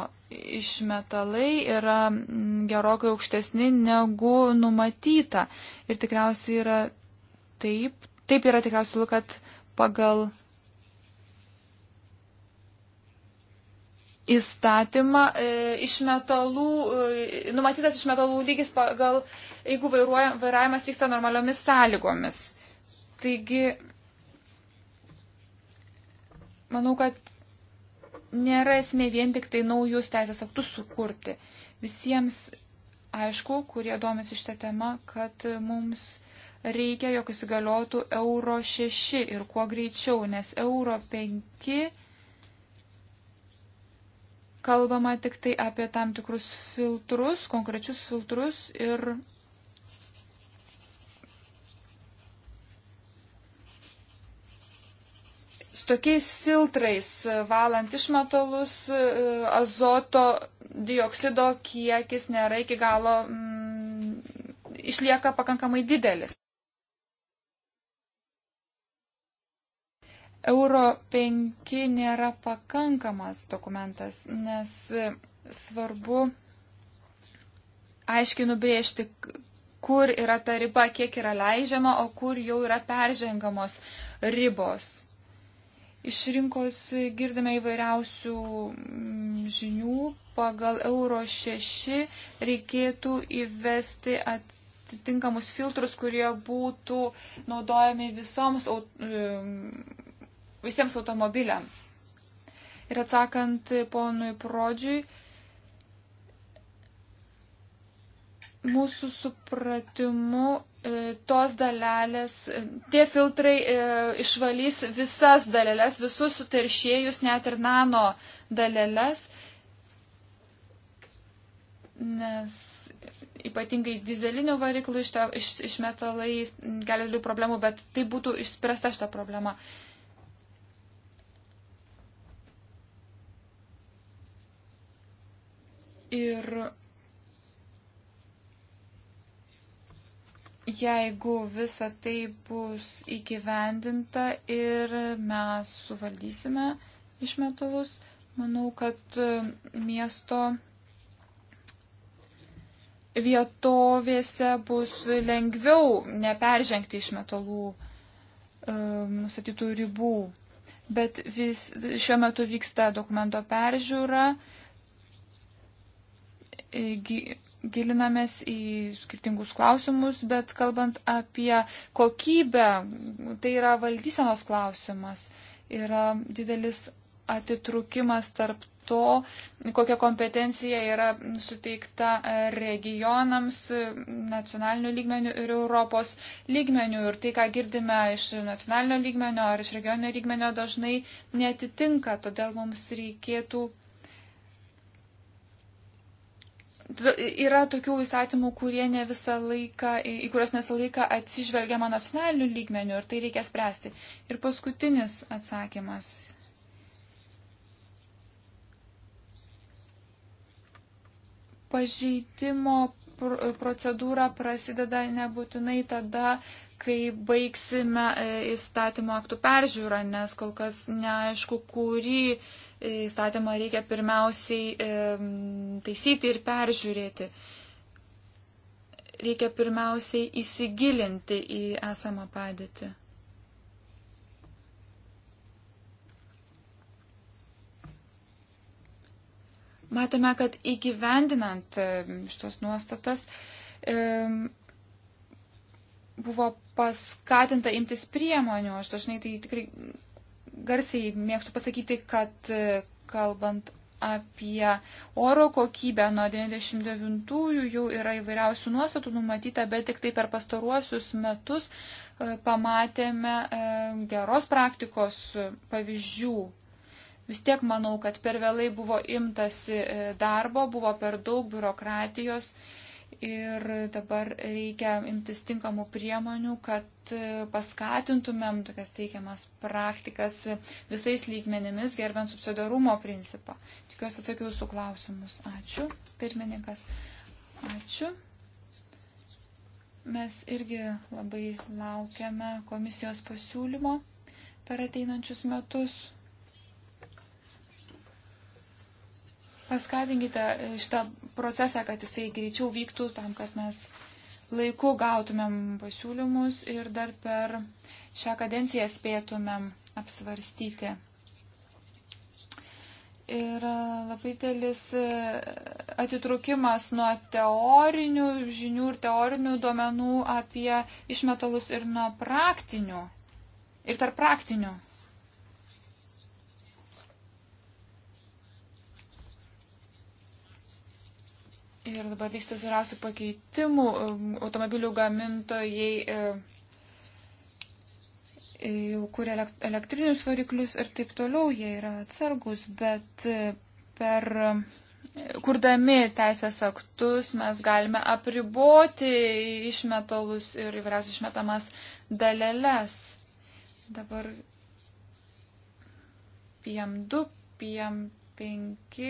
išmetalai yra gerokai aukštesni negu numatyta. Ir tikriausiai yra taip Taip yra tikriausiai, kad pagal įstatymą e, iš metalų, e, numatytas iš metalų lygis pagal, jeigu vairuoja, vairavimas vyksta normaliomis sąlygomis. Taigi, manau, kad nėra esmė vien tik tai naujus teisės aktus sukurti. Visiems aišku, kurie domisi šitą temą, kad mums reikia, jog įsigaliotų euro 6 ir kuo greičiau, nes euro 5 kalbama tik tai apie tam tikrus filtrus, konkrečius filtrus ir. Su tokiais filtrais valant išmetalus e, azoto dioksido kiekis nėra iki galo mm, išlieka pakankamai didelis. Euro 5 nėra pakankamas dokumentas, nes svarbu aiškiai nubrėžti, kur yra ta riba, kiek yra leidžiama, o kur jau yra peržengamos ribos. Iš rinkos girdime įvairiausių mm, žinių. Pagal Euro 6 reikėtų įvesti atitinkamus filtrus, kurie būtų naudojami visoms mm, visiems automobiliams. Ir atsakant ponui Prodžiui, mūsų supratimu e, tos dalelės, e, tie filtrai e, išvalys visas dalelės, visus suteršėjus, net ir nano dalelės, nes ypatingai dizelinių variklių iš, iš, išmetalai kelia didelių problemų, bet tai būtų išspręsta šita problema. Uh, Ir jeigu visa tai bus įgyvendinta ir mes suvaldysime išmetalus, manau, kad e, miesto vietovėse bus lengviau neperžengti išmetalų e, nustatytų ribų. Bet vis, šiuo metu vyksta dokumento peržiūra, E, gilinamės į skirtingus klausimus, bet kalbant apie kokybę, tai yra valdysenos klausimas. Yra didelis atitrukimas tarp to, kokia kompetencija yra suteikta regionams nacionalinių lygmenių ir Europos lygmenių. Ir tai, ką girdime iš nacionalinio lygmenio ar iš regioninio lygmenio, dažnai netitinka. Todėl mums reikėtų Yra tokių įstatymų, kurie ne visą laiką, į kuriuos ne visą laiką atsižvelgiama nacionaliniu lygmeniu ir tai reikia spręsti. Ir paskutinis atsakymas. Pažeidimo procedūra prasideda nebūtinai tada, kai baigsime e, įstatymo aktų peržiūrą, nes kol kas neaišku, kurį įstatymą reikia pirmiausiai taisyti ir peržiūrėti. Reikia pirmiausiai įsigilinti į esamą padėtį. Matome, kad įgyvendinant šitos nuostatas buvo paskatinta imtis priemonių. Aš dažnai tai tikrai garsiai mėgstu pasakyti, kad e, kalbant apie oro kokybę nuo 99-ųjų jau yra įvairiausių nuostatų numatyta, bet tik tai per pastaruosius metus e, pamatėme e, geros praktikos pavyzdžių. Vis tiek manau, kad per vėlai buvo imtasi darbo, buvo per daug biurokratijos ir dabar reikia imtis tinkamų priemonių, kad paskatintumėm tokias teikiamas praktikas visais lygmenimis, gerbent subsidarumo principą. Tikiuosi atsakiau jūsų klausimus. Ačiū, pirmininkas. Ačiū. Mes irgi labai laukiame komisijos pasiūlymo per ateinančius metus. paskatinkite e, šitą procesą, kad jisai greičiau vyktų tam, kad mes laiku gautumėm pasiūlymus ir dar per šią kadenciją spėtumėm apsvarstyti. Ir e, labai dėlis e, atitrukimas nuo teorinių žinių ir teorinių duomenų apie išmetalus ir nuo praktinių. Ir tarp praktinių Ir dabar vyksta visarausių pakeitimų. Um, automobilių gamintojai e, e, jau kuria elektrinius variklius ir taip toliau, jie yra atsargus, bet e, per kurdami teisės aktus mes galime apriboti išmetalus ir įvairiausias išmetamas daleles. Dabar PM2, PM5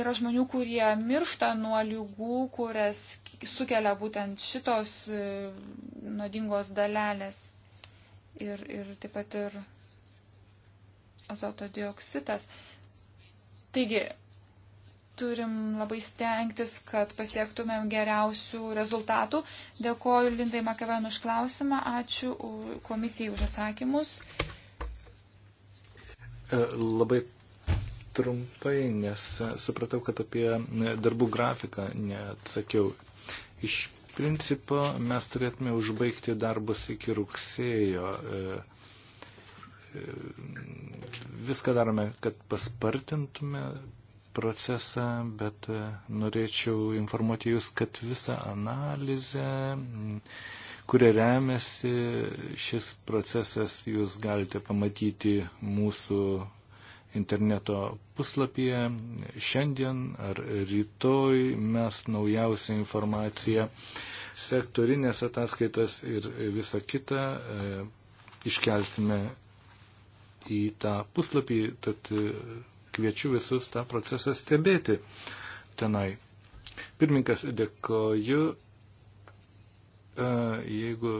yra žmonių, kurie miršta nuo lygų, kurias sukelia būtent šitos e, nuodingos dalelės. Ir, ir taip pat ir azoto dioksitas. Taigi, turim labai stengtis, kad pasiektumėm geriausių rezultatų. Dėkoju Lindai Makeven už klausimą, ačiū komisijai už atsakymus.
E, labai trumpai, nes supratau, kad apie darbų grafiką neatsakiau. Iš principo mes turėtume užbaigti darbus iki rugsėjo. E, e, viską darome, kad paspartintume procesą, bet e, norėčiau informuoti Jūs, kad visą analizę, kuria remiasi šis procesas, Jūs galite pamatyti mūsų interneto puslapyje. Šiandien ar rytoj mes naujausią informaciją, sektorinės ataskaitas ir visą kitą e, iškelsime į tą puslapį, tad e, kviečiu visus tą procesą stebėti tenai. Pirmininkas, dėkoju. E, jeigu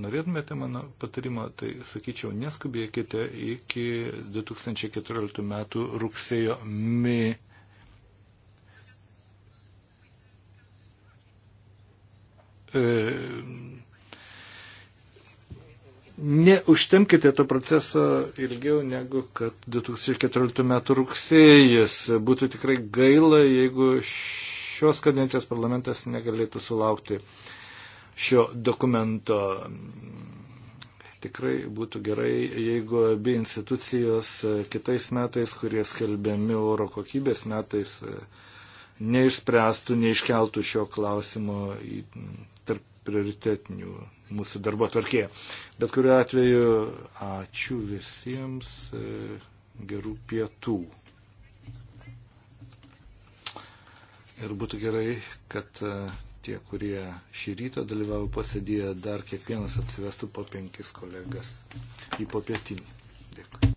norėtumėte mano patarimo, tai sakyčiau, neskubėkite iki 2014 metų rugsėjo mė. E, neužtemkite to proceso ilgiau negu kad 2014 m. rugsėjas. Būtų tikrai gaila, jeigu šios kadencijos parlamentas negalėtų sulaukti šio dokumento. Tikrai būtų gerai, jeigu abi institucijos e, kitais metais, kurie skelbiami oro kokybės metais, e, neišspręstų, neiškeltų šio klausimo į tarp prioritetinių mūsų darbo tvarkėje. Bet kuriu atveju, ačiū visiems, e, gerų pietų. Ir būtų gerai, kad tie, kurie šį rytą dalyvavo posėdėje, dar kiekvienas atsivestų po penkis kolegas į popietinį. Dėkui.